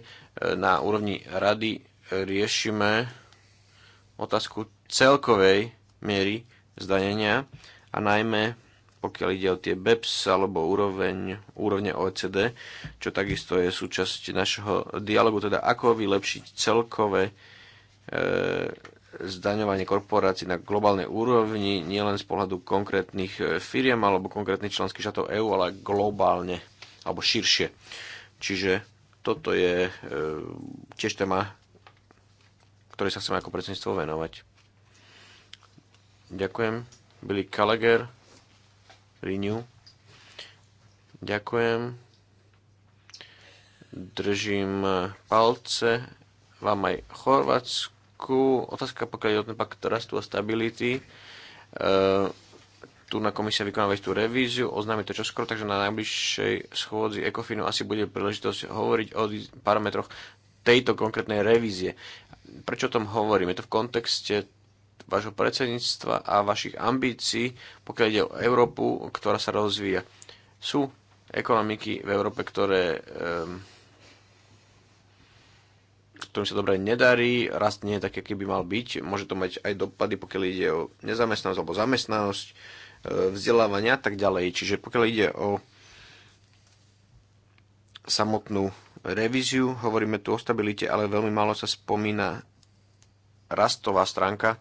na úrovni rady e, riešime otázku celkovej miery zdanenia a najmä pokiaľ ide o tie BEPS alebo úroveň, úrovne OECD, čo takisto je súčasť našho dialogu, teda ako vylepšiť celkové e, zdaňovanie korporácií na globálnej úrovni, nielen z pohľadu konkrétnych e, firiem alebo konkrétnych členských štátov EÚ, ale globálne alebo širšie. Čiže toto je e, tiež téma, ktorej sa chceme ako predsedníctvo venovať. Ďakujem. Billy Callagher. Renew. Ďakujem. Držím palce vám aj Chorvátsku. Otázka pokiaľ je o ten pakt rastu a stability. E, tu na komisia vykonáva tú revíziu, oznámi to čoskoro, takže na najbližšej schôdzi ECOFINu asi bude príležitosť hovoriť o parametroch tejto konkrétnej revízie. Prečo o tom hovorím? Je to v kontexte vášho predsedníctva a vašich ambícií, pokiaľ ide o Európu, ktorá sa rozvíja. Sú ekonomiky v Európe, ktoré ktorým sa dobre nedarí, rast nie je taký, aký by mal byť. Môže to mať aj dopady, pokiaľ ide o nezamestnanosť alebo zamestnanosť, e, vzdelávania a tak ďalej. Čiže pokiaľ ide o samotnú revíziu, hovoríme tu o stabilite, ale veľmi málo sa spomína rastová stránka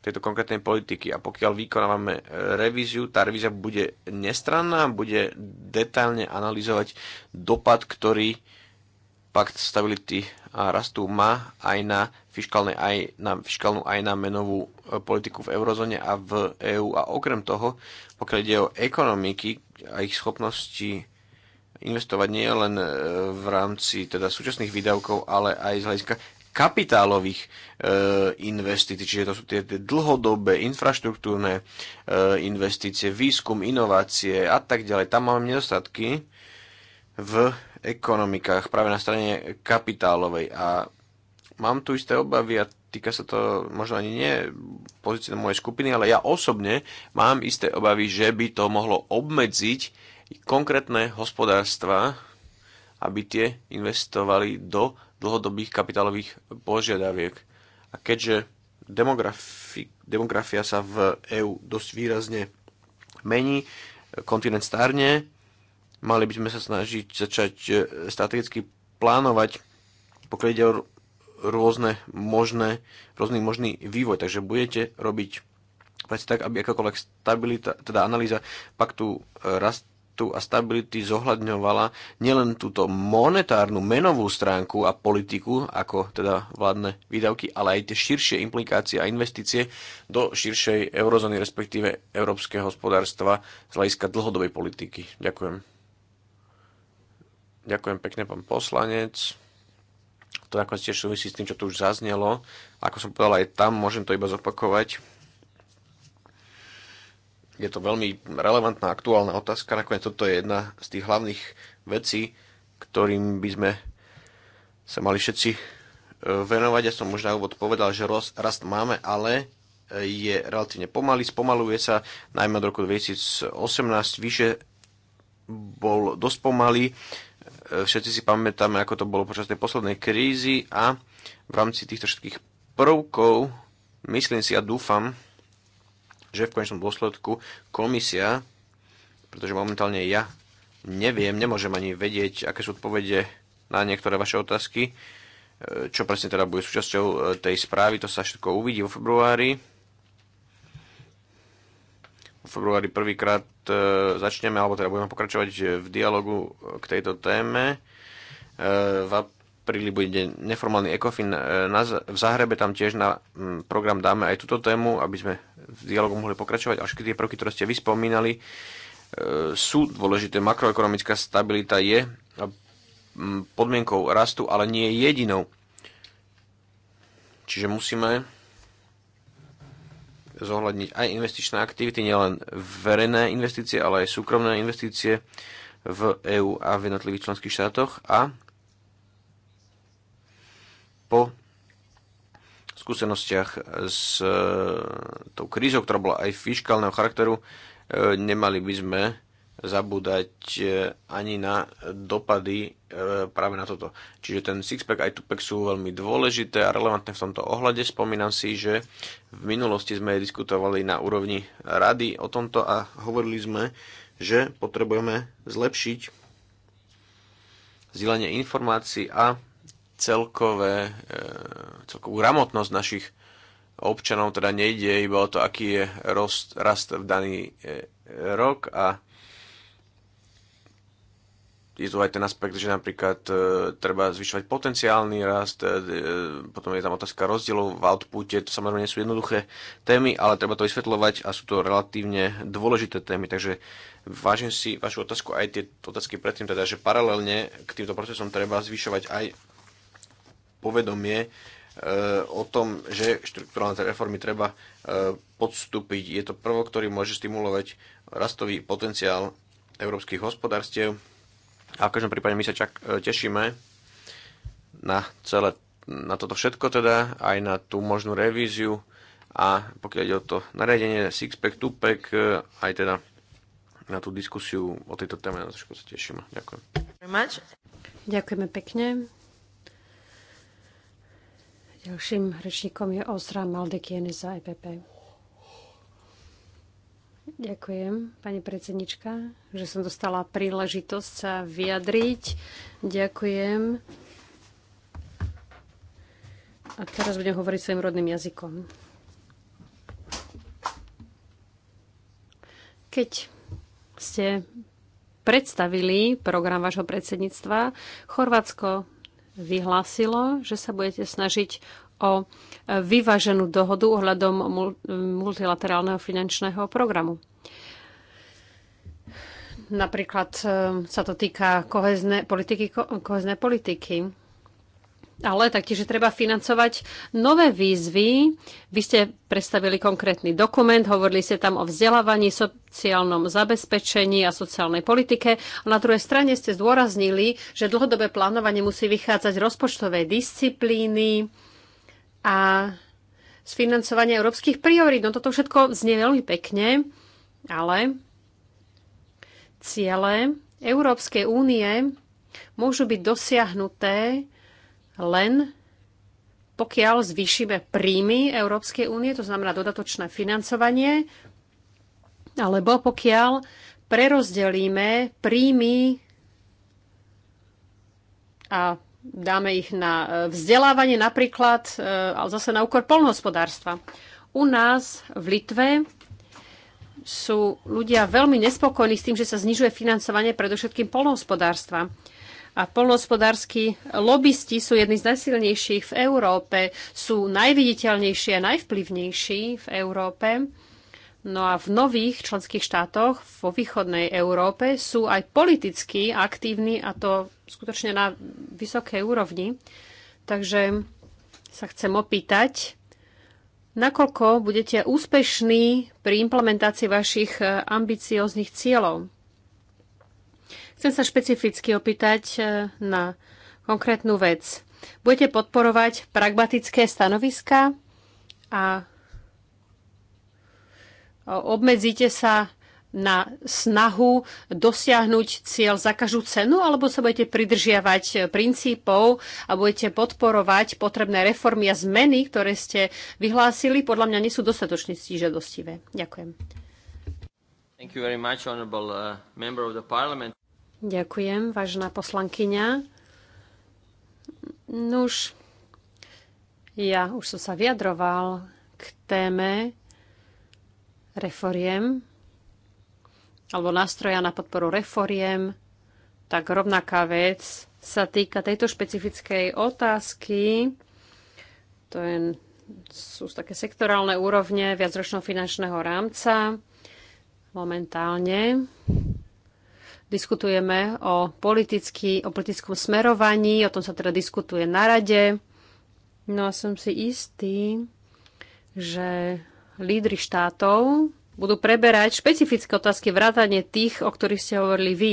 tejto konkrétnej politiky. A pokiaľ vykonávame e, revíziu, tá revízia bude nestranná, bude detailne analyzovať dopad, ktorý pakt stability a rastu má aj na, fiskálne, aj na fiskálnu, aj na menovú e, politiku v eurozóne a v EÚ. A okrem toho, pokiaľ ide o ekonomiky a ich schopnosti investovať nie len e, v rámci teda súčasných výdavkov, ale aj z hľadiska kapitálových e, investícií, čiže to sú tie, tie dlhodobé infraštruktúrne e, investície, výskum, inovácie a tak ďalej. Tam máme nedostatky v ekonomikách, práve na strane kapitálovej. A mám tu isté obavy a týka sa to možno ani nie pozície mojej skupiny, ale ja osobne mám isté obavy, že by to mohlo obmedziť konkrétne hospodárstva, aby tie investovali do dlhodobých kapitálových požiadaviek. A keďže demografi- demografia sa v EÚ dosť výrazne mení, kontinent starne, mali by sme sa snažiť začať e, strategicky plánovať, pokiaľ ide o rôzne možné, rôzny možný vývoj. Takže budete robiť veci tak, aby akákoľvek stabilita, teda analýza paktu e, rastu paktu a stability zohľadňovala nielen túto monetárnu menovú stránku a politiku, ako teda vládne výdavky, ale aj tie širšie implikácie a investície do širšej eurozóny, respektíve európskeho hospodárstva z hľadiska dlhodobej politiky. Ďakujem. Ďakujem pekne, pán poslanec. To nakoniec tiež súvisí s tým, čo tu už zaznelo. Ako som povedal, aj tam môžem to iba zopakovať je to veľmi relevantná, aktuálna otázka. Nakoniec toto je jedna z tých hlavných vecí, ktorým by sme sa mali všetci e, venovať. Ja som možná úvod povedal, že rast máme, ale e, je relatívne pomalý, spomaluje sa, najmä od roku 2018 vyše bol dosť pomalý. E, všetci si pamätáme, ako to bolo počas tej poslednej krízy a v rámci týchto všetkých prvkov, myslím si a dúfam, že v konečnom dôsledku komisia, pretože momentálne ja neviem, nemôžem ani vedieť, aké sú odpovede na niektoré vaše otázky, e, čo presne teda bude súčasťou e, tej správy, to sa všetko uvidí vo februári. V februári prvýkrát e, začneme, alebo teda budeme pokračovať v dialogu k tejto téme. V apríli bude neformálny ECOFIN e, na, v Zahrebe, tam tiež na program dáme aj túto tému, aby sme v dialogu mohli pokračovať. A všetky tie prvky, ktoré ste vyspomínali, e, sú dôležité. Makroekonomická stabilita je e, podmienkou rastu, ale nie je jedinou. Čiže musíme zohľadniť aj investičné aktivity, nielen verejné investície, ale aj súkromné investície v EÚ a v jednotlivých členských štátoch a po skúsenostiach s e, tou krízou, ktorá bola aj fiskálneho charakteru, e, nemali by sme zabúdať e, ani na dopady práve na toto. Čiže ten sixpack aj tupack sú veľmi dôležité a relevantné v tomto ohľade. Spomínam si, že v minulosti sme diskutovali na úrovni rady o tomto a hovorili sme, že potrebujeme zlepšiť zdieľanie informácií a celkové, e, celkovú gramotnosť našich občanov, teda nejde iba o to, aký je rost, rast v daný e, rok a je tu aj ten aspekt, že napríklad e, treba zvyšovať potenciálny rast, e, e potom je tam otázka rozdielov v outpute, to samozrejme nie sú jednoduché témy, ale treba to vysvetľovať a sú to relatívne dôležité témy, takže vážim si vašu otázku aj tie otázky predtým, teda, že paralelne k týmto procesom treba zvyšovať aj povedomie e, o tom, že štrukturálne reformy treba e, podstúpiť. Je to prvok, ktorý môže stimulovať rastový potenciál európskych hospodárstiev. A v každom prípade my sa čak, e, tešíme na celé na toto všetko teda, aj na tú možnú revíziu a pokiaľ ide o to nariadenie Sixpack, Tupac, aj teda na tú diskusiu o tejto téme, na to všetko sa teším. Ďakujem. Ďakujeme pekne. Ďalším rečníkom je Osra Maldekiene za EPP. Ďakujem, pani predsednička, že som dostala príležitosť sa vyjadriť. Ďakujem. A teraz budem hovoriť svojim rodným jazykom. Keď ste predstavili program vášho predsedníctva, Chorvátsko vyhlásilo, že sa budete snažiť o vyváženú dohodu ohľadom multilaterálneho finančného programu. Napríklad eh, sa to týka kohezné politiky, kohezné politiky ale taktiež treba financovať nové výzvy. Vy ste predstavili konkrétny dokument, hovorili ste tam o vzdelávaní, sociálnom zabezpečení a sociálnej politike. A na druhej strane ste zdôraznili, že dlhodobé plánovanie musí vychádzať z rozpočtovej disciplíny a z financovania európskych priorít. No toto všetko znie veľmi pekne, ale ciele Európskej únie môžu byť dosiahnuté len pokiaľ zvýšime príjmy Európskej únie, to znamená dodatočné financovanie, alebo pokiaľ prerozdelíme príjmy a dáme ich na e, vzdelávanie napríklad, e, ale zase na úkor polnohospodárstva. U nás v Litve sú ľudia veľmi nespokojní s tým, že sa znižuje financovanie predovšetkým polnohospodárstva a polnohospodárskí lobbysti sú jedni z najsilnejších v Európe, sú najviditeľnejší a najvplyvnejší v Európe. No a v nových členských štátoch vo východnej Európe sú aj politicky aktívni a to skutočne na vysokej úrovni. Takže sa chcem opýtať, nakoľko budete úspešní pri implementácii vašich ambicióznych cieľov. Chcem sa špecificky opýtať e, na konkrétnu vec. Budete podporovať pragmatické stanoviska a obmedzíte sa na snahu dosiahnuť cieľ za každú cenu, alebo sa budete pridržiavať princípov a budete podporovať potrebné reformy a zmeny, ktoré ste vyhlásili, podľa mňa nie sú dostatočne stížadostivé. Ďakujem. Thank you very much, honorable uh, member of the parliament. Ďakujem, vážna poslankyňa. Nuž, ja už som sa vyjadroval k téme reforiem alebo nástroja na podporu reforiem, tak rovnaká vec sa týka tejto špecifickej otázky. To je, sú také sektorálne úrovne viacročného finančného rámca momentálne. Diskutujeme o, politicky, o politickom smerovaní, o tom sa teda diskutuje na rade. No a som si istý, že lídry štátov budú preberať špecifické otázky vrátane tých, o ktorých ste hovorili vy,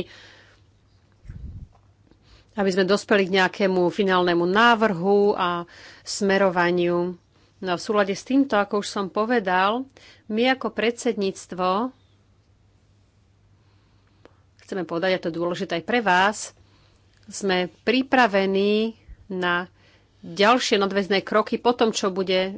aby sme dospeli k nejakému finálnemu návrhu a smerovaniu. No a v súlade s týmto, ako už som povedal, my ako predsedníctvo chceme povedať, a to je dôležité aj pre vás, sme pripravení na ďalšie nadväzné kroky po tom, čo bude e,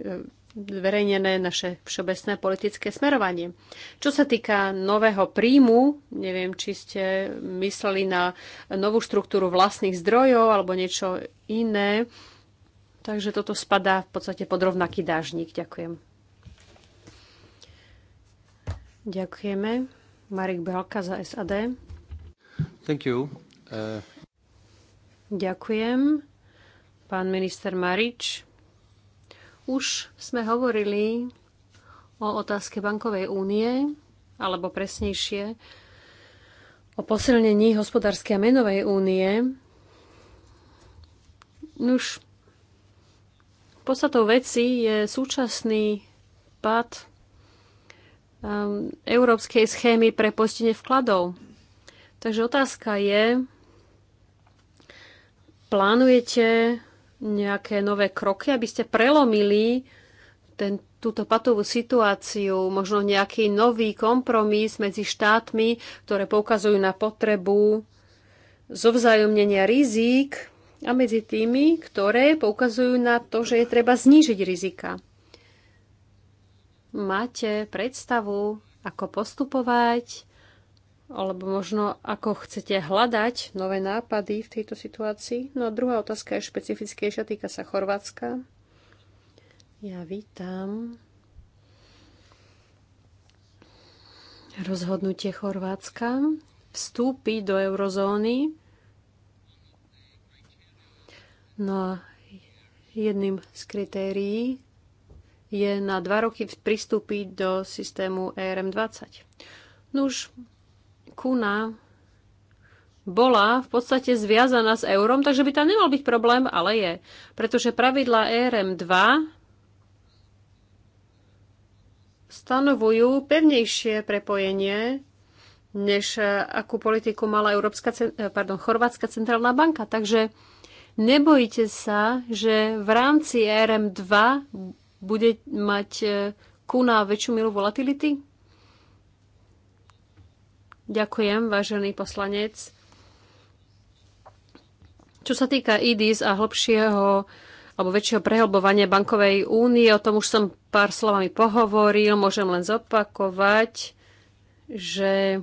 zverejnené naše všeobecné politické smerovanie. Čo sa týka nového príjmu, neviem, či ste mysleli na novú štruktúru vlastných zdrojov alebo niečo iné, takže toto spadá v podstate pod rovnaký dážnik. Ďakujem. Ďakujeme. Marek Belka za SAD. Thank you. Uh... Ďakujem. Pán minister Marič, už sme hovorili o otázke bankovej únie, alebo presnejšie o posilnení hospodárskej a menovej únie. Už podstatou veci je súčasný pad um, európskej schémy pre postenie vkladov. Takže otázka je, plánujete nejaké nové kroky, aby ste prelomili ten, túto patovú situáciu, možno nejaký nový kompromis medzi štátmi, ktoré poukazujú na potrebu zovzájomnenia rizík a medzi tými, ktoré poukazujú na to, že je treba znížiť rizika. Máte predstavu, ako postupovať? alebo možno ako chcete hľadať nové nápady v tejto situácii. No a druhá otázka je špecifickejšia, týka sa Chorvátska. Ja vítam rozhodnutie Chorvátska vstúpiť do eurozóny. No a jedným z kritérií je na dva roky pristúpiť do systému ERM20. No už kuna bola v podstate zviazaná s eurom, takže by tam nemal byť problém, ale je. Pretože pravidla e ERM2 stanovujú pevnejšie prepojenie, než akú politiku mala Európska, eh, pardon, Chorvátska centrálna banka. Takže nebojte sa, že v rámci ERM2 bude mať eh, kuna väčšiu milu volatility? Ďakujem, vážený poslanec. Čo sa týka IDIS a hlbšieho alebo väčšieho prehlbovania bankovej únie, o tom už som pár slovami pohovoril, môžem len zopakovať, že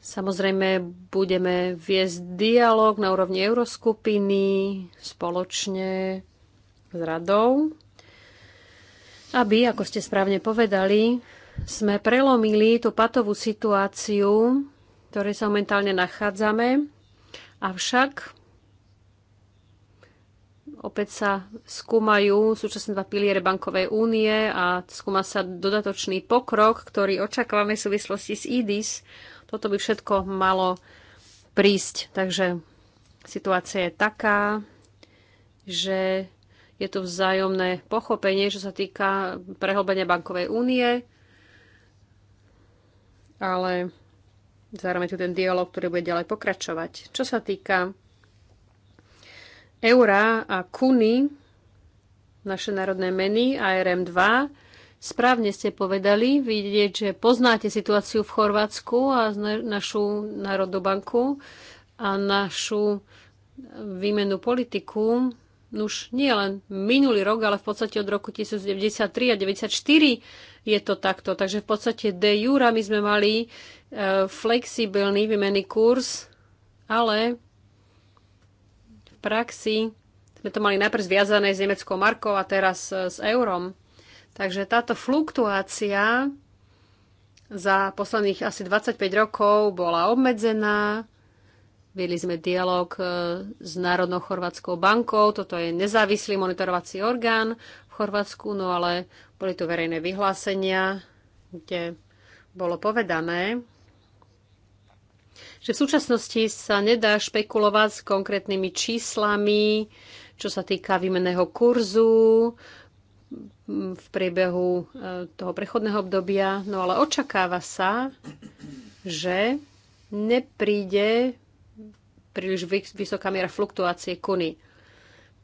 Samozrejme, budeme viesť dialog na úrovni euroskupiny spoločne s radou, aby, ako ste správne povedali, sme prelomili tú patovú situáciu, v ktorej sa momentálne nachádzame. Avšak opäť sa skúmajú súčasné dva piliere bankovej únie a skúma sa dodatočný pokrok, ktorý očakávame v súvislosti s IDIS. Toto by všetko malo prísť. Takže situácia je taká, že je tu vzájomné pochopenie, čo sa týka prehlbenia bankovej únie ale zároveň tu ten dialog, ktorý bude ďalej pokračovať. Čo sa týka eura a kuny, naše národné meny ARM2, správne ste povedali, vidieť, že poznáte situáciu v Chorvátsku a našu Národnú banku a našu výmenú politiku No už nie len minulý rok, ale v podstate od roku 1993 a 1994 je to takto. Takže v podstate de jura my sme mali e, flexibilný výmenný kurz, ale v praxi sme to mali najprv zviazané s nemeckou markou a teraz e, s eurom. Takže táto fluktuácia za posledných asi 25 rokov bola obmedzená Viedli sme dialog e, s Národnou chorvátskou bankou, toto je nezávislý monitorovací orgán v Chorvátsku, no ale boli tu verejné vyhlásenia, kde bolo povedané, že v súčasnosti sa nedá špekulovať s konkrétnymi číslami, čo sa týka výmenného kurzu v priebehu e, toho prechodného obdobia, no ale očakáva sa, že nepríde príliš vysoká miera fluktuácie kuny.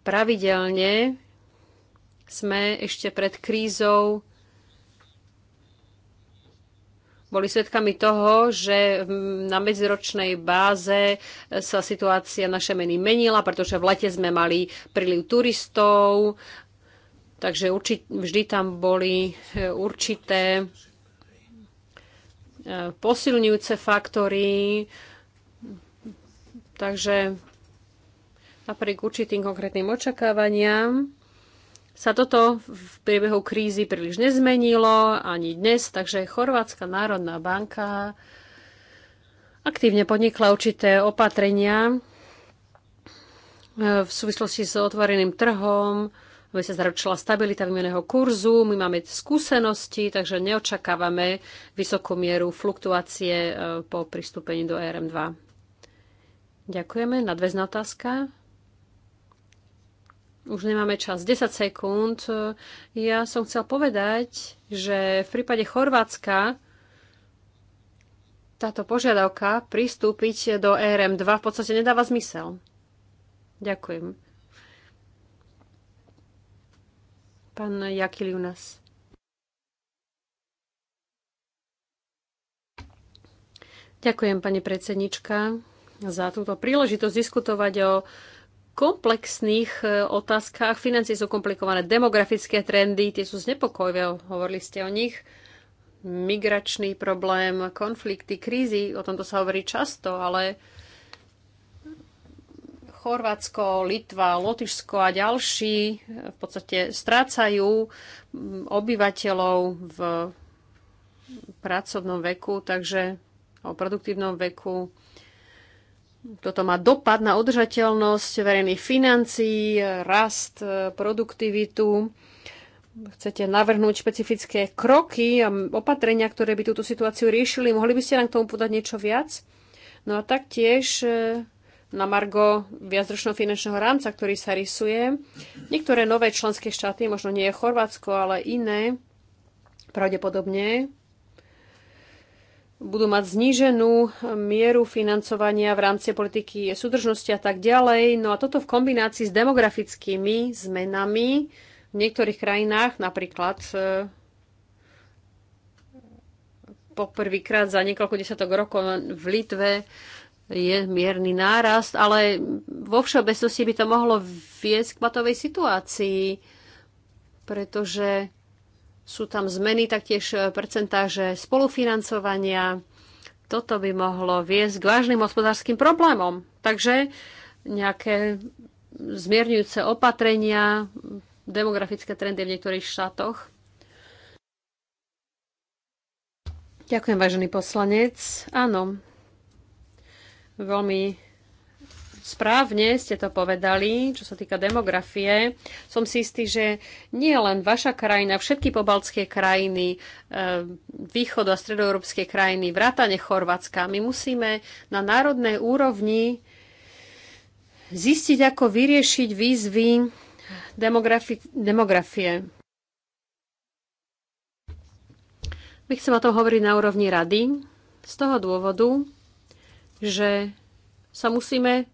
Pravidelne sme ešte pred krízou boli svedkami toho, že na medziročnej báze sa situácia naše meny menila, pretože v lete sme mali príliv turistov, takže vždy tam boli e, určité e, posilňujúce faktory, Takže napriek určitým konkrétnym očakávaniam sa toto v priebehu krízy príliš nezmenilo ani dnes, takže Chorvátska národná banka aktívne podnikla určité opatrenia e, v súvislosti s otvoreným trhom, aby sa zaručila stabilita výmeného kurzu. My máme skúsenosti, takže neočakávame vysokú mieru fluktuácie e, po pristúpení do e RM2. Ďakujeme. Nadväzná otázka. Už nemáme čas. 10 sekúnd. Ja som chcel povedať, že v prípade Chorvátska táto požiadavka pristúpiť do ERM2 v podstate nedáva zmysel. Ďakujem. Pán Jakil Junas. Ďakujem, pani predsednička za túto príležitosť diskutovať o komplexných e, otázkach. Financie sú komplikované, demografické trendy, tie sú znepokojivé, hovorili ste o nich. Migračný problém, konflikty, krízy, o tomto sa hovorí často, ale Chorvátsko, Litva, Lotyšsko a ďalší e, v podstate strácajú obyvateľov v pracovnom veku, takže o produktívnom veku toto má dopad na udržateľnosť verejných financií, rast, produktivitu. Chcete navrhnúť špecifické kroky a opatrenia, ktoré by túto situáciu riešili. Mohli by ste nám k tomu podať niečo viac? No a taktiež e, na margo viacročného finančného rámca, ktorý sa rysuje. Niektoré nové členské štáty, možno nie je Chorvátsko, ale iné, pravdepodobne budú mať zníženú mieru financovania v rámci politiky súdržnosti a tak ďalej. No a toto v kombinácii s demografickými zmenami v niektorých krajinách, napríklad e, poprvýkrát za niekoľko desiatok rokov v Litve je mierny nárast, ale vo všeobecnosti by to mohlo viesť k matovej situácii, pretože sú tam zmeny taktiež e, percentáže spolufinancovania. Toto by mohlo viesť k vážnym hospodárskym problémom. Takže nejaké zmierňujúce opatrenia, demografické trendy v niektorých štátoch. Ďakujem, vážený poslanec. Áno, veľmi Správne ste to povedali, čo sa týka demografie. Som si istý, že nie len vaša krajina, všetky pobaltské krajiny, e, východo- a stredoeurópske krajiny, vrátane Chorvátska, my musíme na národnej úrovni zistiť, ako vyriešiť výzvy demografi- demografie. My chceme o tom hovoriť na úrovni rady z toho dôvodu, že sa musíme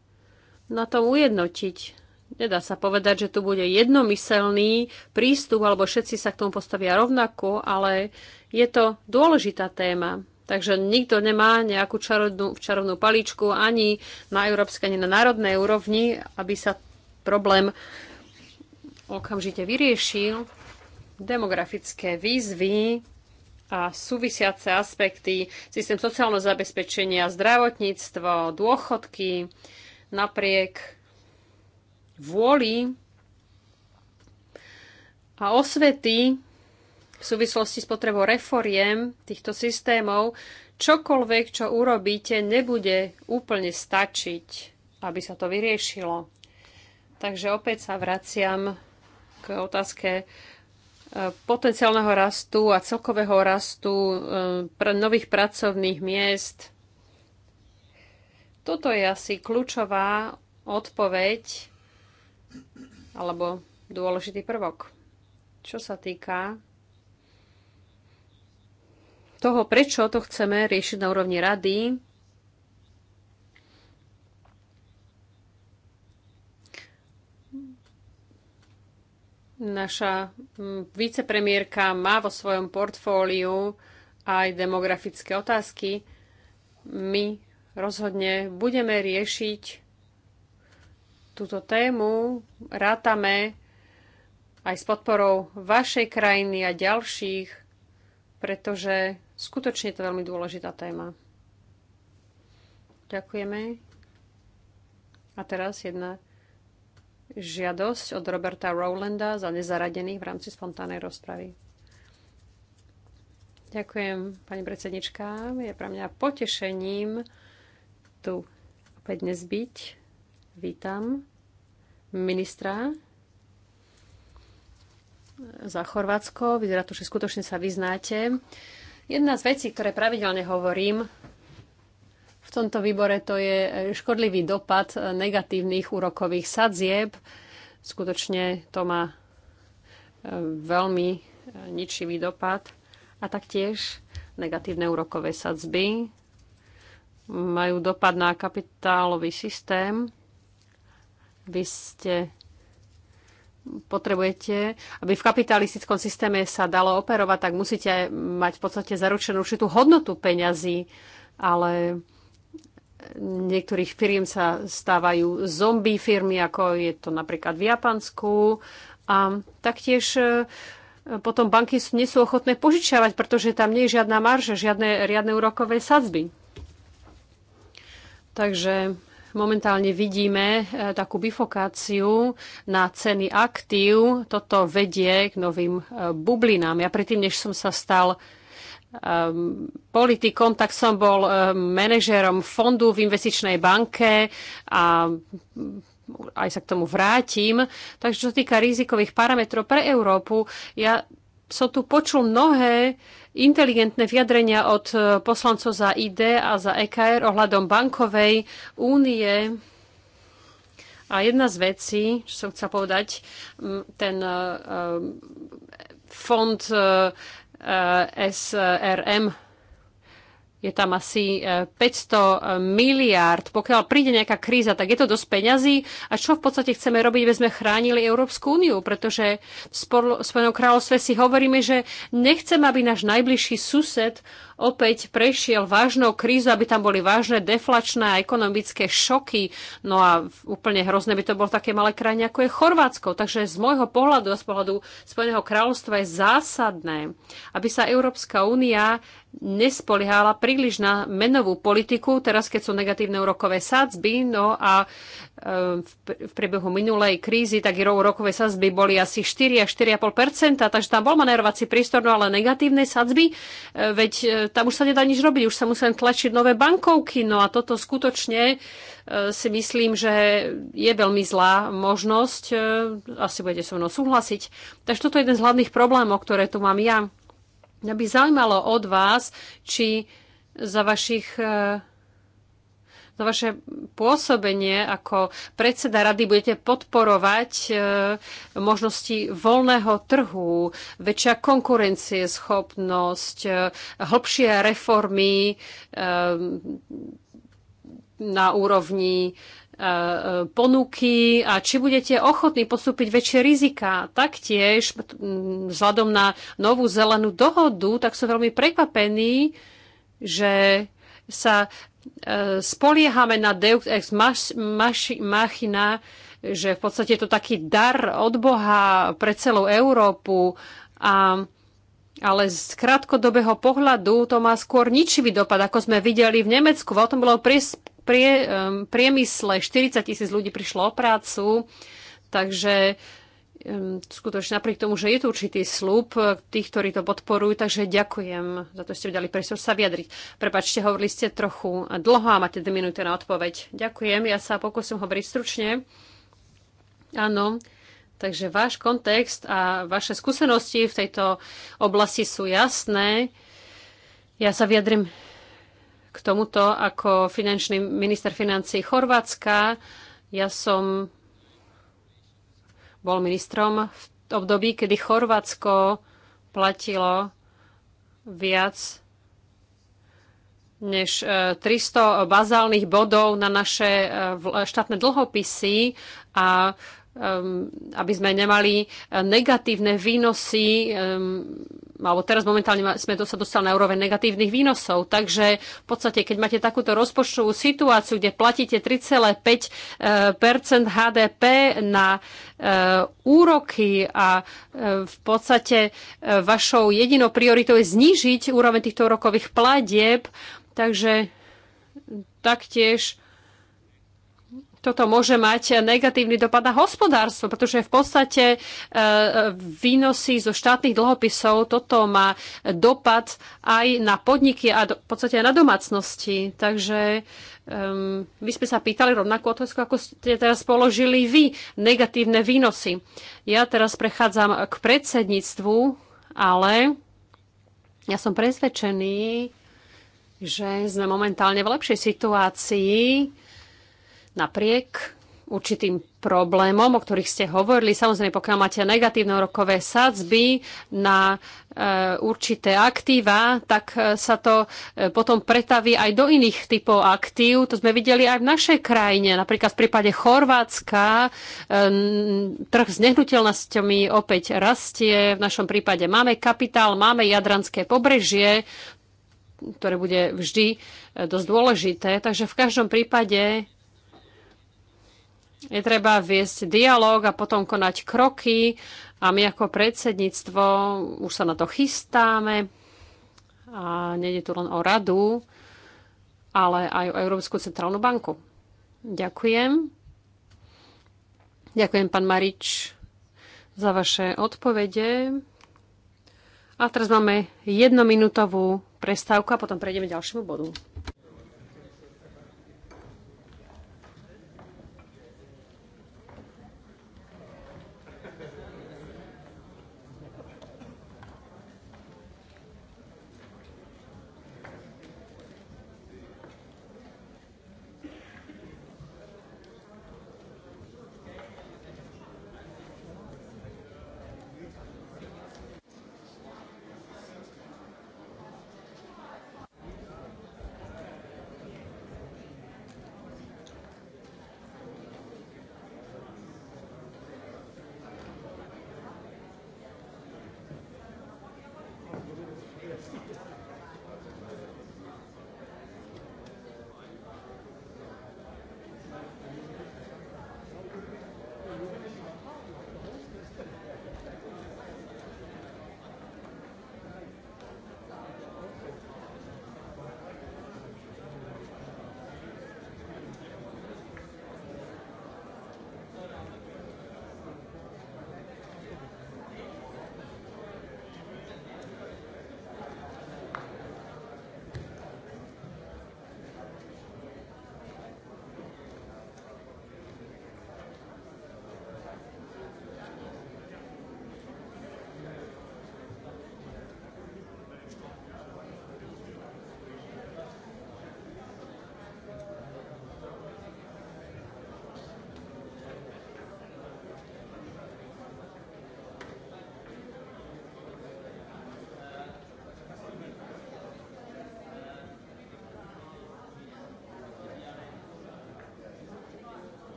na tom ujednotiť. Nedá sa povedať, že tu bude jednomyselný prístup, alebo všetci sa k tomu postavia rovnako, ale je to dôležitá téma. Takže nikto nemá nejakú čarovnú, čarovnú paličku ani na európskej, ani na národnej úrovni, aby sa problém okamžite vyriešil. Demografické výzvy a súvisiace aspekty, systém sociálneho zabezpečenia, zdravotníctvo, dôchodky, napriek vôli a osvety v súvislosti s potrebou reforiem týchto systémov, čokoľvek, čo urobíte, nebude úplne stačiť, aby sa to vyriešilo. Takže opäť sa vraciam k otázke e, potenciálneho rastu a celkového rastu e, nových pracovných miest toto je asi kľúčová odpoveď alebo dôležitý prvok. Čo sa týka toho, prečo to chceme riešiť na úrovni rady, Naša vicepremiérka má vo svojom portfóliu aj demografické otázky. My rozhodne budeme riešiť túto tému. Rátame aj s podporou vašej krajiny a ďalších, pretože skutočne je to veľmi dôležitá téma. Ďakujeme. A teraz jedna žiadosť od Roberta Rowlanda za nezaradených v rámci spontánnej rozpravy. Ďakujem, pani predsednička. Je pre mňa potešením tu opäť dnes byť. Vítam ministra za Chorvátsko. Vyzerá to, že skutočne sa vyznáte. Jedna z vecí, ktoré pravidelne hovorím v tomto výbore, to je škodlivý dopad negatívnych úrokových sadzieb. Skutočne to má e, veľmi e, ničivý dopad a taktiež negatívne úrokové sadzby majú dopad na kapitálový systém. Vy ste potrebujete, aby v kapitalistickom systéme sa dalo operovať, tak musíte mať v podstate zaručenú určitú hodnotu peňazí, ale niektorých firiem sa stávajú zombie firmy, ako je to napríklad v Japansku. A taktiež e, potom banky nie sú ochotné požičiavať, pretože tam nie je žiadna marža, žiadne riadne úrokové sadzby. Takže momentálne vidíme eh, takú bifokáciu na ceny aktív. Toto vedie k novým eh, bublinám. Ja predtým, než som sa stal ehm, politikom, tak som bol eh, manažérom fondu v investičnej banke a mm, aj sa k tomu vrátim. Takže čo týka rizikových parametrov pre Európu, ja som tu počul mnohé inteligentné vyjadrenia od e, poslancov za ID a za EKR ohľadom bankovej únie. A jedna z vecí, čo som chcela povedať, ten e, e, fond SRM je tam asi 500 e, e, miliárd. Pokiaľ príde nejaká kríza, tak je to dosť peňazí. A čo v podstate chceme robiť, aby sme chránili Európsku úniu? Pretože v Spojenom kráľovstve si hovoríme, že nechceme, aby náš najbližší sused opäť prešiel vážnou krízu, aby tam boli vážne deflačné a ekonomické šoky. No a úplne hrozné by to bolo také malé krajine, ako je Chorvátsko. Takže z môjho pohľadu a z pohľadu Spojeného kráľovstva je zásadné, aby sa Európska únia nespoliehala príliš na menovú politiku, teraz keď sú negatívne úrokové sadzby, no a v priebehu minulej krízy, tak rokové sadzby boli asi 4 až 4,5%, takže tam bol manérovací prístor, no ale negatívne sadzby, e, veď e, tam už sa nedá nič robiť, už sa musia tlačiť nové bankovky, no a toto skutočne e, si myslím, že je veľmi zlá možnosť, asi budete so mnou súhlasiť. Takže toto je jeden z hlavných problémov, ktoré tu mám ja. Mňa by zaujímalo od vás, či za vašich to vaše pôsobenie ako predseda rady budete podporovať e, možnosti voľného trhu, väčšia konkurencie, schopnosť, e, hlbšie reformy e, na úrovni ponuky a či budete ochotní postúpiť väčšie rizika. Taktiež, vzhľadom na novú zelenú dohodu, tak sú veľmi prekvapení, že sa E, spoliehame na Deus ex machina, že v podstate je to taký dar od Boha pre celú Európu, a, ale z krátkodobého pohľadu to má skôr ničivý dopad, ako sme videli v Nemecku. V bolo prie, prie, priemysle 40 tisíc ľudí prišlo o prácu, takže skutočne napriek tomu, že je tu určitý slúb eh, tých, ktorí to podporujú, takže ďakujem za to, že ste vydali dali priestor sa vyjadriť. Prepačte, hovorili ste trochu dlho a máte dve minúty na odpoveď. Ďakujem, ja sa pokúsim hovoriť stručne. Áno, takže váš kontext a vaše skúsenosti v tejto oblasti sú jasné. Ja sa vyjadrim k tomuto ako finančný minister financí Chorvátska. Ja som bol ministrom v období, kedy Chorvátsko platilo viac než 300 e, bazálnych bodov na naše e, štátne dlhopisy a Ehm, aby sme nemali eh, negatívne výnosy, ehm, alebo teraz momentálne sme to sa dostali na úroveň negatívnych výnosov. Takže v podstate, keď máte takúto rozpočtovú situáciu, kde platíte 3,5 eh, HDP na eh, úroky a v podstate vašou jedinou prioritou je znížiť úroveň týchto úrokových platieb, takže taktiež toto môže mať negatívny dopad na hospodárstvo, pretože v podstate e, výnosy zo štátnych dlhopisov, toto má dopad aj na podniky a v podstate aj na domácnosti. Takže um, my sme sa pýtali rovnakú otázku, ako ste teraz položili vy, negatívne výnosy. Ja teraz prechádzam k predsedníctvu, ale ja som presvedčený, že sme momentálne v lepšej situácii, Napriek určitým problémom, o ktorých ste hovorili. Samozrejme, pokiaľ máte negatívne rokové sadzby na e, určité aktíva, tak e, sa to e, potom pretaví aj do iných typov aktív. To sme videli aj v našej krajine. Napríklad v prípade Chorvátska e, trh s nehnuteľnosťami opäť rastie. V našom prípade máme kapitál, máme jadranské pobrežie, ktoré bude vždy e, dosť dôležité. Takže v každom prípade je treba viesť dialog a potom konať kroky a my ako predsedníctvo už sa na to chystáme a nejde tu len o radu, ale aj o Európsku centrálnu banku. Ďakujem. Ďakujem, pán Marič, za vaše odpovede. A teraz máme jednominútovú prestávku a potom prejdeme k ďalšiemu bodu.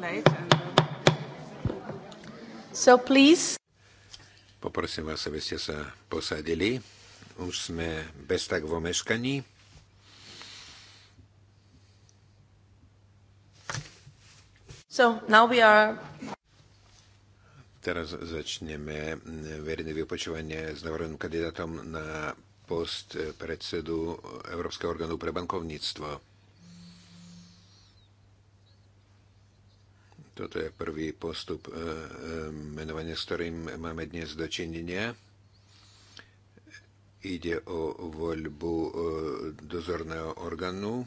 Um, so please. Poprosím vás, aby ste sa posadili. Už sme bez tak vo meškaní. So now we are Teraz začneme verejné vypočúvanie s navrhovým kandidátom na post predsedu Európskeho orgánu pre bankovníctvo. Toto je prvý postup e, e, menovania, s ktorým máme dnes dočinenia. Ide o voľbu e, dozorného orgánu,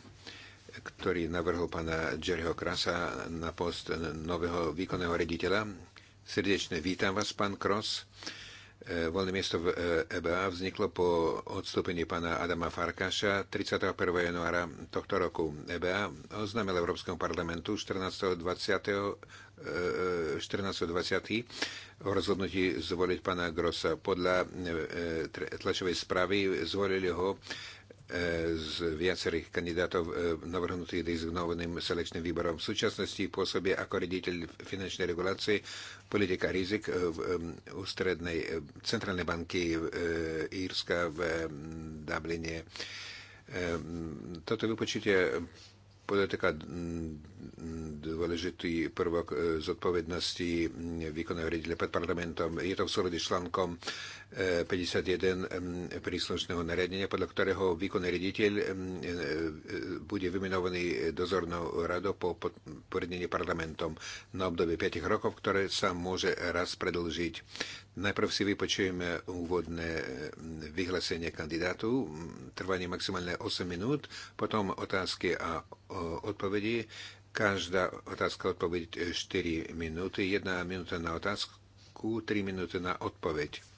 ktorý navrhol pána Jerryho Krasa na post nového výkonného rediteľa. Srdečne vítam vás, pán Kros. E, voľné miesto v EBA e vzniklo po odstúpení pána Adama Farkaša 31. januára tohto roku. EBA oznámil Európskom parlamentu 14.20. 14.20. E, o rozhodnutí zvoliť pána Grossa. Podľa tlačovej správy zvolili ho z viacerých kandidátov e, navrhnutých dizignovaným selečným výborom. V súčasnosti pôsobí ako rediteľ finančnej regulácie politika rizik e, v ústrednej e, centrálnej banky Írska v Dubline. Toto vypočutie podľa taká dôležitý prvok zodpovednosti výkonného riaditeľa pred parlamentom. Je to v súlade s článkom 51 e, príslušného nariadenia, podľa ktorého výkonný riaditeľ e, bude vymenovaný dozornou radou po poradnení parlamentom na obdobie 5 rokov, ktoré sa môže raz predlžiť. Najprv si vypočujeme úvodné vyhlásenie kandidátu, trvanie maximálne 8 minút, potom otázky a odpovedi. Každá otázka odpoveď 4 e, minúty, 1 minúta na otázku, 3 minúty na odpoveď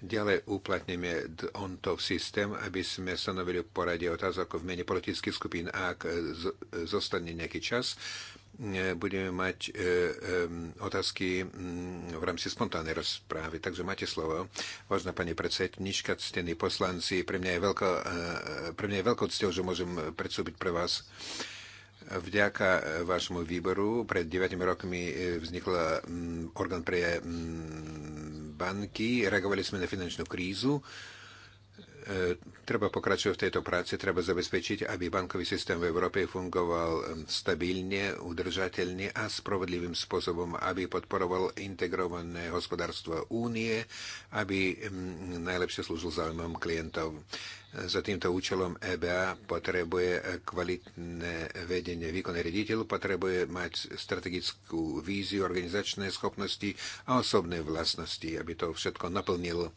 Ďalej uplatníme on-top systém, aby sme stanovili poradie otázok v mene politických skupín. Ak e, e, zostane nejaký čas, e, budeme mať otázky v rámci spontánnej rozprávy. Takže máte slovo. Vážna pani predsednička, ctení poslanci, pre mňa je, pre mňa je veľkou cťou, že môžem predstúpiť pre vás Vďaka e, vašemu výboru pred 9 rokmi e, vznikl mm, orgán pre mm, banky, reagovali sme na finančnú krízu E, treba pokračovať v tejto práci, treba zabezpečiť, aby bankový systém v Európe fungoval e, stabilne, udržateľne a spravodlivým spôsobom, aby podporoval integrované hospodárstvo únie, aby najlepšie slúžil záujmom klientov. E, za týmto účelom EBA potrebuje kvalitné vedenie. Výkonný riaditeľ potrebuje mať strategickú víziu, organizačné schopnosti a osobné vlastnosti, aby to všetko naplnil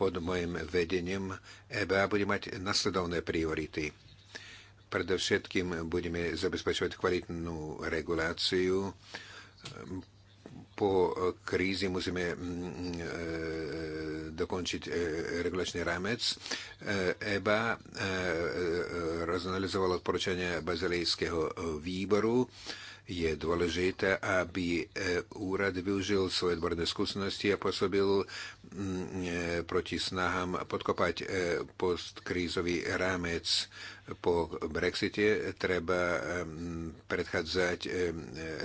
pod mojim vedením EBA bude mať nasledovné priority. Predovšetkým budeme zabezpečovať kvalitnú reguláciu. Po krízi musíme mm, e, dokončiť e, regulačný rámec. EBA e rozanalizovala odporúčania bazilejského výboru je dôležité, aby eh, úrad využil svoje odborné skúsenosti a pôsobil mm, eh, proti snahám podkopať eh, postkrízový rámec po Brexite. Treba mm, predchádzať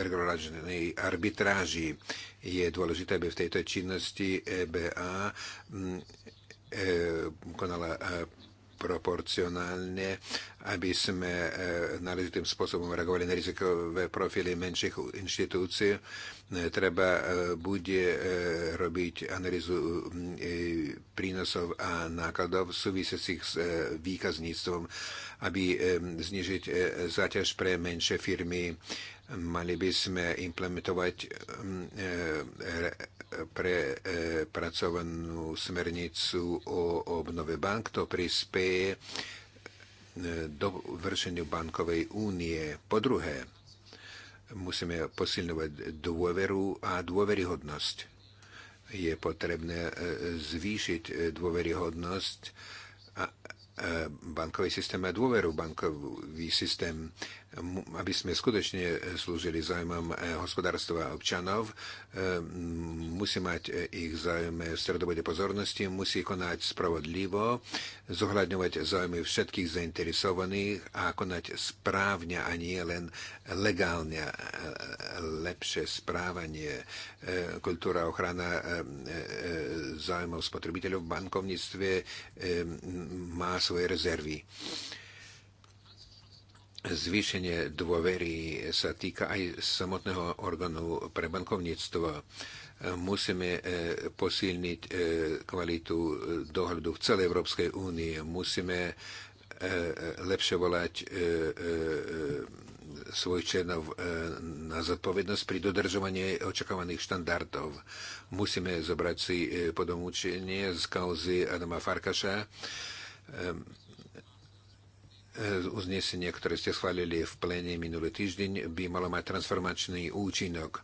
regulačnej arbitráži. Je dôležité, aby v tejto činnosti EBA mm, konala proporcionálne, aby sme eh, náležitým spôsobom reagovali na rizikové profily menších inštitúcií. Treba eh, bude eh, robiť analýzu mm, prínosov a nákladov súvisiacich s výkazníctvom, aby znižiť záťaž pre menšie firmy Mali by sme implementovať mm, e, prepracovanú e, smernicu o obnove bank. To prispieje e, do vršeniu bankovej únie. Po druhé, musíme posilňovať dôveru a dôveryhodnosť. Je potrebné zvýšiť dôveryhodnosť bankový systém a dôveru bankový systém aby sme skutočne slúžili zájmom eh, hospodárstva a občanov, eh, musí mať eh, ich zájme v stredobode pozornosti, musí konať spravodlivo, zohľadňovať zájmy všetkých zainteresovaných a konať správne a nie len legálne. Lepšie správanie, kultúra ochrana zájmov spotrebiteľov v bankovníctve má svoje rezervy. Zvýšenie dôvery sa týka aj samotného orgánu pre bankovníctvo. Musíme e, posilniť e, kvalitu e, dohľadu v celej Európskej únii. Musíme lepšie volať svoj členov na zodpovednosť pri dodržovaní očakávaných štandardov. Musíme zobrať si podomúčenie z kauzy Adama Farkaša, uznesenie, ktoré ste schválili v plene minulý týždeň, by malo mať transformačný účinok.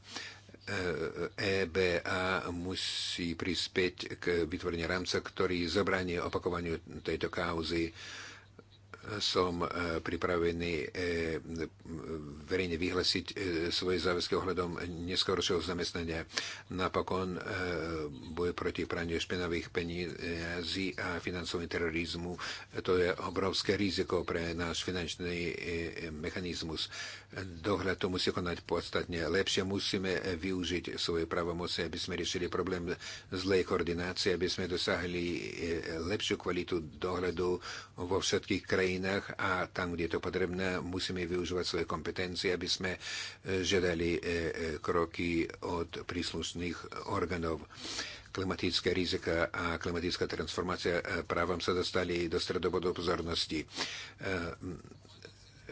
EBA e musí prispieť k vytvoreniu rámca, ktorý zabranie opakovaniu tejto kauzy som e, pripravený e, verejne vyhlasiť e, svoje záväzky ohľadom neskôršieho zamestnania. Napokon boj proti praniu špinavých peniazí a financovaní terorizmu, to je obrovské riziko pre náš finančný mechanizmus. Dohľad to musí konať podstatne lepšie. Musíme využiť svoje pravomoci, aby sme riešili problém zlej koordinácie, aby sme dosahli lepšiu kvalitu dohľadu vo všetkých krajinách a tam, kde je to potrebné, musíme využívať svoje kompetencie, aby sme e, žiadali e, e, kroky od príslušných orgánov klimatické rizika a klimatická transformácia právom sa dostali do stredobodov pozornosti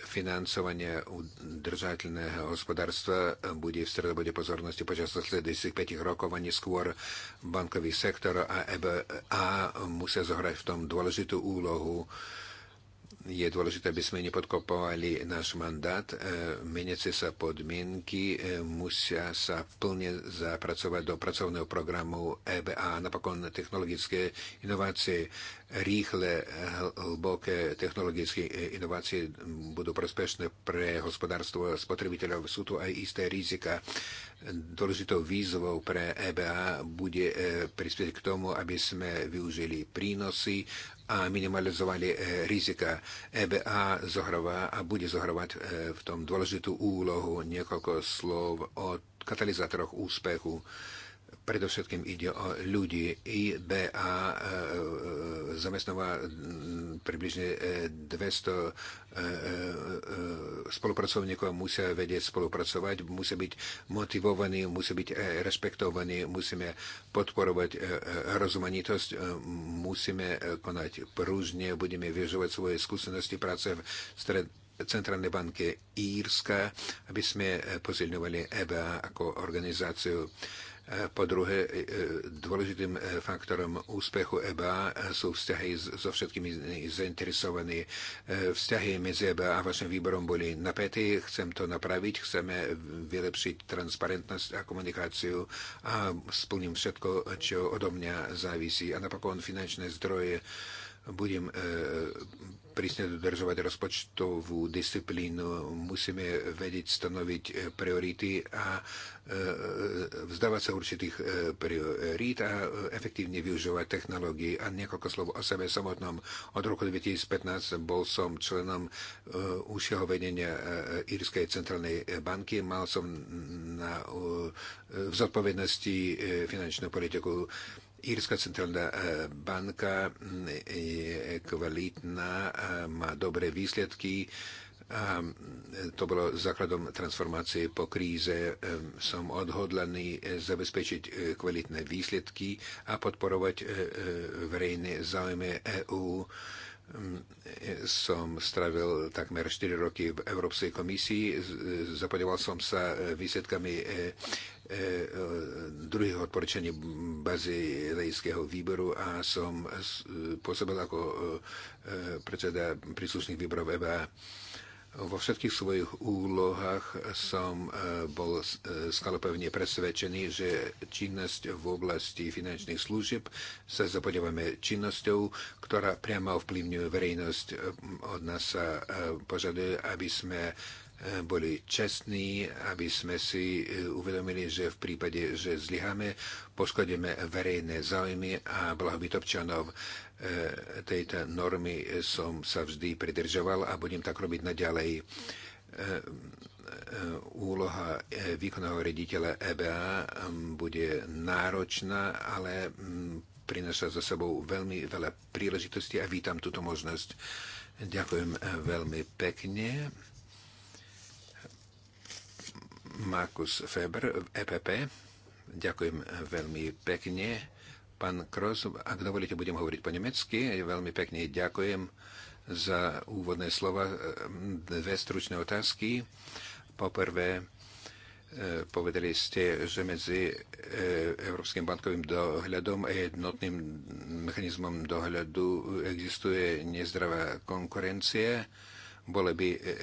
financovania udržateľného hospodárstva bude v stredobode pozornosti počas sledujúcich 5 rokov a neskôr bankový sektor a EBA musia zohrať v tom dôležitú úlohu je dôležité, aby sme nepodkopovali náš mandát. E, meniace sa podmienky e, musia sa plne zapracovať do pracovného programu EBA. Napokon technologické inovácie, rýchle, hlboké technologické e, inovácie budú prospešné pre hospodárstvo a spotrebiteľov. Sú tu aj isté rizika. Dôležitou výzvou pre EBA bude prispieť k tomu, aby sme využili prínosy a minimalizovali eh, rizika. EBA zohrava a bude zohravať eh, v tom dôležitú úlohu niekoľko slov o katalizátoroch úspechu. Predovšetkým ide o ľudí. IBA e, e, zamestnáva približne 200 e, spolupracovníkov, musia vedieť spolupracovať, musia byť motivovaní, musia byť rešpektovaní, musíme podporovať rozumanitosť, musíme konať prúžne, budeme využívať svoje skúsenosti práce v stred Centrálnej banke Írska, aby sme posilňovali EBA ako organizáciu. E, po druhé, e, e, dôležitým faktorom úspechu EBA sú vzťahy so všetkými zainteresovanými. Vzťahy medzi EBA a vašim výborom boli napätí, Chcem to napraviť. Chceme vylepšiť transparentnosť a komunikáciu a splním všetko, čo odo mňa závisí. A napokon finančné zdroje budem e, prísne dodržovať rozpočtovú disciplínu, musíme vedieť stanoviť e, priority a e, vzdávať sa určitých priorít a efektívne využívať technológie. A niekoľko slov o sebe samotnom. Od roku 2015 bol som členom užšieho vedenia Írskej centrálnej banky. Mal som na, v zodpovednosti finančnú politiku Írska centrálna e, banka je e, kvalitná, e, má dobré výsledky a to bolo základom transformácie po kríze. Som odhodlaný zabezpečiť kvalitné výsledky a podporovať verejné záujmy EÚ mm, som stravil takmer 4 roky v Európskej komisii. Zapodoval som sa výsledkami E, e, druhého odporúčania bazilejského výboru a som e, pôsobil ako predseda príslušných výborov EBA. Vo všetkých svojich úlohách som bol skalopevne presvedčený, že činnosť v oblasti finančných služieb sa zapodívame činnosťou, ktorá priamo ovplyvňuje verejnosť. Od nás sa požaduje, aby sme boli čestní, aby sme si e, uvedomili, že v prípade, že zlyhame, poškodíme verejné záujmy a blahobyt občanov e, tejto normy som sa vždy pridržoval a budem tak robiť naďalej. E, úloha výkonného rediteľa EBA bude náročná, ale prináša za sebou veľmi veľa príležitostí a vítam túto možnosť. Ďakujem veľmi pekne. Markus Feber v e EPP. Ďakujem veľmi pekne. Pán Kroz, ak dovolíte, budem hovoriť po nemecky. Veľmi pekne ďakujem za úvodné slova. Dve stručné otázky. Poprvé, e, povedali ste, že medzi e, Európskym bankovým dohľadom a jednotným mechanizmom dohľadu existuje nezdravá konkurencia bolo by e, e,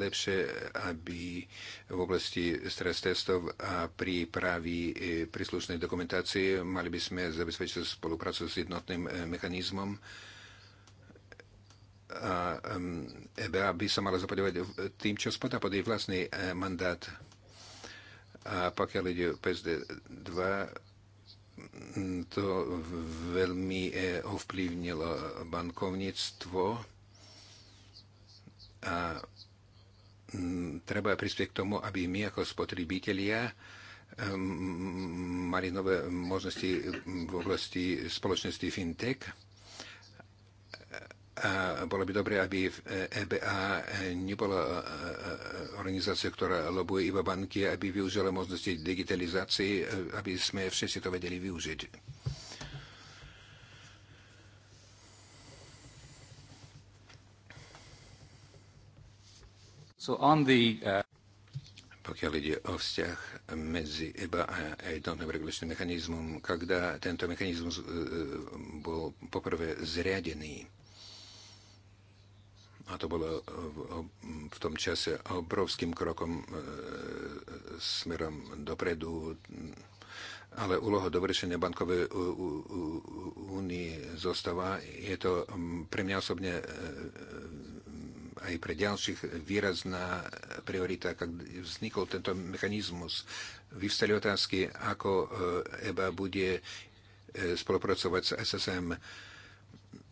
lepšie, aby v oblasti stres testov a prípravy e, príslušnej dokumentácie mali by sme zabezpečiť spoluprácu s jednotným mechanizmom a EBA by sa mala zapodovať tým, čo spadá pod jej vlastný mandát. A pokiaľ ide o PSD 2, to veľmi ovplyvnilo bankovníctvo a mm, treba prispieť k tomu, aby my ako spotrebitelia e, mali nové možnosti v oblasti spoločnosti fintech. A bolo by dobré, aby EBA nebola e, e, organizácia, ktorá lobuje iba banky, aby využila možnosti digitalizácie, aby sme všetci to vedeli využiť. Uh, Pokiaľ ide o vzťah medzi EBA a jednotným regulačným mechanizmom, когда tento mechanizmus e, e, bol poprvé zriadený, a to bolo v, tom čase obrovským krokom e, smerom dopredu, ale úloha dovršenia bankovej únie zostáva. Je to pre mňa osobne aj pre ďalších výrazná priorita, ak vznikol tento mechanizmus. Vyvstali otázky, ako e, EBA bude e, spolupracovať s SSM.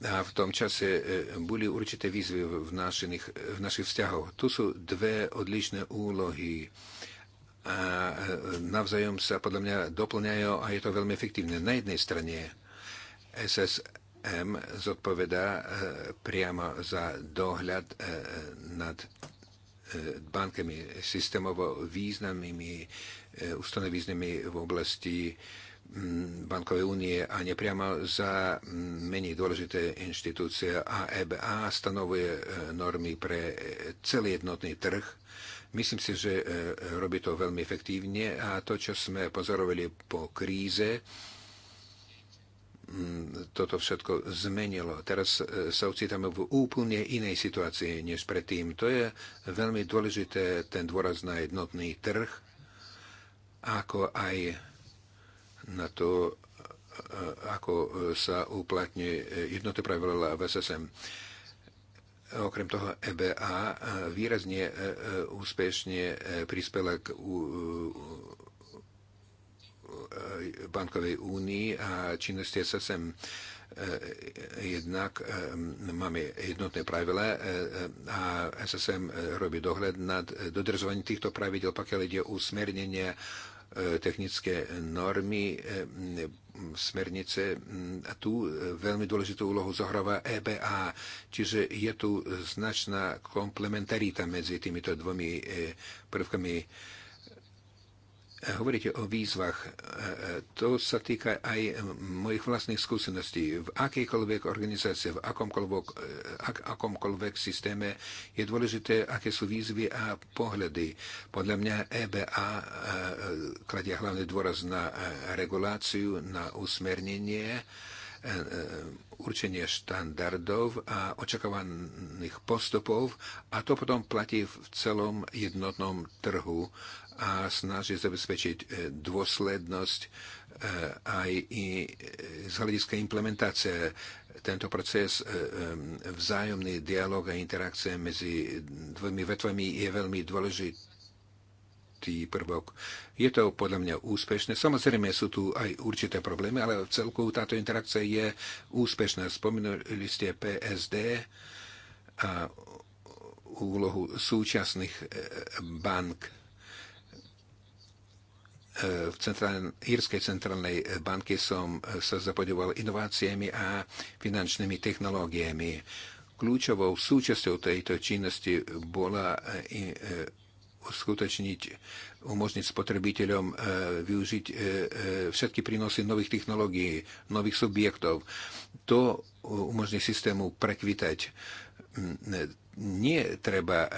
A v tom čase e, boli určité výzvy v našich, v našich vzťahoch. Tu sú dve odlišné úlohy a navzájom sa podľa mňa doplňajú a je to veľmi efektívne. Na jednej strane SSM M zodpovedá e, priamo za dohľad e, nad e, bankami systémovo významnými ustanovíznymi v oblasti mm, bankovej únie a nepriamo za mm, menej dôležité inštitúcie a EBA stanovuje normy pre celý jednotný trh. Myslím si, že robí to veľmi efektívne a to, čo sme pozorovali po kríze, Mm, toto všetko zmenilo. Teraz e, sa ocitáme v úplne inej situácii než predtým. To je veľmi dôležité, ten dôraz na jednotný trh, ako aj na to, e, ako sa uplatňuje jednotné pravidla v SSM. Okrem toho EBA výrazne e, úspešne prispela k Eh, bankovej únii a činnosti SSM. Eh, jednak eh, máme jednotné pravidla a SSM robí dohľad nad dodržovaním týchto pravidel, pokiaľ ide o usmernenia technické normy, smernice. A tu veľmi dôležitú úlohu zohráva EBA, čiže je tu značná komplementarita medzi týmito dvomi prvkami Hovoríte o výzvach. To sa týka aj mojich vlastných skúseností. V akejkoľvek organizácii, v akomkoľvek, ak, akomkoľvek systéme je dôležité, aké sú výzvy a pohľady. Podľa mňa EBA e, kladie hlavný dôraz na e, reguláciu, na usmernenie e, určenie štandardov a očakávaných postupov a to potom platí v celom jednotnom trhu a snaží zabezpečiť e, dôslednosť e, aj e, z hľadiska implementácie. Tento proces vzájomný dialog a interakcie medzi dvomi vetvami je veľmi dôležitý prvok. Je to podľa mňa úspešné. Samozrejme sú tu aj určité problémy, ale v celku táto interakcia je úspešná. Spomenuli ste PSD a úlohu súčasných bank v centrál, Írskej centrálnej banke som e, sa zapodoval inováciami a finančnými technológiami. Kľúčovou súčasťou tejto činnosti bola e, e, uskutočniť, umožniť spotrebiteľom využiť všetky prínosy nových technológií, nových subjektov. To umožní systému prekvitať nie treba e,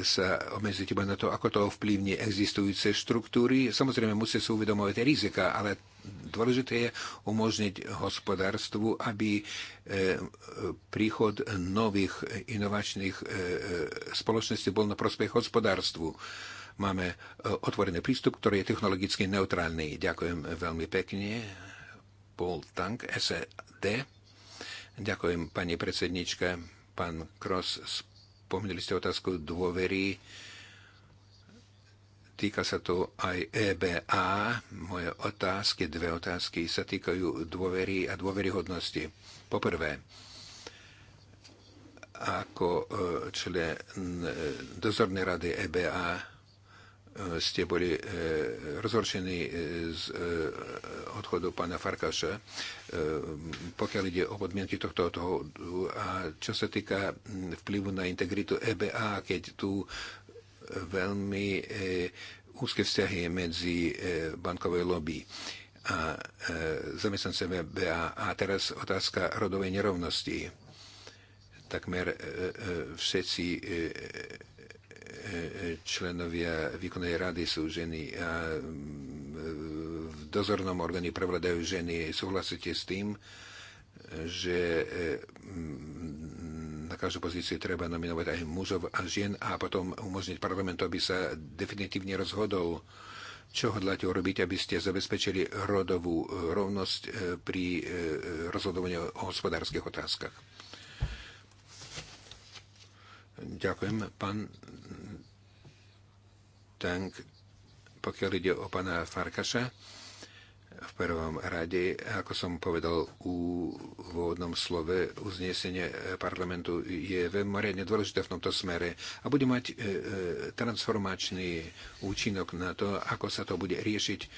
sa obmedziť iba na to, ako to ovplyvní existujúce štruktúry. Samozrejme, musia sa uvedomovať rizika, ale dôležité je umožniť hospodárstvu, aby e, príchod nových inovačných e, spoločností bol na prospech hospodárstvu. Máme otvorený prístup, ktorý je technologicky neutrálny. Ďakujem veľmi pekne. Paul Tank, SED. Ďakujem, pani predsednička. Pán Kross, spomínali ste otázku dôvery. Týka sa to aj EBA. Moje otázky, dve otázky sa týkajú dôvery a dôveryhodnosti. Poprvé, ako e, člen e, dozornej rady EBA e, ste boli rozhorčení z odchodu pána Farkaša. Eh, pokiaľ ide o podmienky tohto toho. A čo sa týka vplyvu na integritu EBA, keď tu veľmi eh, úzke vzťahy medzi eh, bankovej lobby a zamestnancem EBA. A teraz otázka rodovej nerovnosti. Takmer všetci členovia výkonnej rady sú ženy a mm, dozornom orgáne prevladajú ženy. Súhlasíte s tým, že mm, na každú pozíciu treba nominovať aj mužov a žien a potom umožniť parlamentu, aby sa definitívne rozhodol, čo hodláte urobiť, aby ste zabezpečili rodovú e, rovnosť e, pri e, rozhodovaní o hospodárskych otázkach. Ďakujem. Pán Tank, pokiaľ ide o pána Farkaša, v prvom rade, ako som povedal u úvodnom slove, uznesenie parlamentu je riadne dôležité v tomto smere a bude mať e, e, transformačný účinok na to, ako sa to bude riešiť e,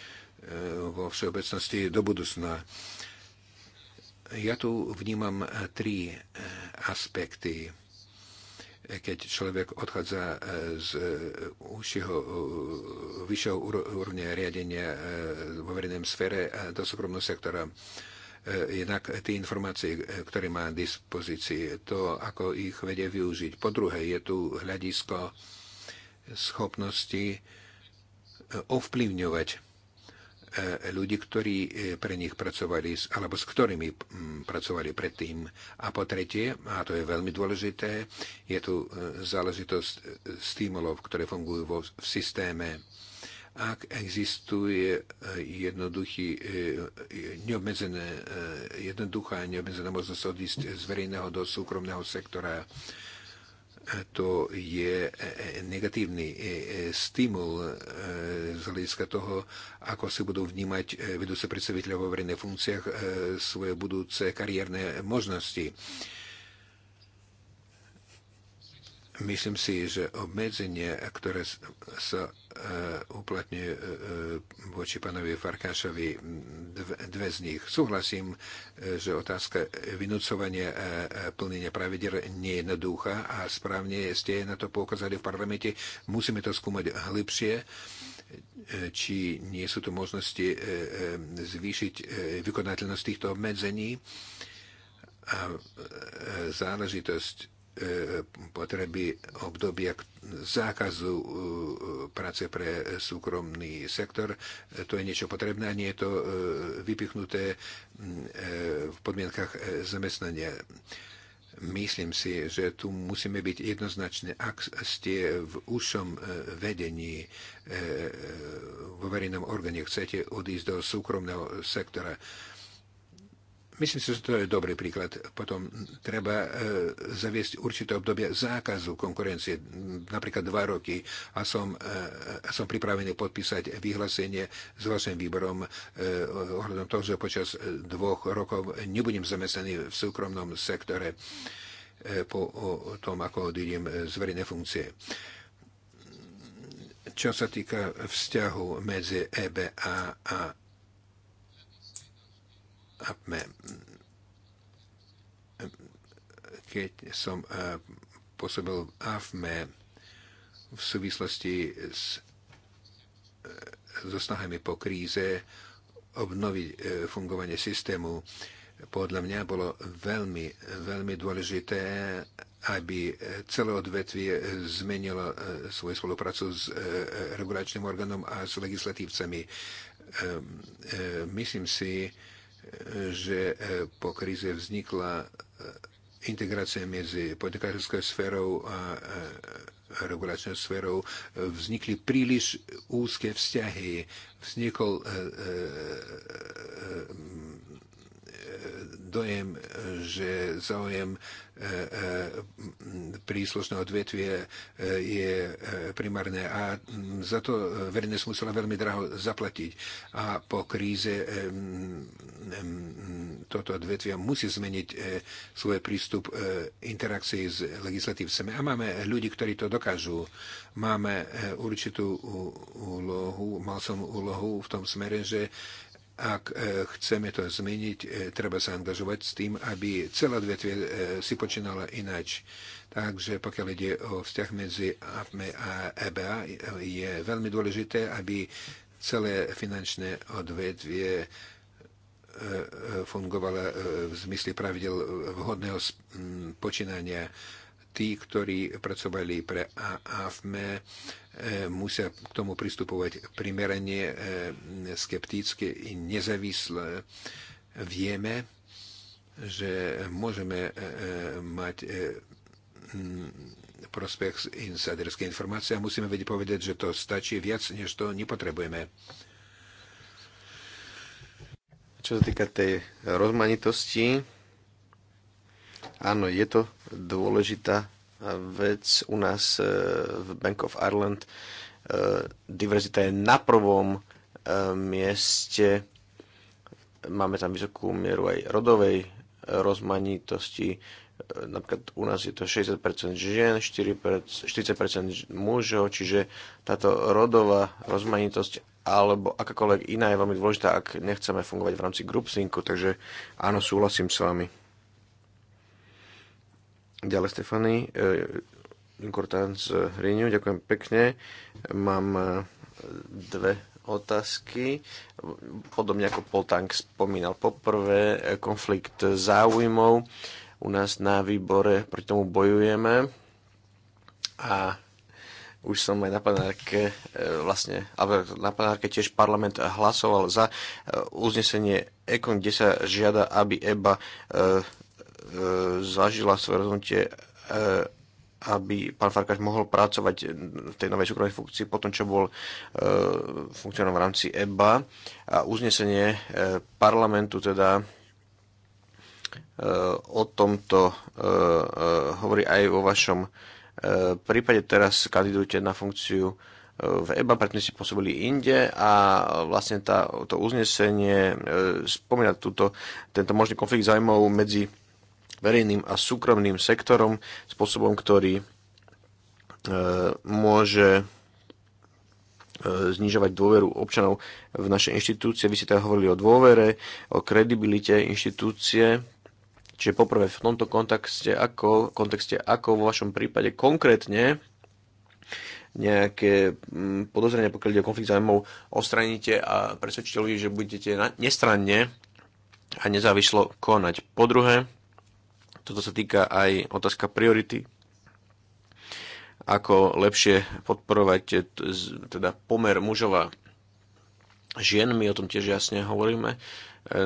vo všeobecnosti do budúcna. Ja tu vnímam tri aspekty keď človek odchádza e, z e, užšieho, e, vyššieho úrovne riadenia vo verejnej sfére do súkromného sektora. Jednak tie informácie, ktoré má dispozícii, to, ako ich vedie využiť. Po druhé, je tu hľadisko schopnosti ovplyvňovať E, ľudí, ktorí e, pre nich pracovali, alebo s ktorými pracovali predtým. A po tretie, a to je veľmi dôležité, je tu e, záležitosť stimulov, ktoré fungujú vo, v systéme. Ak existuje jednoduchý, neobmedzené, jednoduchá neobmedzená možnosť odísť z verejného do súkromného sektora, to je e, e, negatívny e, stimul z hľadiska toho, ako si budú vnímať vedúce predstaviteľe vo verejných funkciách svoje budúce kariérne možnosti. Myslím si, že obmedzenie, ktoré sa e, uplatňuje e, e, voči pánovi Farkášovi, dve z nich. Súhlasím, že otázka vynúcovania plnenia pravidel nie je jednoduchá a správne ste na to poukázali v parlamente. Musíme to skúmať hlbšie či nie sú tu možnosti zvýšiť vykonateľnosť týchto obmedzení a záležitosť E, potreby obdobia zákazu e, práce pre súkromný sektor. E, to je niečo potrebné a nie je to vypichnuté v podmienkach zamestnania. Myslím si, že tu musíme byť jednoznačné, ak ste v úšom vedení vo verejnom orgáne, chcete odísť do súkromného sektora, Myslím si, že to je dobrý príklad. Potom treba e, zaviesť určité obdobie zákazu konkurencie, napríklad dva roky. A som, e, som pripravený podpísať vyhlásenie s vašim výborom e, ohľadom toho, že počas e, dvoch rokov nebudem zamestnaný v súkromnom sektore e, po o, tom, ako odídem e, z verejnej funkcie. Čo sa týka vzťahu medzi EBA a keď som eh, pôsobil v AFME v súvislosti s, eh, so snahami po kríze obnoviť eh, fungovanie systému, podľa mňa bolo veľmi, veľmi dôležité, aby celé odvetvie zmenilo svoju spoluprácu s regulačným orgánom a s legislatívcami. Ehm, myslím si, že e, po kríze vznikla e, integrácia medzi podnikateľskou sférou a e, regulačnou sférou. Vznikli príliš úzke vzťahy. Vznikol dojem, že záujem e, e, príslušné odvetvie e, je primárne a za to verejnosť musela veľmi draho zaplatiť. A po kríze toto odvetvie musí zmeniť svoj prístup interakcii s legislatívcami. A máme ľudí, ktorí to dokážu. Máme určitú úlohu, mal som úlohu v tom smere, že ak e, chceme to zmeniť, e, treba sa angažovať s tým, aby celá odvetvie e, si počínala inač. Takže pokiaľ ide o vzťah medzi APME a EBA, je veľmi dôležité, aby celé finančné odvetvie fungovala v zmysle pravidel vhodného počínania tí, ktorí pracovali pre AFME, e, musia k tomu pristupovať primerane, e, skepticky i nezávisle. Vieme, že môžeme e, mať prospech z insiderskej informácie a musíme vedieť povedať, že to stačí viac, než to nepotrebujeme. Čo sa týka tej rozmanitosti, Áno, je to dôležitá e, vec u nás e, v Bank of Ireland. E, diverzita je na prvom mieste. Máme tam vysokú mieru aj rodovej rozmanitosti. Napríklad u nás je to 60% žien, 40% mužov, čiže táto rodová rozmanitosť alebo akákoľvek iná je veľmi dôležitá, ak nechceme fungovať v rámci grupsinku, takže áno, súhlasím s vami. Ďalej Stefany, Kortánc eh, Riňu, ďakujem pekne. Mám eh, dve otázky. Podobne ako Poltank spomínal. Poprvé, eh, konflikt záujmov. U nás na výbore proti tomu bojujeme a už som aj na panárke vlastne, ale na panárke tiež parlament hlasoval za uznesenie EKON, kde sa žiada, aby EBA E, zažila svoje rozhodnutie, e, aby pán Farkáš mohol pracovať v tej novej súkromnej funkcii po tom, čo bol e, funkcionom v rámci EBA a uznesenie parlamentu teda o tomto hovorí aj vo vašom prípade. Teraz kandidujete na funkciu v EBA, predtým ste pôsobili inde a vlastne tá, to uznesenie spomína túto, tento možný konflikt zájmov medzi verejným a súkromným sektorom spôsobom, ktorý e, môže e, znižovať dôveru občanov v naše inštitúcie. Vy ste teda hovorili o dôvere, o kredibilite inštitúcie. Čiže poprvé v tomto kontexte ako, kontexte, ako vo vašom prípade konkrétne nejaké mm, podozrenia, pokiaľ ide o konflikt zájmov, ostraníte a presvedčite ľudí, že budete nestranne a nezávislo konať. Po druhé, toto sa týka aj otázka priority, ako lepšie podporovať teda pomer mužov a žien. My o tom tiež jasne hovoríme, e,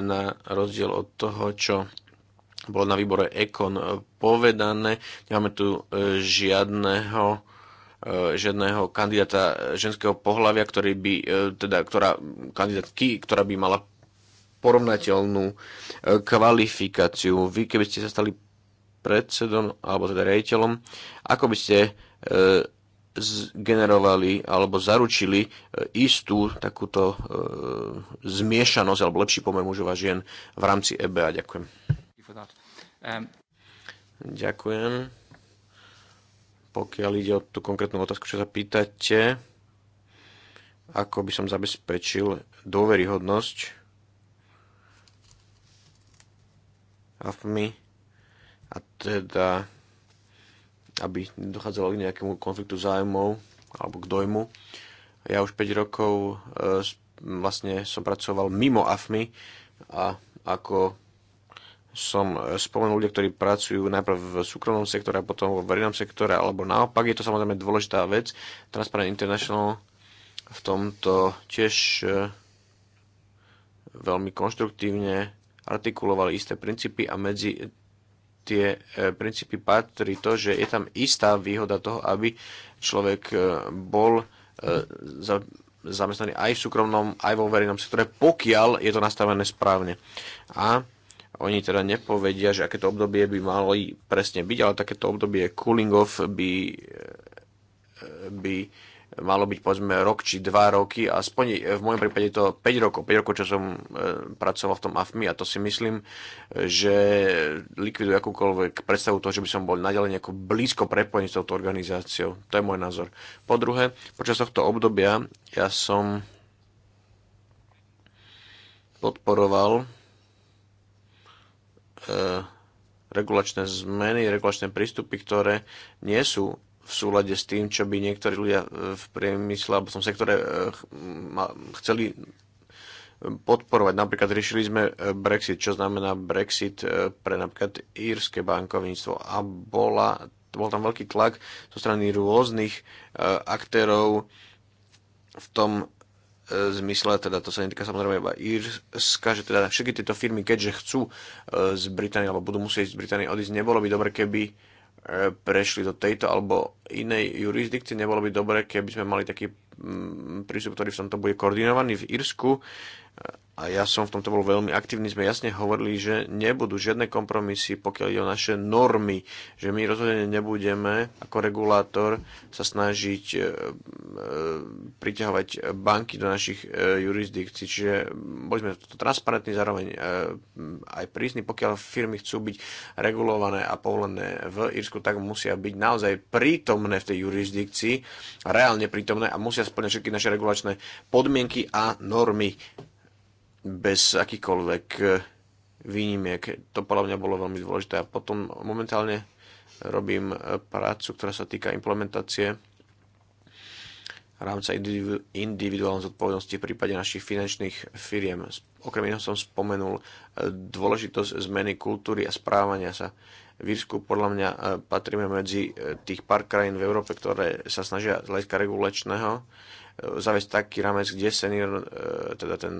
na rozdiel od toho, čo bolo na výbore Ekon povedané. Nemáme tu e, žiadneho e, žiadneho kandidáta ženského pohľavia, ktorý by, teda, ktorá, kandidátky, ktorá by mala porovnateľnú kvalifikáciu. Vy, keby ste sa stali predsedom, alebo teda rejiteľom, ako by ste e, zgenerovali alebo zaručili e, istú takúto e, zmiešanosť alebo lepší pomer mužov a žien v rámci EBA. Ďakujem. Ďakujem. Pokiaľ ide o tú konkrétnu otázku, čo sa pýtate, ako by som zabezpečil dôveryhodnosť AFMI a teda aby nedochádzalo k nejakému konfliktu zájmov alebo k dojmu. Ja už 5 rokov e, vlastne som pracoval mimo AFMI a ako som spomenul ľudia, ktorí pracujú najprv v súkromnom sektore a potom vo verejnom sektore, alebo naopak, je to samozrejme dôležitá vec. Transparent International v tomto tiež e, veľmi konštruktívne artikulovali isté princípy a medzi tie e, princípy patrí to, že je tam istá výhoda toho, aby človek e, bol e, zamestnaný aj v súkromnom, aj vo verejnom sektore, pokiaľ je to nastavené správne. A oni teda nepovedia, že akéto obdobie by malo presne byť, ale takéto obdobie cooling off by, by malo byť povedzme rok či dva roky, aspoň v môjom prípade to 5 rokov, 5 rokov, čo som e, pracoval v tom AFMI a to si myslím, že likviduje akúkoľvek predstavu toho, že by som bol nadalej nejako blízko prepojený s touto organizáciou. To je môj názor. Po druhé, počas tohto obdobia ja som podporoval e, regulačné zmeny, regulačné prístupy, ktoré nie sú v súlade s tým, čo by niektorí ľudia e, v priemysle alebo v tom sektore e, chceli e, podporovať. Napríklad riešili sme Brexit, čo znamená Brexit pre napríklad írske bankovníctvo a bola, bol tam veľký tlak zo strany rôznych aktérov v tom zmysle, teda to sa netýka samozrejme iba Írska, že teda všetky tieto firmy, keďže chcú z Británie alebo budú musieť z Británie odísť, nebolo by dobre, keby prešli do tejto alebo inej jurisdikcie. Nebolo by dobre, keby sme mali taký Mm, prístup, ktorý v tomto bude koordinovaný v Írsku. A ja som v tomto bol veľmi aktívny, sme jasne hovorili, že nebudú žiadne kompromisy, pokiaľ ide o naše normy, že my rozhodne nebudeme ako regulátor sa snažiť e, e priťahovať banky do našich e, jurisdikcií. Čiže boli sme to transparentní, zároveň e, aj prísni, pokiaľ firmy chcú byť regulované a povolené v Írsku, tak musia byť naozaj prítomné v tej jurisdikcii, reálne prítomné a musia musia splňať všetky naše regulačné podmienky a normy bez akýkoľvek eh, výnimiek. To podľa mňa bolo veľmi dôležité. A potom momentálne robím eh, prácu, ktorá sa týka implementácie rámca individuálnej zodpovednosti v prípade našich finančných firiem. Okrem iného som spomenul eh, dôležitosť zmeny kultúry a správania sa Výrsku podľa mňa e, patríme medzi e, tých pár krajín v Európe, ktoré sa snažia z hľadiska regulačného e, zaviesť taký ramec, kde senior, teda ten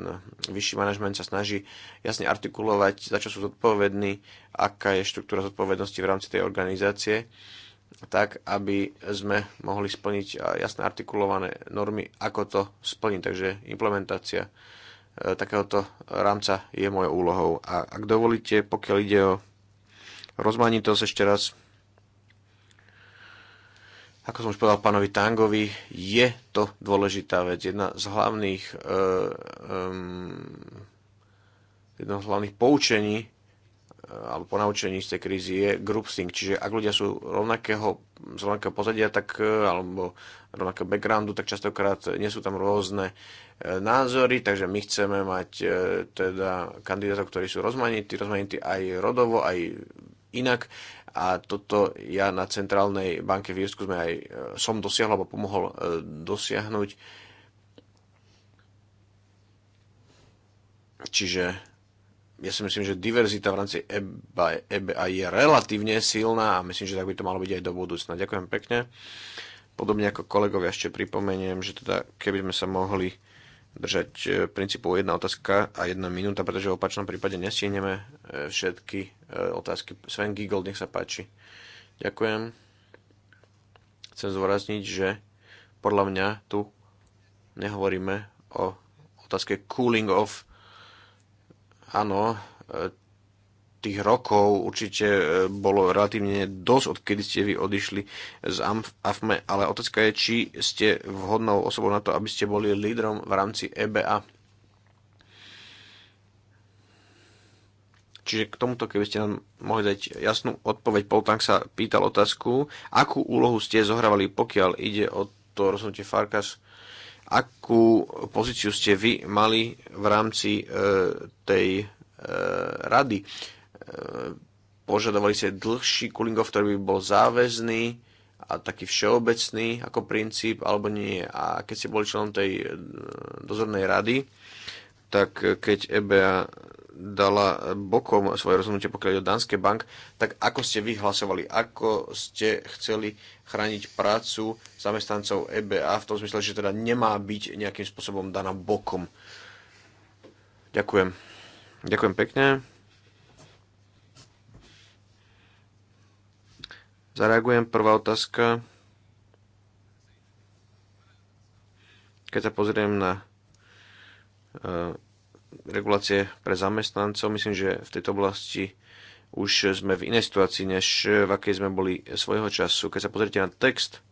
vyšší manažment sa snaží jasne artikulovať, za čo sú zodpovední, aká je štruktúra zodpovednosti v rámci tej organizácie, tak, aby sme mohli splniť jasne artikulované normy, ako to splniť. Takže implementácia takéhoto rámca je mojou úlohou. A ak dovolíte, pokiaľ ide o rozmanitosť ešte raz. Ako som už povedal pánovi Tangovi, je to dôležitá vec. Jedna z hlavných, uh, um, jedno z hlavných poučení eh, alebo ponaučení z tej krízy je groupthink, čiže ak ľudia sú rovnakého, z rovnakého pozadia tak, eh, alebo rovnakého backgroundu, tak častokrát nie sú tam rôzne názory, takže my chceme mať teda kandidátov, ktorí sú rozmanití, rozmanití aj rodovo, aj inak a toto ja na Centrálnej banke v Írsku sme aj e, som dosiahol alebo pomohol e, dosiahnuť. Čiže ja si myslím, že diverzita v rámci EBA, EBA je relatívne silná a myslím, že tak by to malo byť aj do budúcna. Ďakujem pekne. Podobne ako kolegovia ešte pripomeniem, že teda keby sme sa mohli držať e, princípov jedna otázka a jedna minúta, pretože v opačnom prípade nestihneme všetky Eh, otázky. Sven Giegold, nech sa páči. Ďakujem. Chcem zvorazniť, že podľa mňa tu nehovoríme o otázke cooling off. Áno, eh, tých rokov určite eh, bolo relatívne dosť, odkedy ste vy odišli z AFME, ale otázka je, či ste vhodnou osobou na to, aby ste boli lídrom v rámci EBA Čiže k tomuto, keby ste nám mohli dať jasnú odpoveď, Poltank sa pýtal otázku, akú úlohu ste zohrávali, pokiaľ ide o to rozhodnutie Farkas, akú pozíciu ste vy mali v rámci e, tej e, rady. E, požadovali ste dlhší cooling off, ktorý by bol záväzný a taký všeobecný ako princíp, alebo nie. A keď ste boli členom tej e, dozornej rady, tak keď EBA dala bokom svoje rozhodnutie, pokiaľ ide o Danske bank, tak ako ste vyhlasovali, ako ste chceli chrániť prácu zamestnancov EBA v tom smysle, že teda nemá byť nejakým spôsobom daná bokom. Ďakujem. Ďakujem pekne. Zareagujem. Prvá otázka. Keď sa pozriem na E, regulácie pre zamestnancov. Myslím, že v tejto oblasti už sme v inej situácii, než v akej sme boli svojho času. Keď sa pozrite na text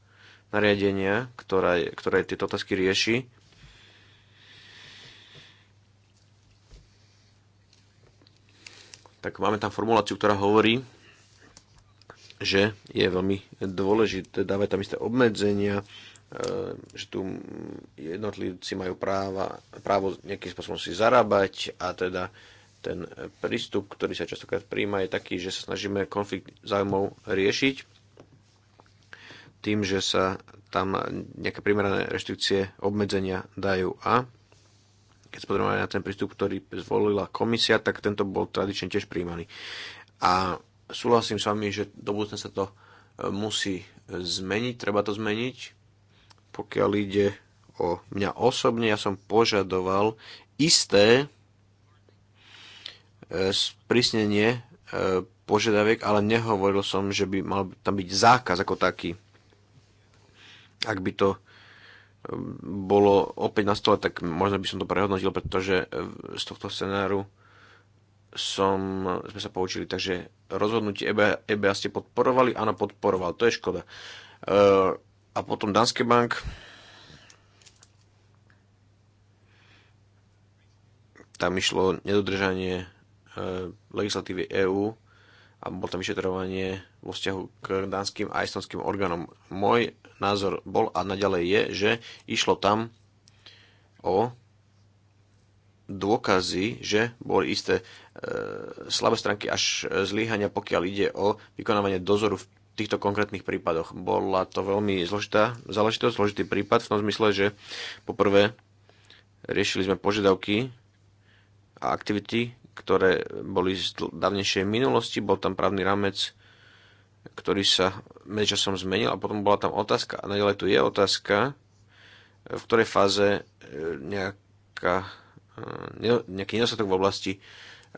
nariadenia, ktoré, ktoré tieto otázky rieši, tak máme tam formuláciu, ktorá hovorí, že je veľmi dôležité dávať tam isté obmedzenia, E, že tu jednotlivci majú práva, právo nejakým spôsobom si zarábať a teda ten prístup, ktorý sa častokrát príjma, je taký, že sa snažíme konflikt zájmov riešiť tým, že sa tam nejaké primerané reštrikcie, obmedzenia dajú. A keď aj na ten prístup, ktorý zvolila komisia, tak tento bol tradične tiež príjmaný. A súhlasím s vami, že do budúcna sa to e, musí zmeniť, treba to zmeniť, pokiaľ ide o mňa osobne, ja som požadoval isté e, sprísnenie e, požiadaviek, ale nehovoril som, že by mal tam byť zákaz ako taký. Ak by to e, bolo opäť na stole, tak možno by som to prehodnotil, pretože z tohto scenáru som, sme sa poučili, takže rozhodnutie EBA, EBA ste podporovali, áno, podporoval, to je škoda a potom Danske Bank. Tam išlo nedodržanie e, legislatívy EÚ a bol tam vyšetrovanie vo vzťahu k danským a estonským orgánom. Môj názor bol a naďalej je, že išlo tam o dôkazy, že boli isté e, slabé stránky až zlíhania, pokiaľ ide o vykonávanie dozoru v týchto konkrétnych prípadoch. Bola to veľmi zložitá záležitosť, zložitý prípad v tom zmysle, že poprvé riešili sme požiadavky a aktivity, ktoré boli z dávnejšej minulosti, bol tam právny rámec, ktorý sa medzičasom zmenil a potom bola tam otázka a naďalej tu je otázka, v ktorej fáze e, nejaká, e, nejaký nedostatok v oblasti e,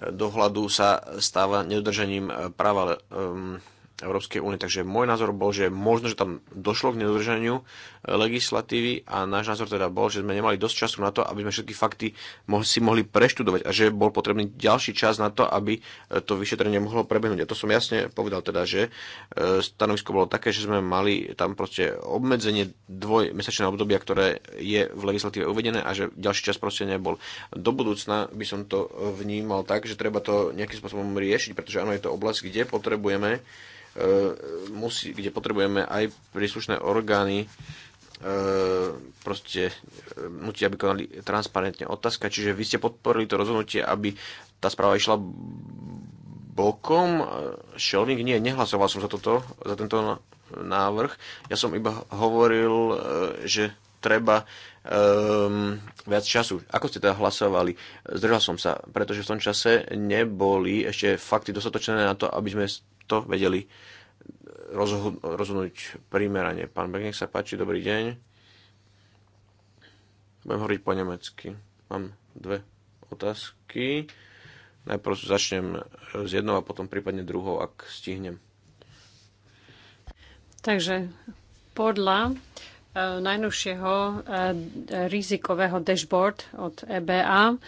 dohľadu sa stáva nedodržaním práva Európskej únie. Takže môj názor bol, že možno, že tam došlo k nedodržaniu e, legislatívy a náš názor teda bol, že sme nemali dosť času na to, aby sme všetky fakty mohli, si mohli preštudovať a že bol potrebný ďalší čas na to, aby e, to vyšetrenie mohlo prebehnúť. A to som jasne povedal teda, že e, stanovisko bolo také, že sme mali tam proste obmedzenie dvojmesačného obdobia, ktoré je v legislatíve uvedené a že ďalší čas proste nebol. Do budúcna by som to vnímal tak, že treba to nejakým spôsobom riešiť, pretože áno, je to oblasť, kde potrebujeme E, musí, kde potrebujeme aj príslušné orgány, e, proste e, nutia, aby konali transparentne. Otázka, čiže vy ste podporili to rozhodnutie, aby tá správa išla bokom. Šelník nie, nehlasoval som za, toto, za tento návrh. Ja som iba hovoril, že treba um, viac času. Ako ste teda hlasovali? Zdržal som sa, pretože v tom čase neboli ešte fakty dostatočné na to, aby sme to vedeli e, rozhodnúť primerane. Pán Beck, nech sa páči, dobrý deň. Budem hovoriť po nemecky. Mám dve otázky. Najprv začnem s jednou a potom prípadne druhou, ak stihnem. Takže podľa e, najnovšieho e, rizikového dashboard od EBA,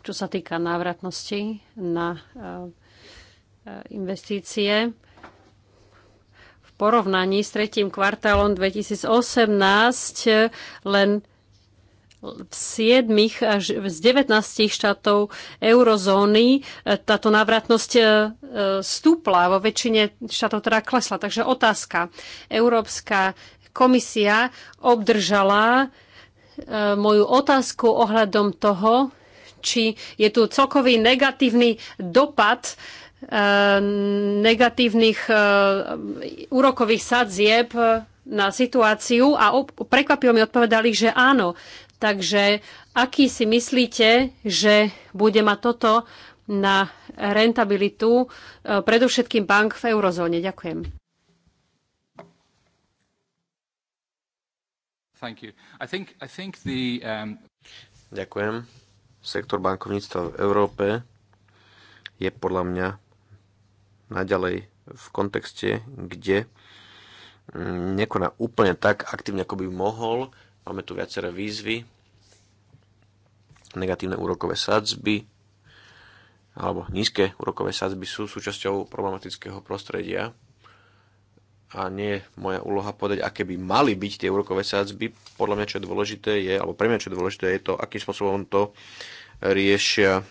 čo sa týka návratnosti na investície v porovnaní s tretím kvartálom 2018 len v 7 až z 19 štátov eurozóny e, táto návratnosť e, stúpla, vo väčšine štátov teda klesla. Takže otázka. Európska komisia obdržala e, moju otázku ohľadom toho, či je tu celkový negatívny dopad Eh, negatívnych eh, úrokových sadzieb na situáciu a prekvapivo mi odpovedali, že áno. Takže aký si myslíte, že bude mať toto na rentabilitu eh, predovšetkým bank v eurozóne? Ďakujem. I think, I think the, um... Ďakujem. Sektor bankovníctva v Európe je podľa mňa naďalej v kontexte, kde mm, nekoná úplne tak aktívne, ako by mohol. Máme tu viaceré výzvy, negatívne úrokové sadzby, alebo nízke úrokové sadzby sú súčasťou problematického prostredia a nie je moja úloha povedať, aké by mali byť tie úrokové sadzby. Podľa mňa, čo je dôležité, je, alebo pre mňa, čo je dôležité, je to, akým spôsobom to riešia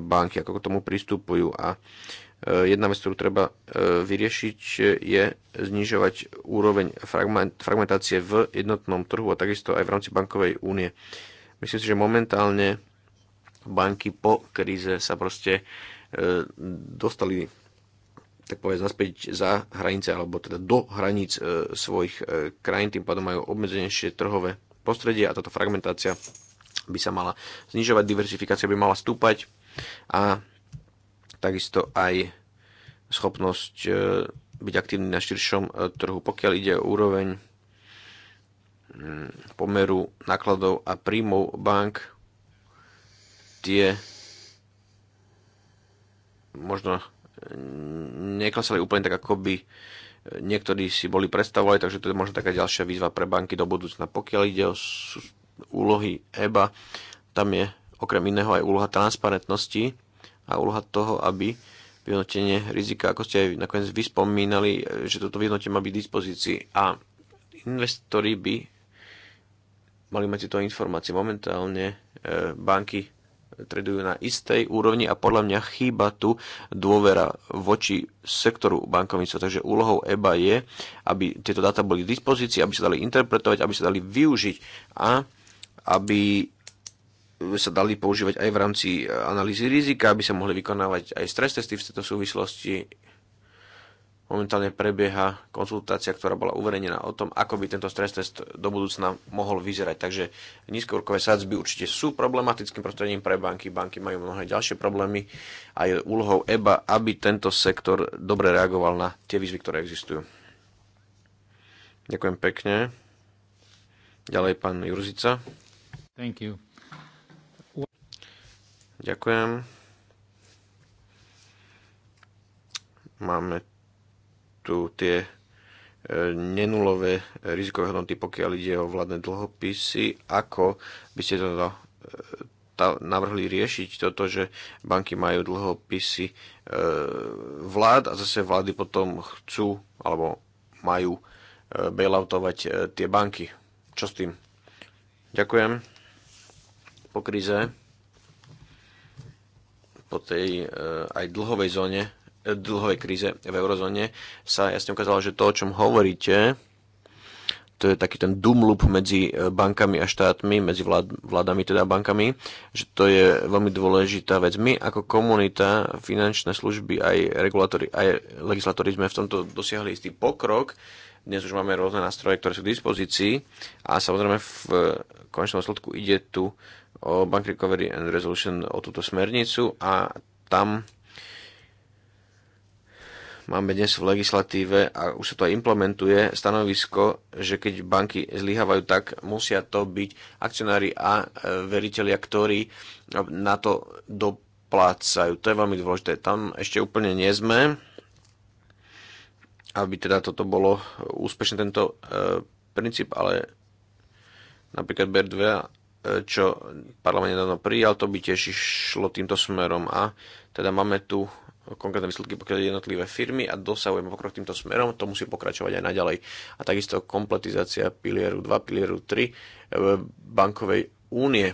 banky, ako k tomu pristupujú. A Eh, jedna vec, ktorú treba eh, vyriešiť, je znižovať úroveň fragmentácie v jednotnom trhu a takisto aj v rámci bankovej únie. Myslím si, že momentálne banky po kríze sa proste eh, dostali tak povedať, naspäť za hranice, alebo teda do hraníc svojich krajín, tým pádom majú obmedzenejšie trhové prostredie a táto fragmentácia by sa mala znižovať, diversifikácia by mala stúpať a takisto aj schopnosť e, byť aktívny na širšom e, trhu. Pokiaľ ide o úroveň pomeru nákladov a príjmov bank, tie možno e, neklesali úplne tak, ako by niektorí si boli predstavovali, takže to je možno taká ďalšia výzva pre banky do budúcna. Pokiaľ ide o úlohy EBA, tam je okrem iného aj úloha transparentnosti, a úloha toho, aby vyhodnotenie rizika, ako ste aj nakoniec vyspomínali, že toto vyhodnotenie má byť v dispozícii a investori by mali mať tieto informácie. Momentálne e, banky tradujú na istej úrovni a podľa mňa chýba tu dôvera voči sektoru bankovníctva. Takže úlohou EBA je, aby tieto dáta boli k dispozícii, aby sa dali interpretovať, aby sa dali využiť a aby sa dali používať aj v rámci e, analýzy rizika, aby sa mohli vykonávať aj stres testy v tejto súvislosti. Momentálne prebieha konzultácia, ktorá bola uverejnená o tom, ako by tento stres test do budúcna mohol vyzerať. Takže nízkoúrokové sadzby určite sú problematickým prostredím pre banky. Banky majú mnohé ďalšie problémy a je úlohou EBA, aby tento sektor dobre reagoval na tie výzvy, ktoré existujú. Ďakujem pekne. Ďalej pán Jurzica. Thank you. Ďakujem. Máme tu tie e, nenulové rizikové hodnoty, pokiaľ ide o vládne dlhopisy. Ako by ste to e, navrhli riešiť toto, že banky majú dlhopisy e, vlád a zase vlády potom chcú alebo majú bailoutovať tie banky. Čo s tým? Ďakujem. Po kríze po tej eh, aj dlhovej zóne, eh, dlhovej kríze v eurozóne sa jasne ukázalo, že to, o čom hovoríte, to je taký ten doom loop medzi eh, bankami a štátmi, medzi vlád, vládami teda bankami, že to je veľmi dôležitá vec. My ako komunita, finančné služby, aj regulátory, aj legislatóri sme v tomto dosiahli istý pokrok. Dnes už máme rôzne nástroje, ktoré sú k dispozícii a samozrejme v konečnom sledku ide tu o Bank Recovery and Resolution, o túto smernicu a tam máme dnes v legislatíve a už sa to aj implementuje stanovisko, že keď banky zlyhávajú, tak musia to byť akcionári a e, veriteľia, ktorí na to doplácajú. To je veľmi dôležité. Tam ešte úplne nie sme, aby teda toto bolo úspešne tento e, princíp, ale napríklad BR2 čo parlament nedávno prijal, to by tiež išlo týmto smerom a teda máme tu konkrétne výsledky pokiaľ jednotlivé firmy a dosahujeme pokrok týmto smerom, to musí pokračovať aj naďalej. A takisto kompletizácia pilieru 2, pilieru 3 e, bankovej únie.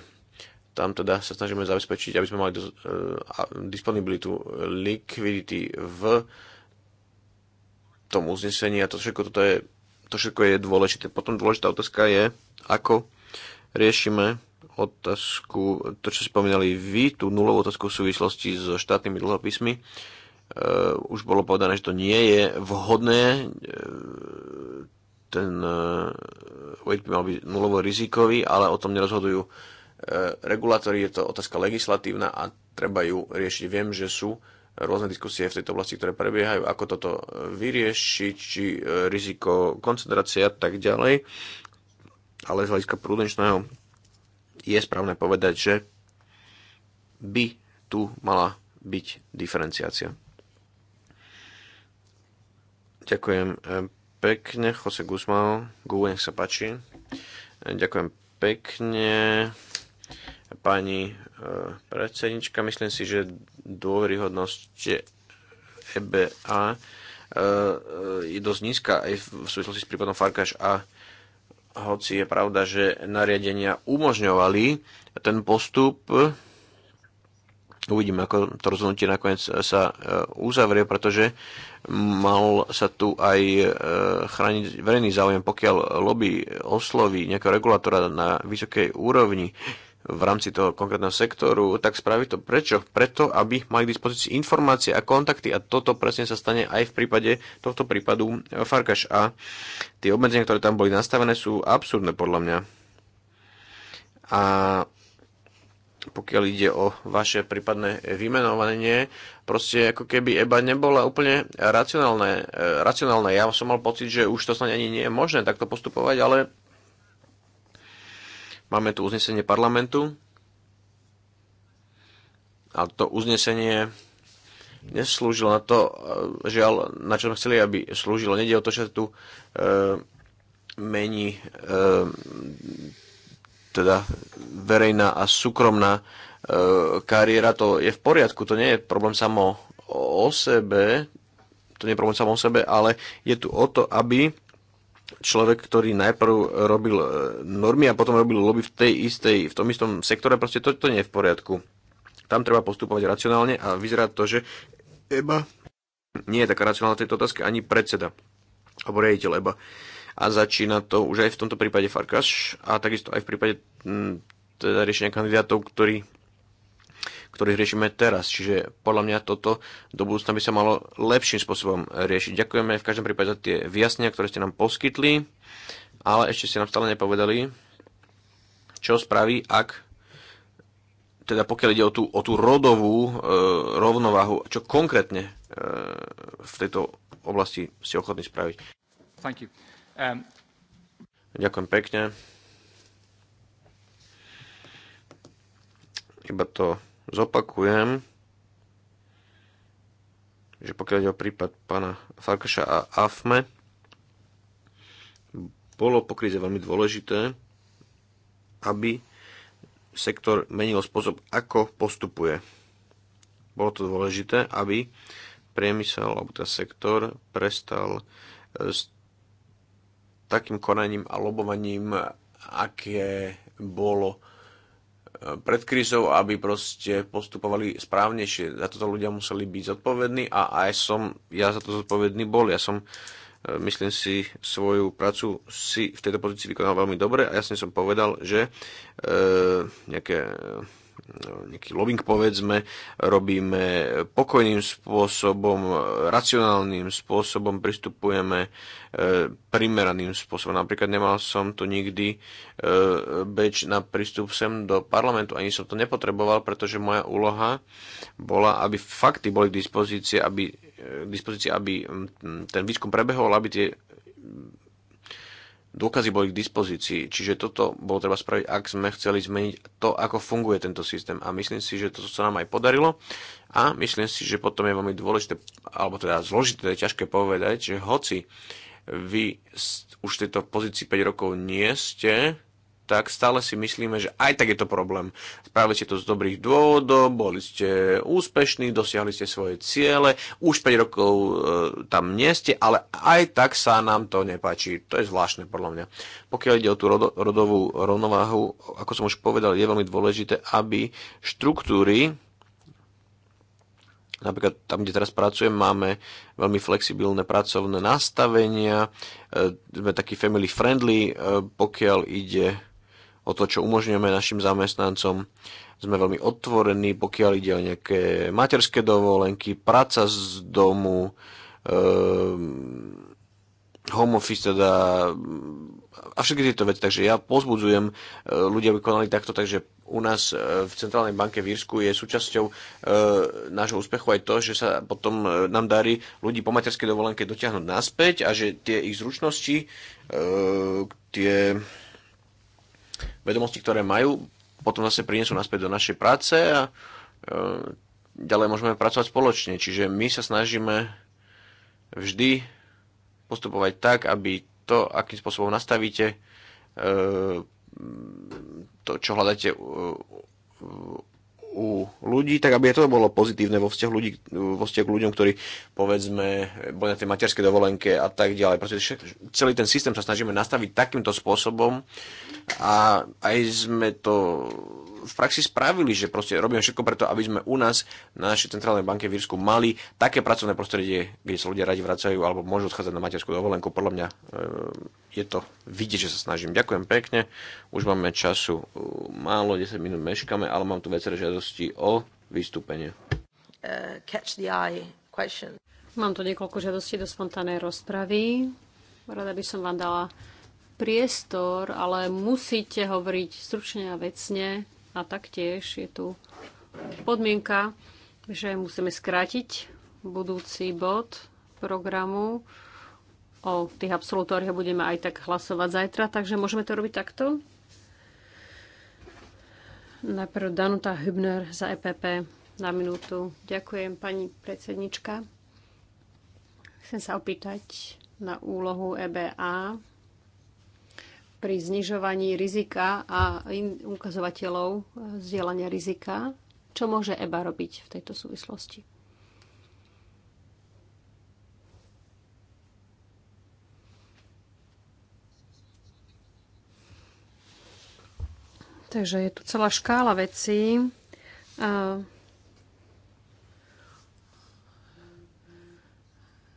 Tam teda sa snažíme zabezpečiť, aby sme mali dos- e, disponibilitu likvidity v tom uznesení a to všetko toto je to všetko je dôležité. Potom dôležitá otázka je, ako riešime otázku, to čo si spomínali vy, tú nulovú otázku v súvislosti so štátnymi dlhopismi. Uh, už bolo povedané, že to nie je vhodné. Uh, ten uh, by mal byť nulovo rizikový, ale o tom nerozhodujú uh, regulátori. Je to otázka legislatívna a treba ju riešiť. Viem, že sú rôzne diskusie v tejto oblasti, ktoré prebiehajú, ako toto vyriešiť, či riziko koncentrácie a tak ďalej ale z hľadiska prudenčného je správne povedať, že by tu mala byť diferenciácia. Ďakujem e, pekne, Jose Guzmán, Google, nech sa páči. E, ďakujem pekne, pani e, predsednička. Myslím si, že dôveryhodnosť EBA je dosť nízka aj v súvislosti s prípadom Farkaš a hoci je pravda, že nariadenia umožňovali ten postup, uvidíme, ako to rozhodnutie nakoniec sa e, uzavrie, pretože mal sa tu aj e, chrániť verejný záujem, pokiaľ lobby osloví nejakého regulátora na vysokej úrovni, v rámci toho konkrétneho sektoru, tak spraviť to prečo? Preto, aby mali k dispozícii informácie a kontakty a toto presne sa stane aj v prípade tohto prípadu e, Farkaš. A tie obmedzenia, ktoré tam boli nastavené, sú absurdné podľa mňa. A pokiaľ ide o vaše prípadné vymenovanie, proste ako keby EBA nebola úplne racionálne. E, racionálne. Ja som mal pocit, že už to snad ani nie je možné takto postupovať, ale Máme tu uznesenie parlamentu a to uznesenie neslúžilo na to, e, žiaľ, na čo sme chceli, aby slúžilo. Nede o to, že tu e, mení e, teda verejná a súkromná e, kariéra, to je v poriadku, to nie je problém samo o sebe, to nie je problém samo o sebe, ale je tu o to, aby človek, ktorý najprv robil e, normy a potom robil lobby v tej istej, v tom istom sektore, proste to, to nie je v poriadku. Tam treba postupovať racionálne a vyzerá to, že EBA nie je taká racionálna tejto otázke ani predseda alebo rejiteľ EBA. A začína to už aj v tomto prípade Farkas a takisto aj v prípade mm, teda riešenia kandidátov, ktorí ktorých riešime teraz. Čiže podľa mňa toto do budúcna by sa malo lepším spôsobom riešiť. Ďakujeme v každom prípade za tie vyjasnenia, ktoré ste nám poskytli, ale ešte ste nám stále nepovedali, čo spraví, ak teda pokiaľ ide o tú, o tú rodovú e, rovnováhu, čo konkrétne e, v tejto oblasti si ochotný spraviť. Thank you. Um... Ďakujem pekne. Iba to zopakujem, že pokiaľ ide o prípad pána Farkaša a AFME, bolo po kríze veľmi dôležité, aby sektor menil spôsob, ako postupuje. Bolo to dôležité, aby priemysel alebo ten sektor prestal eh, s takým konaním a lobovaním, aké bolo pred krízou, aby proste postupovali správnejšie. Za toto ľudia museli byť zodpovední a aj som, ja za to zodpovedný bol. Ja som, e, myslím si, svoju prácu si v tejto pozícii vykonal veľmi dobre a jasne som povedal, že e, nejaké nejaký loving povedzme, robíme pokojným spôsobom, racionálnym spôsobom, pristupujeme e, primeraným spôsobom. Napríklad nemal som tu nikdy e, beč na prístup sem do parlamentu, ani som to nepotreboval, pretože moja úloha bola, aby fakty boli k dispozícii, aby, e, k dispozícii, aby ten výskum prebehol, aby tie dôkazy boli k dispozícii. Čiže toto bolo treba spraviť, ak sme chceli zmeniť to, ako funguje tento systém. A myslím si, že toto sa nám aj podarilo. A myslím si, že potom je veľmi dôležité, alebo teda zložité, ťažké povedať, že hoci vy už v tejto pozícii 5 rokov nie ste, tak stále si myslíme, že aj tak je to problém. Spravili ste to z dobrých dôvodov, boli ste úspešní, dosiahli ste svoje ciele, už 5 rokov e, tam nie ste, ale aj tak sa nám to nepáči. To je zvláštne podľa mňa. Pokiaľ ide o tú rodo, rodovú rovnováhu, ako som už povedal, je veľmi dôležité, aby štruktúry, napríklad tam, kde teraz pracujem, máme veľmi flexibilné pracovné nastavenia, e, sme takí family friendly, e, pokiaľ ide o to, čo umožňujeme našim zamestnancom. Sme veľmi otvorení, pokiaľ ide o nejaké materské dovolenky, práca z domu, ehm, home office teda a všetky tieto veci. Takže ja pozbudzujem e, ľudia, aby konali takto, takže u nás e, v Centrálnej banke v Írsku je súčasťou e, nášho úspechu aj to, že sa potom e, nám darí ľudí po materskej dovolenke dotiahnuť naspäť a že tie ich zručnosti, e, tie vedomosti, ktoré majú, potom zase prinesú naspäť do našej práce a e, ďalej môžeme pracovať spoločne. Čiže my sa snažíme vždy postupovať tak, aby to, akým spôsobom nastavíte e, to, čo hľadáte, e, u ľudí, tak aby to bolo pozitívne vo vzťahu, ľudí, vo vzťahu k ľuďom, ktorí povedzme boli na tej materskej dovolenke a tak ďalej. Proste celý ten systém sa snažíme nastaviť takýmto spôsobom a aj sme to v praxi spravili, že proste robíme všetko preto, aby sme u nás na našej centrálnej banke v Írsku mali také pracovné prostredie, kde sa ľudia radi vracajú alebo môžu odchádzať na materskú dovolenku. Podľa mňa e, je to vidieť, že sa snažím. Ďakujem pekne, už máme času málo, 10 minút meškame, ale mám tu viaceré žiadosti o vystúpenie. Uh, catch the eye question. Mám tu niekoľko žiadostí do spontánnej rozpravy. Rada by som vám dala priestor, ale musíte hovoriť stručne a vecne. A taktiež je tu podmienka, že musíme skrátiť budúci bod programu. O tých absolutóriach budeme aj tak hlasovať zajtra, takže môžeme to robiť takto. Najprv Danuta Hübner za EPP na minútu. Ďakujem, pani predsednička. Chcem sa opýtať na úlohu EBA pri znižovaní rizika a ukazovateľov e, zdieľania rizika. Čo môže EBA robiť v tejto súvislosti? Takže je tu celá škála vecí.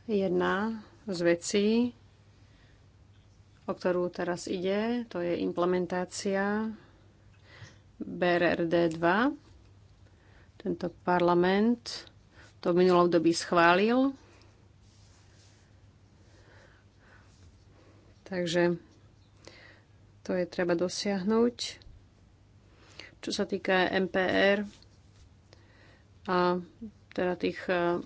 jedna z vecí, o ktorú teraz ide, to je implementácia brrd 2 Tento parlament to v minulom období schválil. Takže to je treba dosiahnuť. Čo sa týka MPR a teda tých eh,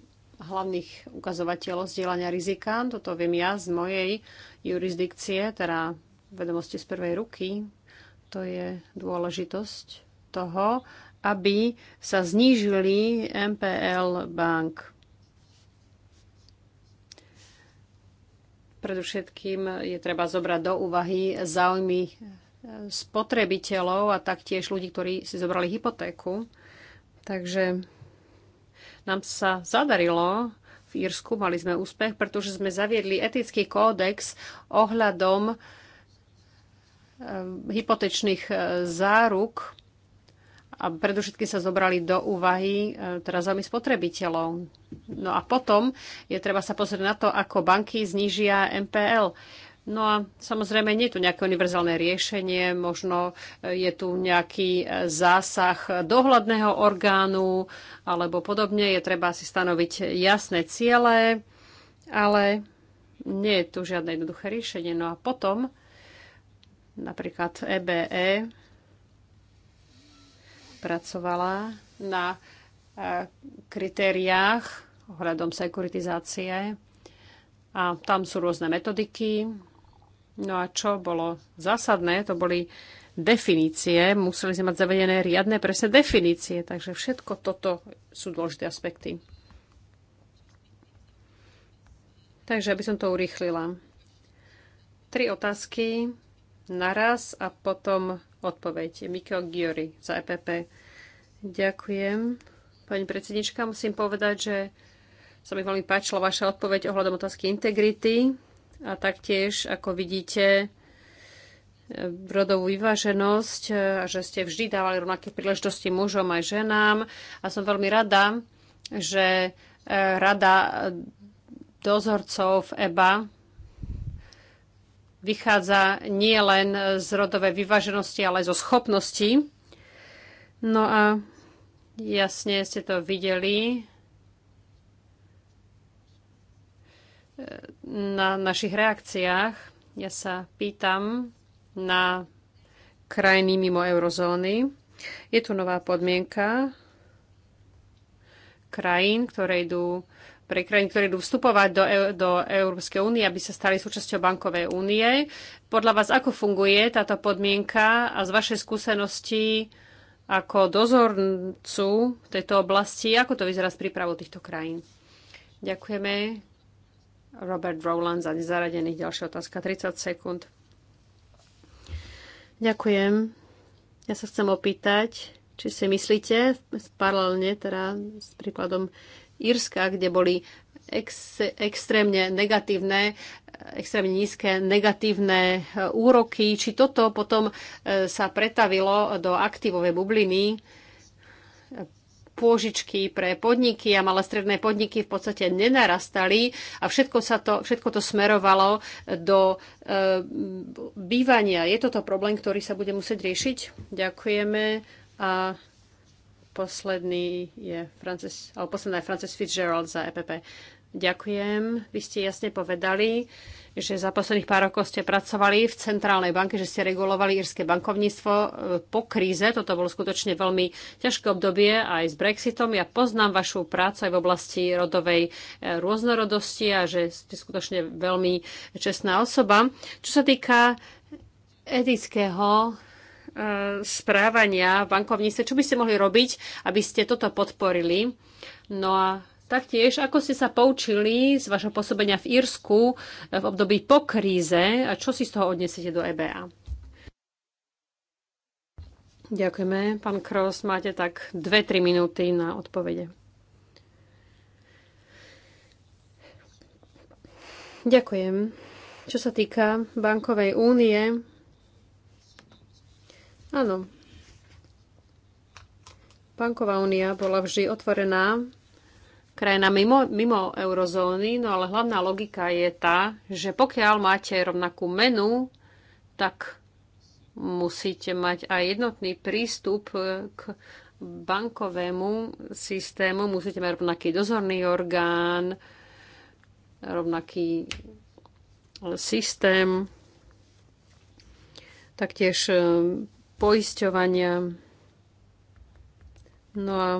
hlavných ukazovateľov zdieľania rizika. Toto viem ja z mojej jurisdikcie, teda vedomosti z prvej ruky. To je dôležitosť toho, aby sa znížili MPL bank. Predovšetkým je treba zobrať do úvahy záujmy e, spotrebiteľov a taktiež ľudí, ktorí si zobrali hypotéku. Takže nám sa zadarilo v Írsku, mali sme úspech, pretože sme zaviedli etický kódex ohľadom eh, hypotečných eh, záruk a predovšetkým sa zobrali do úvahy eh, teda záujmy spotrebiteľov. No a potom je treba sa pozrieť na to, ako banky znížia MPL. No a samozrejme nie je tu nejaké univerzálne riešenie, možno e, je tu nejaký e, zásah dohľadného orgánu alebo podobne. Je treba si stanoviť jasné ciele, ale nie je tu žiadne jednoduché riešenie. No a potom napríklad EBE e pracovala na kritériách ohľadom sekuritizácie a tam sú rôzne metodiky, No a čo bolo zásadné, to boli definície. Museli sme mať zavedené riadne presne definície. Takže všetko toto sú dôležité aspekty. Takže aby som to urýchlila. Tri otázky naraz a potom odpoveď. Mikio Giori za EPP. Ďakujem. Pani predsednička, musím povedať, že sa mi veľmi páčila vaša odpoveď ohľadom otázky integrity a taktiež, ako vidíte, rodovú vyváženosť a že ste vždy dávali rovnaké príležitosti mužom aj ženám. A som veľmi rada, že e, rada dozorcov EBA vychádza nie len z rodovej vyváženosti, ale aj zo schopností. No a jasne ste to videli na našich reakciách. Ja sa pýtam na krajiny mimo eurozóny. Je tu nová podmienka krajín, ktoré idú pre krajiny, ktoré idú vstupovať do, do Európskej únie, aby sa stali súčasťou bankovej únie. Podľa vás, ako funguje táto podmienka a z vašej skúsenosti ako dozorcu v tejto oblasti, ako to vyzerá s prípravou týchto krajín? Ďakujeme. Robert Rowland za nezaradených. Ďalšia otázka, 30 sekúnd. Ďakujem. Ja sa chcem opýtať, či si myslíte, paralelne teda s príkladom Írska, kde boli ex, extrémne negatívne, extrémne nízke negatívne e, úroky, či toto potom e, sa pretavilo do aktívovej bubliny pôžičky pre podniky a malé stredné podniky v podstate nenarastali a všetko, sa to, všetko to smerovalo do e, bývania. Je toto problém, ktorý sa bude musieť riešiť? Ďakujeme. A posledný je Francis, ale posledná je Francis Fitzgerald za EPP. Ďakujem. Vy ste jasne povedali, že za posledných pár rokov ste pracovali v Centrálnej banke, že ste regulovali írske bankovníctvo e, po kríze. Toto bolo skutočne veľmi ťažké obdobie aj s Brexitom. Ja poznám vašu prácu aj v oblasti rodovej e, rôznorodosti a že ste skutočne veľmi čestná osoba. Čo sa týka etického e, správania v bankovníctve, čo by ste mohli robiť, aby ste toto podporili? No a Taktiež, ako ste sa poučili z vašho pôsobenia v Írsku eh, v období po kríze a čo si z toho odnesete do EBA? Ďakujeme. Pán Kros, máte tak 2-3 minúty na odpovede. Ďakujem. Čo sa týka bankovej únie, áno, banková únia bola vždy otvorená krajina mimo, mimo eurozóny, no ale hlavná logika je tá, že pokiaľ máte rovnakú menu, tak musíte mať aj jednotný prístup k bankovému systému, musíte mať rovnaký dozorný orgán, rovnaký systém, taktiež eh, poisťovania. No a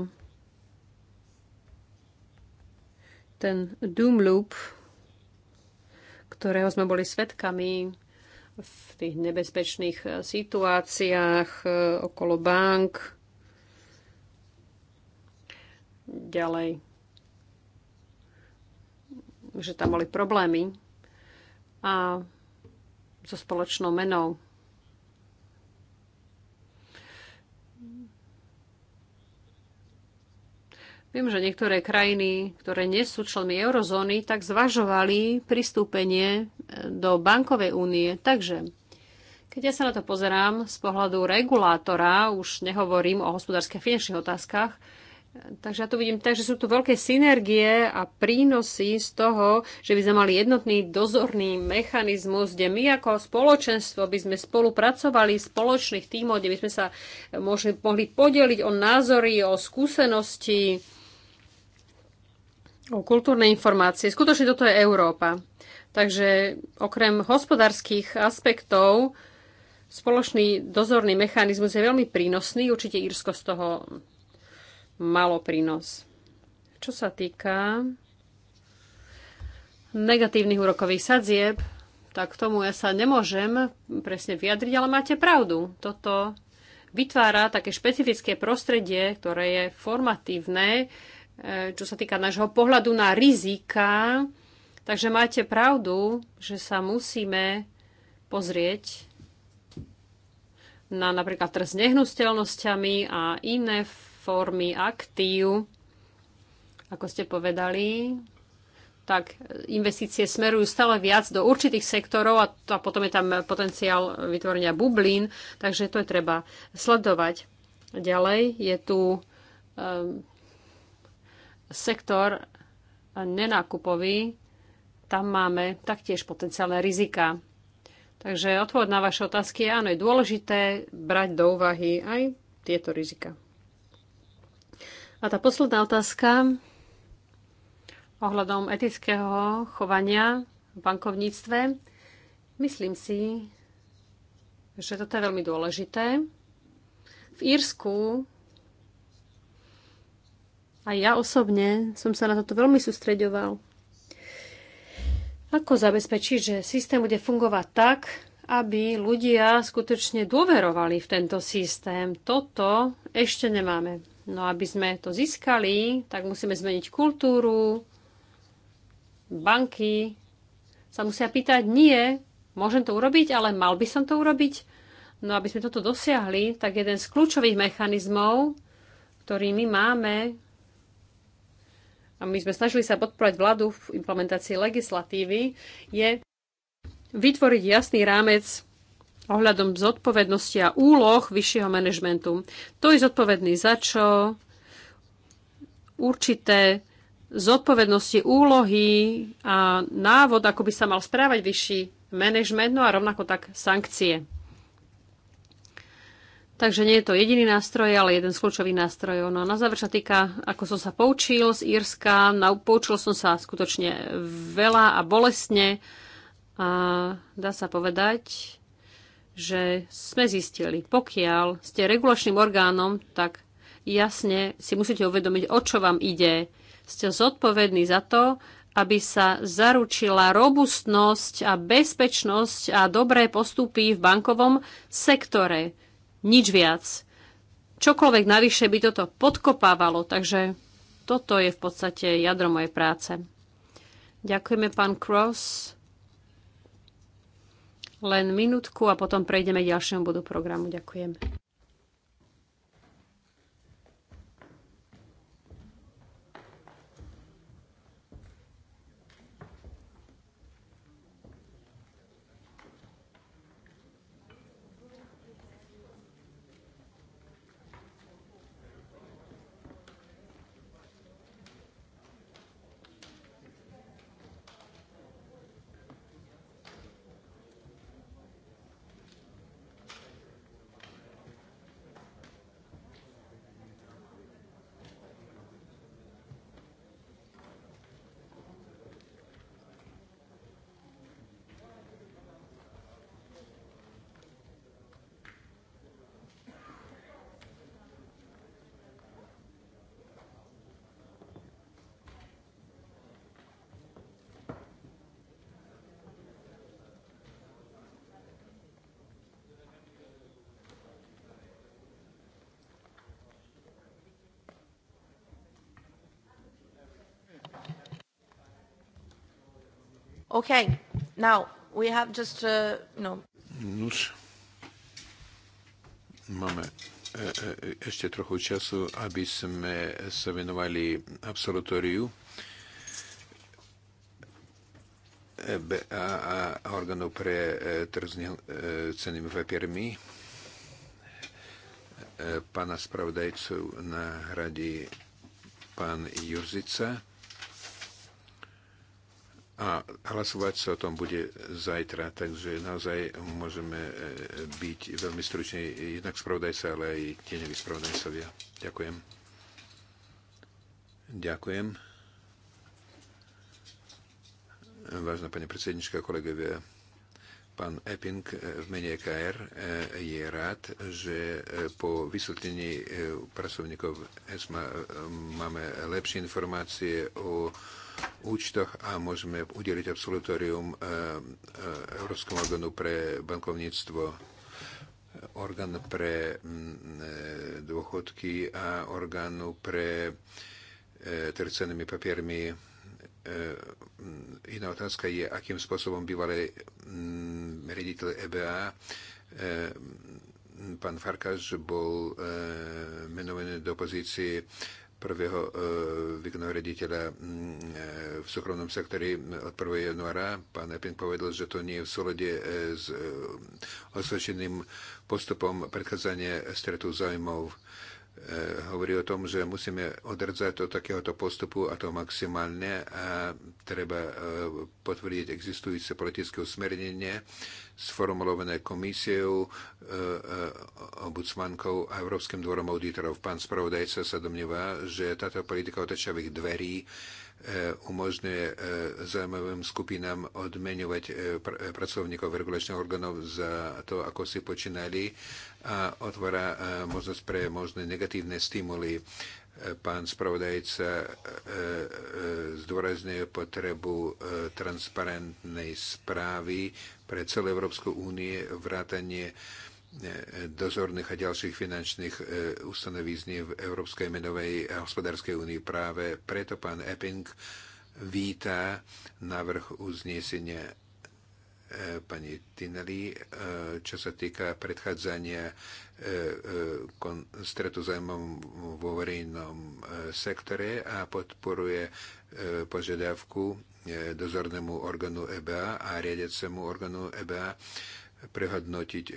Ten doom loop, ktorého sme boli svetkami v tých nebezpečných eh, situáciách eh, okolo bank, ďalej, že tam boli problémy a so spoločnou menou Viem, že niektoré krajiny, ktoré nie sú členmi eurozóny, tak zvažovali pristúpenie e, do bankovej únie. Takže, keď ja sa na to pozerám z pohľadu regulátora, už nehovorím o hospodárskych a finančných otázkach, e, Takže ja to vidím tak, že sú tu veľké synergie a prínosy z toho, že by sme mali jednotný dozorný mechanizmus, kde my ako spoločenstvo by sme spolupracovali v spoločných tímoch, kde by sme sa e, mohli podeliť o názory, o skúsenosti, o kultúrne informácie. Skutočne toto je Európa. Takže okrem hospodárskych aspektov spoločný dozorný mechanizmus je veľmi prínosný. Určite Írsko z toho malo prínos. Čo sa týka negatívnych úrokových sadzieb, tak k tomu ja sa nemôžem presne vyjadriť, ale máte pravdu. Toto vytvára také špecifické prostredie, ktoré je formatívne E, čo sa týka nášho pohľadu na rizika. Takže máte pravdu, že sa musíme pozrieť na napríklad trh s nehnuteľnosťami a iné formy aktív, ako ste povedali, tak investície smerujú stále viac do určitých sektorov a, to, a potom je tam potenciál vytvorenia bublín, takže to je treba sledovať. Ďalej je tu um, sektor nenákupový, tam máme taktiež potenciálne rizika. Takže odpoved na vaše otázky je, áno, je dôležité brať do úvahy aj tieto rizika. A tá posledná otázka ohľadom etického chovania v bankovníctve. Myslím si, že toto je veľmi dôležité. V Írsku a ja osobne som sa na toto veľmi sústreďoval. Ako zabezpečiť, že systém bude fungovať tak, aby ľudia skutočne dôverovali v tento systém. Toto ešte nemáme. No aby sme to získali, tak musíme zmeniť kultúru. Banky sa musia pýtať, nie, môžem to urobiť, ale mal by som to urobiť. No aby sme toto dosiahli, tak jeden z kľúčových mechanizmov, ktorý my máme a my sme snažili sa podporovať vládu v implementácii legislatívy, je vytvoriť jasný rámec ohľadom zodpovednosti a úloh vyššieho manažmentu. To je zodpovedný za čo, určité zodpovednosti, úlohy a návod, ako by sa mal správať vyšší manažment, no a rovnako tak sankcie. Takže nie je to jediný nástroj, ale jeden z kľúčových nástrojov. No a na záver sa týka, ako som sa poučil z Írska, poučil som sa skutočne veľa a bolestne. A dá sa povedať, že sme zistili, pokiaľ ste regulačným orgánom, tak jasne si musíte uvedomiť, o čo vám ide. Ste zodpovední za to, aby sa zaručila robustnosť a bezpečnosť a dobré postupy v bankovom sektore nič viac. Čokoľvek navyše by toto podkopávalo, takže toto je v podstate jadro mojej práce. Ďakujeme, pán Cross. Len minútku a potom prejdeme k ďalšiemu bodu programu. Ďakujem. Okay, now we have just, uh, no. Nuž, máme e, e, ešte trochu času, aby sme sa venovali absolutóriu e, a orgánov pre trh s cenými papiermi pána spravodajcu na hrade pán Jurzica. A hlasovať sa o tom bude zajtra, takže naozaj môžeme e, byť veľmi stručne jednak spravodajca, ale aj tieňoví spravodajcovia. Ďakujem. Ďakujem. Vážna pani predsednička, kolegovia, Pán Epping eh, v mene e KR eh, je rád, že eh, po vysvetlení pracovníkov ESMA máme lepšie informácie o účtoch a môžeme udeliť absolutorium Európskom orgánu pre bankovníctvo orgán pre mm, dôchodky a orgánu pre tercenými papiermi jedna otázka je, akým spôsobom bývalý mm, riaditeľ EBA e, pán Farkáš bol e, menovaný do pozície prvého e, výkonného rediteľa mm, v súkromnom sektore od 1. januára. Pán Epin povedal, že to nie je v súlade s osvedčeným postupom predchádzania stretu zájmov Eh, hovorí o tom, že musíme odrdzať od takéhoto postupu a to maximálne a treba eh, potvrdiť existujúce politické usmernenie sformulované komisiou, eh, obudsmankou a Európskym dvorom auditorov. Pán spravodajca sa domnieva, že táto politika otečavých dverí E, umožňuje e, zaujímavým skupinám e, pr pracovníkov regulačných orgánov za to, ako si počínali a otvára možnosť pre možné negatívne stimuly. Pán spravodajca zdôrazňuje potrebu transparentnej správy pre celú Európsku únie, vrátanie E, dozorných a ďalších finančných e, ustanovizní v Európskej menovej a hospodárskej únii. Práve preto pán Epping víta návrh uznesenia e, pani Tinelli, čo sa týka predchádzania stretu zájmom vo verejnom sektore a podporuje požiadavku dozornému orgánu EBA a riadiacemu orgánu EBA prehodnotiť e,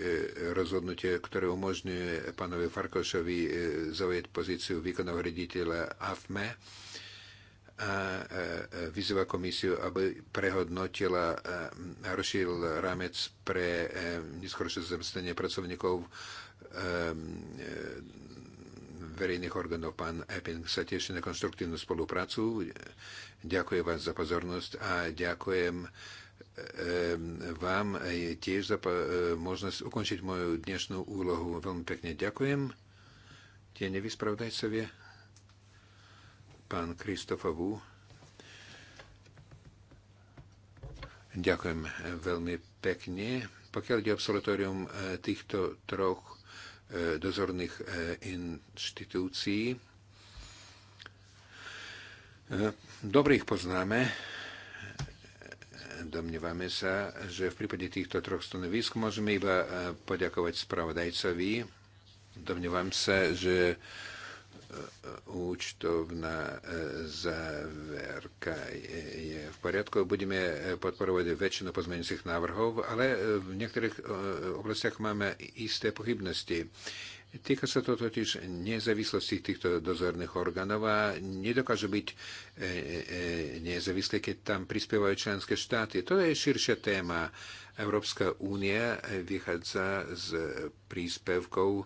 rozhodnutie, ktoré umožňuje pánovi Farkošovi e, zaujať pozíciu výkonného rediteľa AFME a e. vyzýva komisiu, aby prehodnotila a rozšíril rámec pre neskôršie zamestnanie pracovníkov verejných orgánov. Pán Epping sa teší na konstruktívnu spoluprácu. Ďakujem vám za pozornosť a ďakujem Ehm, vám aj tiež za e, možnosť ukončiť moju dnešnú úlohu. Veľmi pekne ďakujem. Tie nevyspravdajcovie, pán Kristofovú. Ďakujem e, veľmi pekne. Pokiaľ ide absolutórium e, týchto troch dozorných inštitúcií, dobrých poznáme Domnievame sa, že v prípade týchto troch stanovisk môžeme iba e, poďakovať spravodajcovi. Domnievam sa, že e, e, účtovná záverka je v poriadku. Budeme podporovať väčšinu pozmeňujúcich návrhov, ale v niektorých oblastiach máme isté pochybnosti. Týka sa to totiž nezávislosti týchto dozorných orgánov a nedokážu byť e, e, e, nezávislé, keď tam prispievajú členské štáty. To je širšia téma. Európska únia vychádza z príspevkov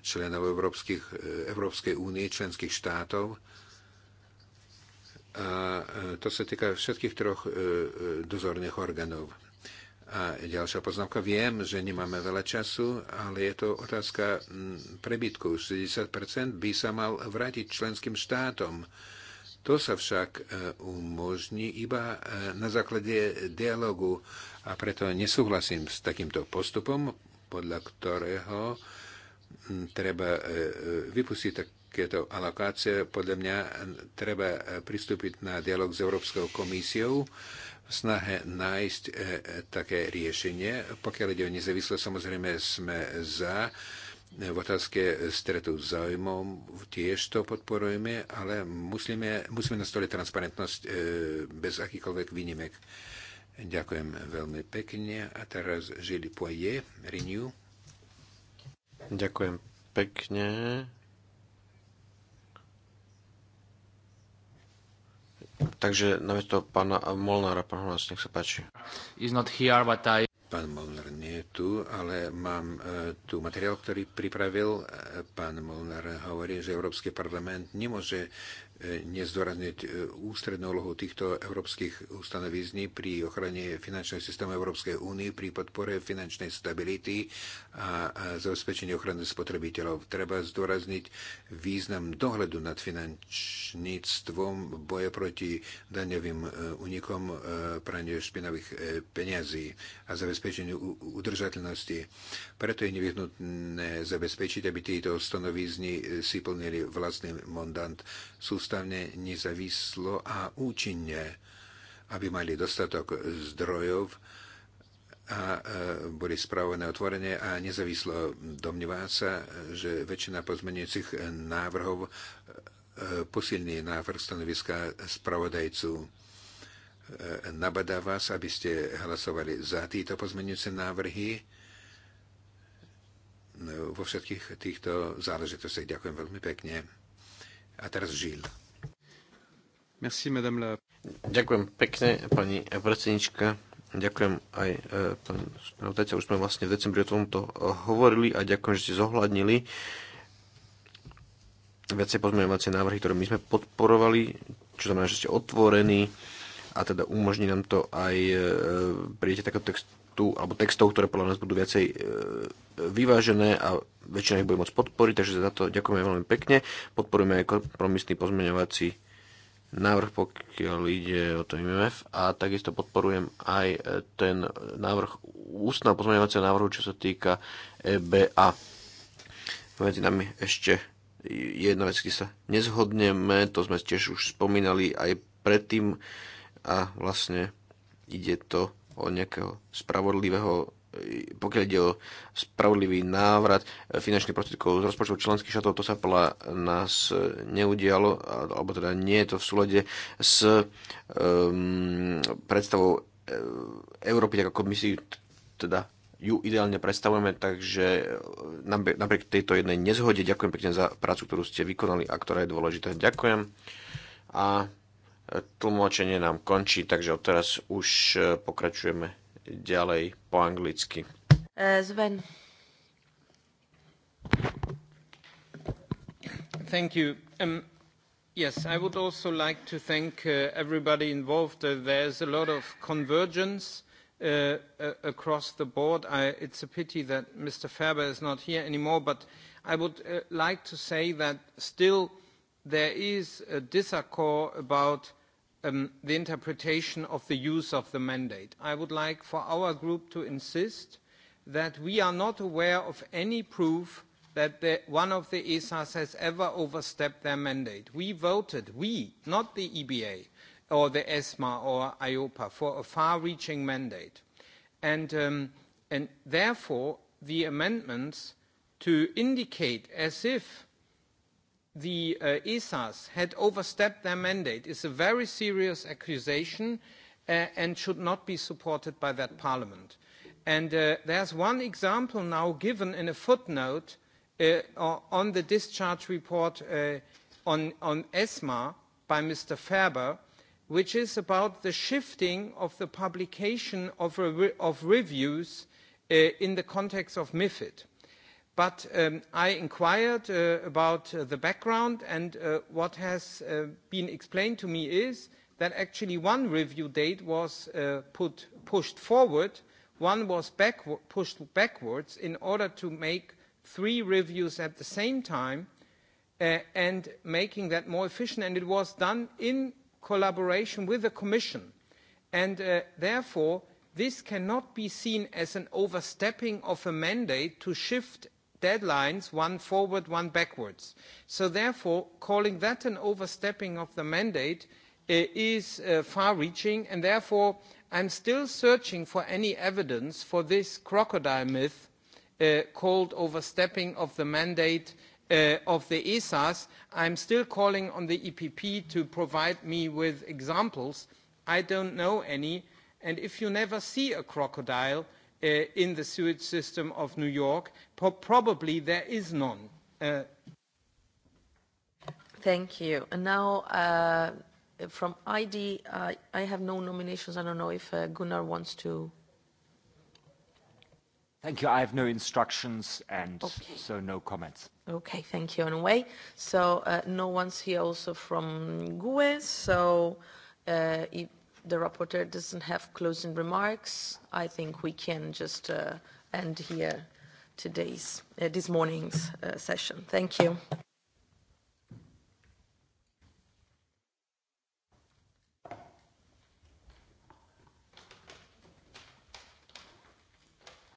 členov Európskych, Európskej únie, členských štátov. A to sa týka všetkých troch dozorných orgánov. A ďalšia poznámka. Viem, že nemáme veľa času, ale je to otázka mm, prebytku. 60% by sa mal vrátiť členským štátom. To sa však e, umožní iba e, na základe dialogu a preto nesúhlasím s takýmto postupom, podľa ktorého mm, treba e, vypustiť takéto alokácie. Podľa mňa treba pristúpiť na dialog s Európskou komisiou v snahe nájsť e, e, také riešenie. Pokiaľ ide o nezávislosť, samozrejme sme za. E, v otázke stretu s záujmov tiež to podporujeme, ale musíme, musíme nastoliť transparentnosť e, bez akýkoľvek výnimek. Ďakujem veľmi pekne. A teraz Žili Poje, Renew. Ďakujem pekne. Takže na to pána Molnára, pán Holnás, nech sa páči. Is not here, but I... Pán Molnár nie je tu, ale mám e, tu materiál, ktorý pripravil. E, pán Molnár hovorí, že Európsky parlament nemôže nezdôrazniť e, ústrednú úlohu týchto európskych ustanovizní pri ochrane finančného systému Európskej únie, pri podpore finančnej stability a zabezpečení ochrany spotrebiteľov. Treba zdôrazniť význam dohľadu nad finančníctvom, boje proti daňovým e, unikom, e, praniu špinavých peniazí a zabezpečeniu udržateľnosti. Preto je nevyhnutné zabezpečiť, aby tieto stanovizny si plnili vlastný mandant sústavne, nezávislo a účinne, aby mali dostatok zdrojov a e, boli správené otvorene a nezávislo. Domnívá sa, že väčšina pozmenujúcich návrhov e, posilní návrh stanoviska spravodajcu. E, nabadá vás, aby ste hlasovali za tieto pozmenujúce návrhy vo všetkých týchto záležitostiach. Ďakujem veľmi pekne. A teraz Žil. Merci, madame la... Ďakujem pekne, pani predsednička. Ďakujem aj e, pán spravodajca. Už sme vlastne v decembri o tomto hovorili a ďakujem, že ste zohľadnili viacej pozmeňovacie návrhy, ktoré my sme podporovali, čo znamená, že ste otvorení a teda umožní nám to aj e, e, príjete takého textu tu, alebo textov, ktoré podľa nás budú viacej e, vyvážené a väčšina ich bude môcť podporiť, takže za to ďakujeme veľmi pekne. Podporujeme aj kompromisný pozmeňovací návrh, pokiaľ ide o to MMF a takisto podporujem aj e, ten návrh ústna pozmeňovacieho návrhu, čo sa týka EBA. Medzi nami ešte jedna vec, kde sa nezhodneme, to sme tiež už spomínali aj predtým a vlastne ide to o nejakého spravodlivého e, pokiaľ ide o spravodlivý návrat e, finančných prostriedkov z rozpočtov členských štátov, to sa podľa nás e, neudialo, alebo teda nie je to v súlade s um, predstavou Európy, tak ako my si teda ju ideálne predstavujeme, takže napriek tejto jednej nezhode ďakujem pekne za prácu, ktorú ste vykonali a ktorá je dôležitá. Ďakujem a Tlmočenie nám končí, takže odteraz už e, pokračujeme ďalej po anglicky. Zven. E, thank you. Um, yes, I would also like to thank uh, everybody involved. Uh, there's a lot of convergence uh, uh, across the board. I, it's a pity that Mr. Ferber is not here anymore, but I would uh, like to say that still there is a disaccord about uh, um, the interpretation of the use of the mandate. I would like for our group to insist that we are not aware of any proof that the, one of the ESAs has ever overstepped their mandate. We voted, we, not the EBA or the ESMA or IOPA, for a far-reaching mandate. And, um, and therefore, the amendments to indicate as if the uh, ESAs had overstepped their mandate is a very serious accusation uh, and should not be supported by that parliament. And uh, there's one example now given in a footnote uh, on the discharge report uh, on, on ESMA by Mr. Ferber, which is about the shifting of the publication of, re of reviews uh, in the context of MIFID. But um, I inquired uh, about uh, the background, and uh, what has uh, been explained to me is that actually one review date was uh, put, pushed forward, one was back, pushed backwards in order to make three reviews at the same time uh, and making that more efficient. And it was done in collaboration with the Commission. And uh, therefore, this cannot be seen as an overstepping of a mandate to shift deadlines, one forward, one backwards. So therefore, calling that an overstepping of the mandate eh, is uh, far-reaching, and therefore I'm still searching for any evidence for this crocodile myth uh, called overstepping of the mandate uh, of the ESAs. I'm still calling on the EPP to provide me with examples. I don't know any, and if you never see a crocodile, uh, in the sewage system of New York? Po probably there is none. Uh, Thank you. And now, uh, from ID, uh, I have no nominations. I don't know if uh, Gunnar wants to. Thank you. I have no instructions and okay. so no comments. Okay, thank you anyway. So uh, no one's here also from GUE, so uh, if the rapporteur doesn't have closing remarks, I think we can just uh, end here today's, uh, this morning's uh, session. Thank you.